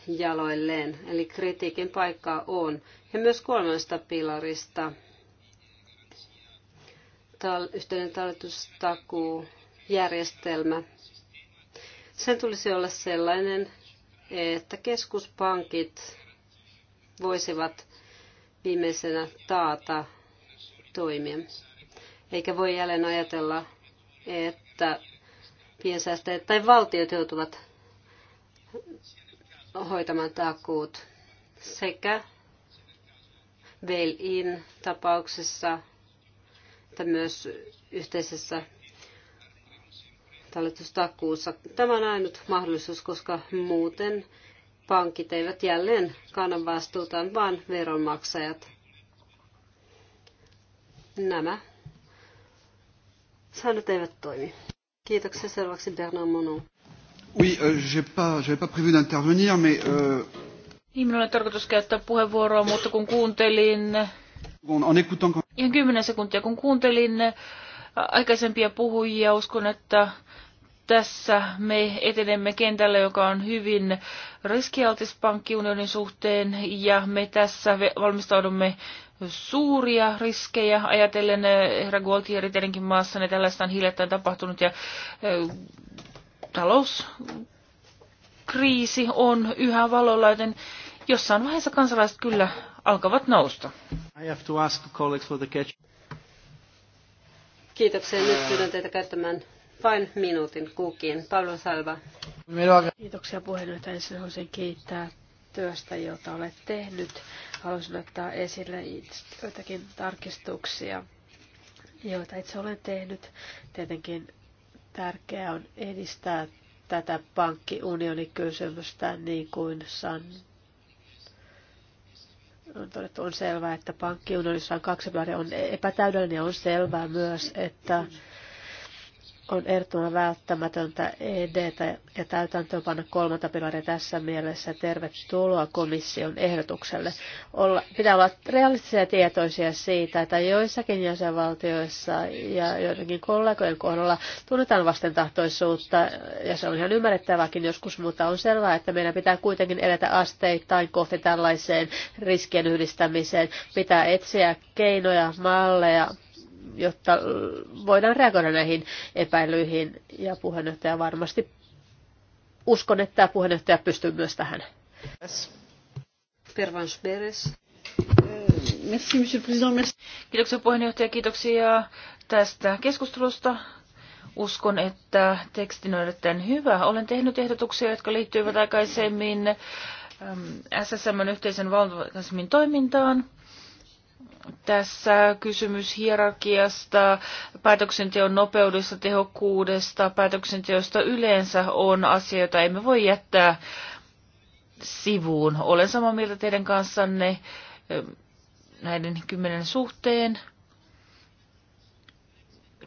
jaloilleen. Eli kritiikin paikkaa on. Ja myös kolmesta pilarista. Tal- yhteinen järjestelmä Sen tulisi olla sellainen, että keskuspankit voisivat viimeisenä taata toimia. Eikä voi jälleen ajatella, että piensäästäjät tai valtiot joutuvat hoitamaan takuut sekä bail-in tapauksessa että myös yhteisessä talletustakuussa. Tämä on ainut mahdollisuus, koska muuten pankit eivät jälleen kanna vastuutaan, vaan veronmaksajat. Nämä säännöt eivät toimi. Kiitoksia seuraavaksi Bernard Monon. Oui, euh, pas, pas prévu d'intervenir, mais... Euh... Niin, minulla oli tarkoitus käyttää puheenvuoroa, mutta kun kuuntelin... Bon, on écoutant... Ihan kymmenen sekuntia, kun kuuntelin aikaisempia puhujia, uskon, että tässä me etenemme kentällä, joka on hyvin riskialtis pankkiunionin suhteen, ja me tässä valmistaudumme suuria riskejä ajatellen herra Gualtieri tietenkin maassa, ne tällaista on hiljattain tapahtunut, ja talouskriisi on yhä valolla, joten jossain vaiheessa kansalaiset kyllä alkavat nousta. I have to ask the colleagues for the catch. Kiitoksia. Nyt pyydän teitä käyttämään vain minuutin kukin. Pablo Salva. Kiitoksia puheenjohtaja. Ensin haluaisin kiittää työstä, jota olet tehnyt. Haluaisin ottaa esille joitakin tarkistuksia, joita itse olen tehnyt. Tietenkin tärkeää on edistää tätä pankkiunionikysymystä niin kuin San on todettu, on selvää, että pankkiunionissa on kaksi on epätäydellinen ja on selvää myös, että on ehdottoman välttämätöntä edetä ja täytäntöönpanna kolmatta pilaria tässä mielessä. Tervetuloa komission ehdotukselle. Olla, pitää olla realistisia tietoisia siitä, että joissakin jäsenvaltioissa ja joidenkin kollegojen kohdalla tunnetaan vastentahtoisuutta, ja se on ihan ymmärrettäväkin joskus, mutta on selvää, että meidän pitää kuitenkin edetä asteittain kohti tällaiseen riskien yhdistämiseen. Pitää etsiä keinoja, malleja, jotta voidaan reagoida näihin epäilyihin. Ja puheenjohtaja varmasti uskon, että puheenjohtaja pystyy myös tähän. Beres. Kiitoksia puheenjohtaja, kiitoksia tästä keskustelusta. Uskon, että tekstin on erittäin hyvä. Olen tehnyt ehdotuksia, jotka liittyivät aikaisemmin SSM yhteisen valvontakasmin toimintaan tässä kysymys hierarkiasta, päätöksenteon nopeudesta, tehokkuudesta, päätöksenteosta yleensä on asia, jota emme voi jättää sivuun. Olen samaa mieltä teidän kanssanne eh, näiden kymmenen suhteen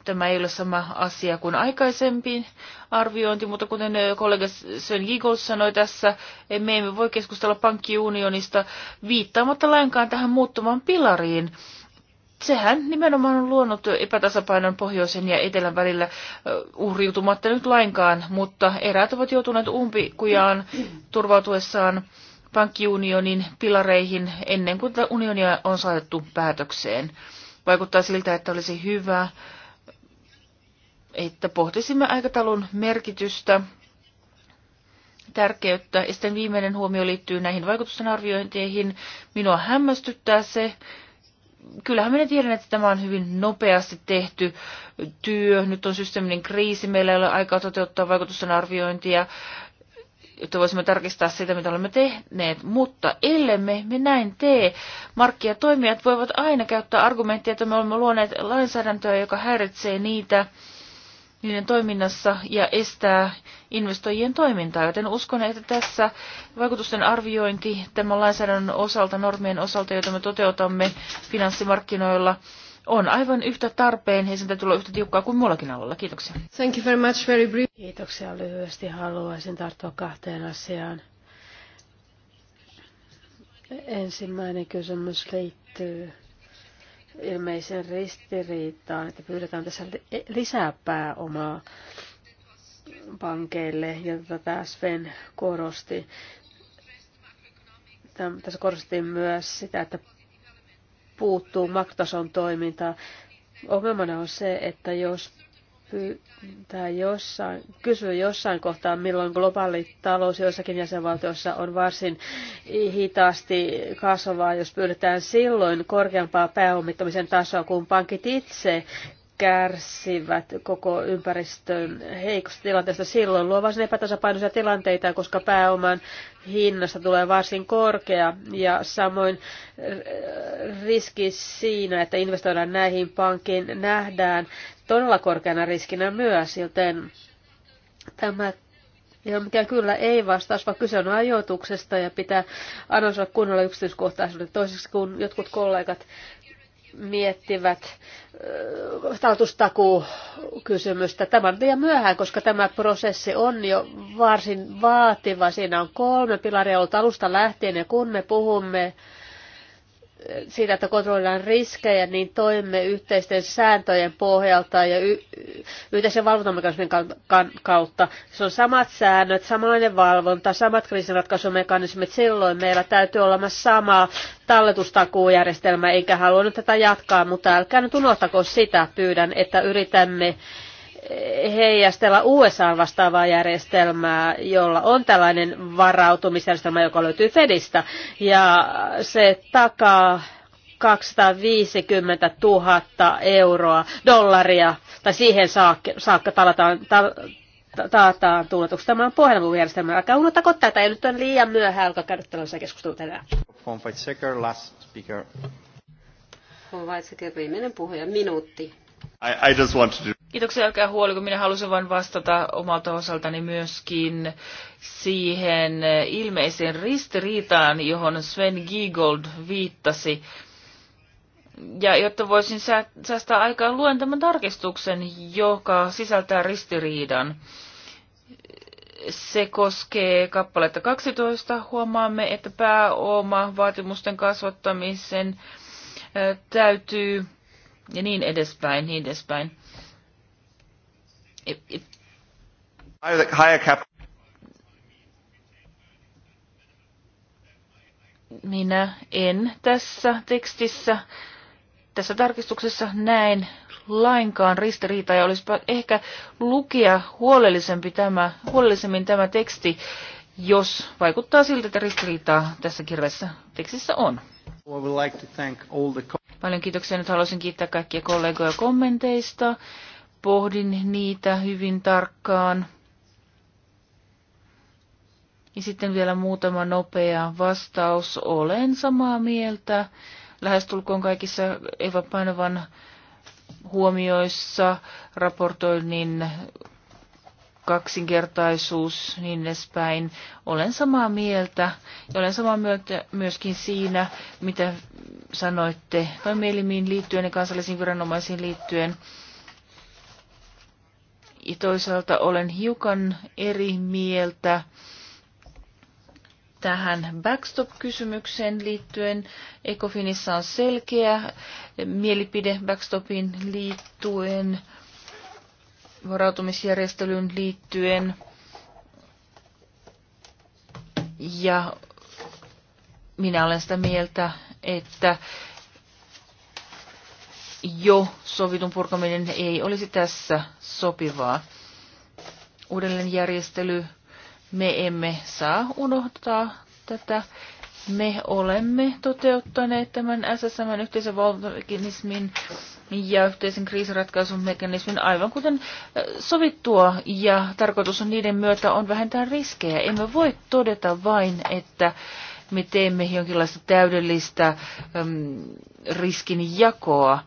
tämä ei ole sama asia kuin aikaisempi arviointi, mutta kuten kollega Sven Giggles sanoi tässä, me emme voi keskustella pankkiunionista viittaamatta lainkaan tähän muuttumaan pilariin. Sehän nimenomaan on luonut epätasapainon pohjoisen ja etelän välillä uhriutumatta nyt lainkaan, mutta eräät ovat joutuneet umpikujaan turvautuessaan pankkiunionin pilareihin ennen kuin unionia on saatettu päätökseen. Vaikuttaa siltä, että olisi hyvä että pohtisimme aikataulun merkitystä, tärkeyttä. Ja sitten viimeinen huomio liittyy näihin vaikutusten arviointeihin. Minua hämmästyttää se, kyllähän minä tiedän, että tämä on hyvin nopeasti tehty työ. Nyt on systeeminen kriisi, meillä ei ole aikaa toteuttaa vaikutusten arviointia, jotta voisimme tarkistaa sitä, mitä olemme tehneet. Mutta ellemme me näin tee, markkinatoimijat voivat aina käyttää argumenttia, että me olemme luoneet lainsäädäntöä, joka häiritsee niitä, niiden toiminnassa ja estää investoijien toimintaa. Joten uskon, että tässä vaikutusten arviointi tämän lainsäädännön osalta, normien osalta, joita me toteutamme finanssimarkkinoilla, on aivan yhtä tarpeen ja sen täytyy olla yhtä tiukkaa kuin muullakin alalla. Kiitoksia. Thank you very much, very brief. Kiitoksia lyhyesti. Haluaisin tarttua kahteen asiaan. Ensimmäinen kysymys liittyy ilmeisen ristiriitaan, että pyydetään tässä lisää pääomaa pankeille, ja tätä Sven korosti. Tässä korostettiin myös sitä, että puuttuu maktason toiminta. Ongelmana on se, että jos pyytää jossain, kysyä jossain kohtaa, milloin globaali talous joissakin jäsenvaltioissa on varsin hitaasti kasvavaa, jos pyydetään silloin korkeampaa pääomittamisen tasoa, kun pankit itse kärsivät koko ympäristön heikosta tilanteesta silloin, luo varsin epätasapainoisia tilanteita, koska pääoman hinnasta tulee varsin korkea ja samoin eh, riski siinä, että investoidaan näihin pankkiin, nähdään todella korkeana riskinä myös, joten tämä ja mikä kyllä ei vastaus, vaan kyse on ajoituksesta ja pitää analysoida kunnolla yksityiskohtaisuudet. Toiseksi kun jotkut kollegat miettivät statustakukysymystä. Tämä on vielä myöhään, koska tämä prosessi on jo varsin vaativa. Siinä on kolme pilaria ollut alusta lähtien ja kun me puhumme siitä, että kontrolloidaan riskejä, niin toimme yhteisten sääntöjen pohjalta ja y- yhteisen valvontamekanismin kautta. Se on samat säännöt, samanlainen valvonta, samat kriisinratkaisumekanismit. Silloin meillä täytyy olla myös sama talletustakuujärjestelmä, eikä halunnut tätä jatkaa, mutta älkää nyt unohtako sitä, pyydän, että yritämme heijastella USA vastaavaa järjestelmää, jolla on tällainen varautumisjärjestelmä, joka löytyy Fedistä. Ja se takaa 250 000 euroa, dollaria, tai siihen saakka, saakka talataan, ta, taataan tuuletuksi. tämän on puhelinpuhujärjestelmä. Älkää unohtako tätä, ei nyt on liian myöhään, alkaa käydä tällaisia keskustelua tänään. Von Weizsäcker, last speaker. Von Weizsäcker, viimeinen puhuja, minuutti. I, I just want to do... Kiitoksia, älkää kun Minä halusin vain vastata omalta osaltani myöskin siihen ilmeiseen ristiriitaan, johon Sven Giegold viittasi. Ja jotta voisin säästää aikaa, luen tämän tarkistuksen, joka sisältää ristiriidan. Se koskee kappaletta 12. Huomaamme, että pääoma vaatimusten kasvattamisen täytyy ja niin edespäin, niin edespäin. Minä en tässä tekstissä, tässä tarkistuksessa näin lainkaan ristiriitaa ja olisipa ehkä lukea huolellisempi tämä, huolellisemmin tämä teksti, jos vaikuttaa siltä, että ristiriitaa tässä kirjassa tekstissä on. Paljon kiitoksia. Nyt haluaisin kiittää kaikkia kollegoja kommenteista. Pohdin niitä hyvin tarkkaan. Ja sitten vielä muutama nopea vastaus. Olen samaa mieltä. Lähestulkoon kaikissa Eva Painovan huomioissa raportoinnin kaksinkertaisuus, niin edespäin. Olen samaa mieltä ja olen samaa mieltä myöskin siinä, mitä sanoitte toimielimiin liittyen ja kansallisiin viranomaisiin liittyen ja toisaalta olen hiukan eri mieltä tähän backstop-kysymykseen liittyen. Ecofinissa on selkeä mielipide backstopin liittyen, varautumisjärjestelyyn liittyen. Ja minä olen sitä mieltä, että jo sovitun purkaminen ei olisi tässä sopivaa. Uudelleenjärjestely, me emme saa unohtaa tätä. Me olemme toteuttaneet tämän SSM yhteisen valvontamekanismin ja yhteisen kriisiratkaisun mekanismin aivan kuten äh, sovittua ja tarkoitus on niiden myötä on vähentää riskejä. Emme voi todeta vain, että me teemme jonkinlaista täydellistä äm, riskin jakoa.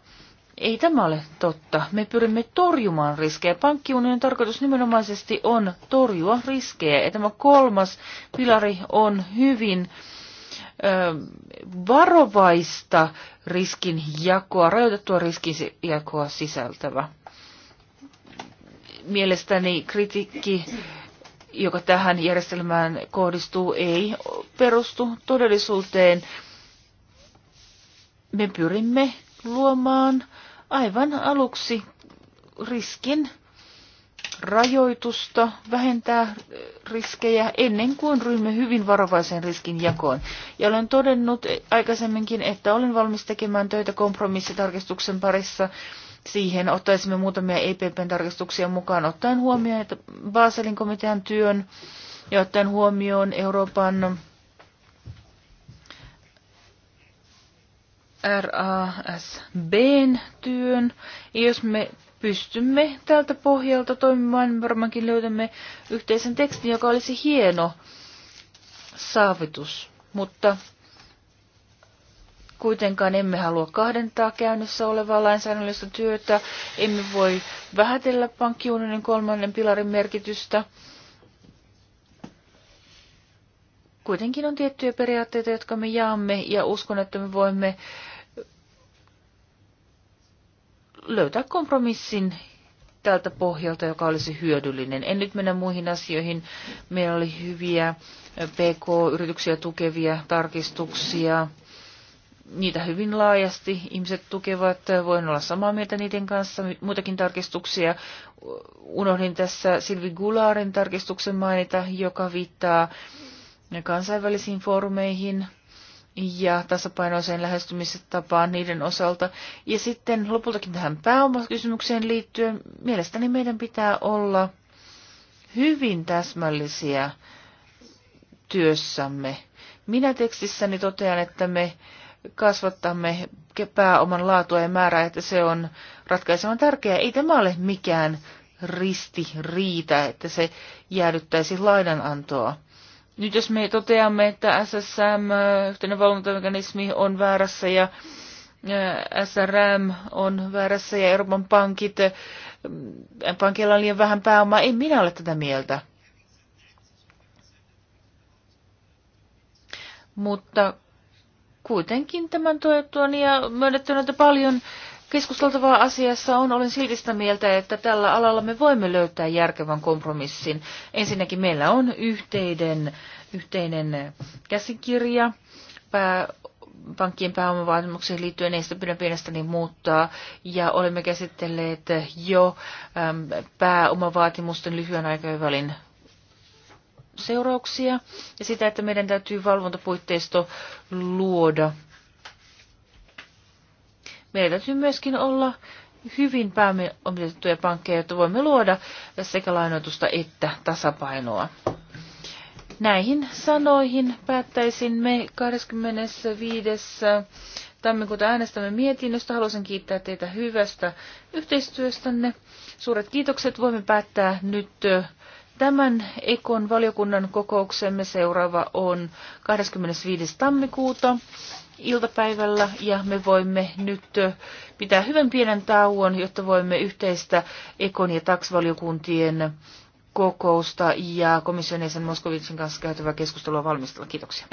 Ei tämä ole totta. Me pyrimme torjumaan riskejä. Pankkiunion tarkoitus nimenomaisesti on torjua riskejä. Ja tämä kolmas pilari on hyvin ö, varovaista riskinjakoa, rajoitettua riskinjakoa sisältävä. Mielestäni kritiikki, joka tähän järjestelmään kohdistuu, ei perustu todellisuuteen. Me pyrimme luomaan aivan aluksi riskin rajoitusta, vähentää äh, riskejä ennen kuin ryhmä hyvin varovaisen riskin jakoon. Ja olen todennut e, aikaisemminkin, että olen valmis tekemään töitä kompromissitarkistuksen parissa. Siihen ottaisimme muutamia epp tarkistuksia mukaan, ottaen huomioon että Baselin komitean työn ja ottaen huomioon Euroopan RASBn työn. Ja jos me pystymme tältä pohjalta toimimaan, niin varmaankin löydämme yhteisen tekstin, joka olisi hieno saavutus. Mutta kuitenkaan emme halua kahdentaa käynnissä olevaa lainsäädännöllistä työtä, emme voi vähätellä pankkiunionin kolmannen pilarin merkitystä. Kuitenkin on tiettyjä periaatteita, jotka me jaamme ja uskon, että me voimme löytää kompromissin tältä pohjalta, joka olisi hyödyllinen. En nyt mennä muihin asioihin. Meillä oli hyviä PK-yrityksiä tukevia tarkistuksia. Niitä hyvin laajasti ihmiset tukevat. Voin olla samaa mieltä niiden kanssa. Muitakin tarkistuksia. Unohdin tässä Silvi Gularin tarkistuksen mainita, joka viittaa kansainvälisiin foorumeihin – ja tasapainoiseen lähestymistapaan niiden osalta. Ja sitten lopultakin tähän pääomakysymykseen liittyen, mielestäni meidän pitää olla hyvin täsmällisiä työssämme. Minä tekstissäni totean, että me kasvattamme pääoman laatua ja määrää, että se on ratkaisevan tärkeää. Ei tämä ole mikään ristiriita, että se jäädyttäisi lainanantoa nyt jos me toteamme, että SSM, yhteinen valvontamekanismi, on väärässä ja SRM on väärässä ja Euroopan pankit, pankilla on liian vähän pääomaa, ei minä ole tätä mieltä. Mutta kuitenkin tämän tuettuani ja myönnettynä, että paljon Keskusteltavaa asiassa on, olen silti sitä mieltä, että tällä alalla me voimme löytää järkevän kompromissin. Ensinnäkin meillä on yhteinen, yhteinen käsikirja pää, pankkien pääomavaatimuksiin liittyen, ei sitä pidä niin muuttaa, ja olemme käsitelleet jo äm, pääomavaatimusten lyhyen aikavälin seurauksia ja sitä, että meidän täytyy valvontapuitteisto luoda Meillä täytyy myöskin olla hyvin pääomitettuja pankkeja, jotta voimme luoda sekä lainoitusta että tasapainoa. Näihin sanoihin päättäisin me 25. tammikuuta äänestämme mietinnöstä. Haluaisin kiittää teitä hyvästä yhteistyöstänne. Suuret kiitokset. Voimme päättää nyt tämän Ekon valiokunnan kokouksemme. Seuraava on 25. tammikuuta iltapäivällä ja me voimme nyt pitää hyvän pienen tauon, jotta voimme yhteistä Ekon ja taksivaliokuntien kokousta ja komission jäsen Moskovitsin kanssa käytävää keskustelua valmistella. Kiitoksia.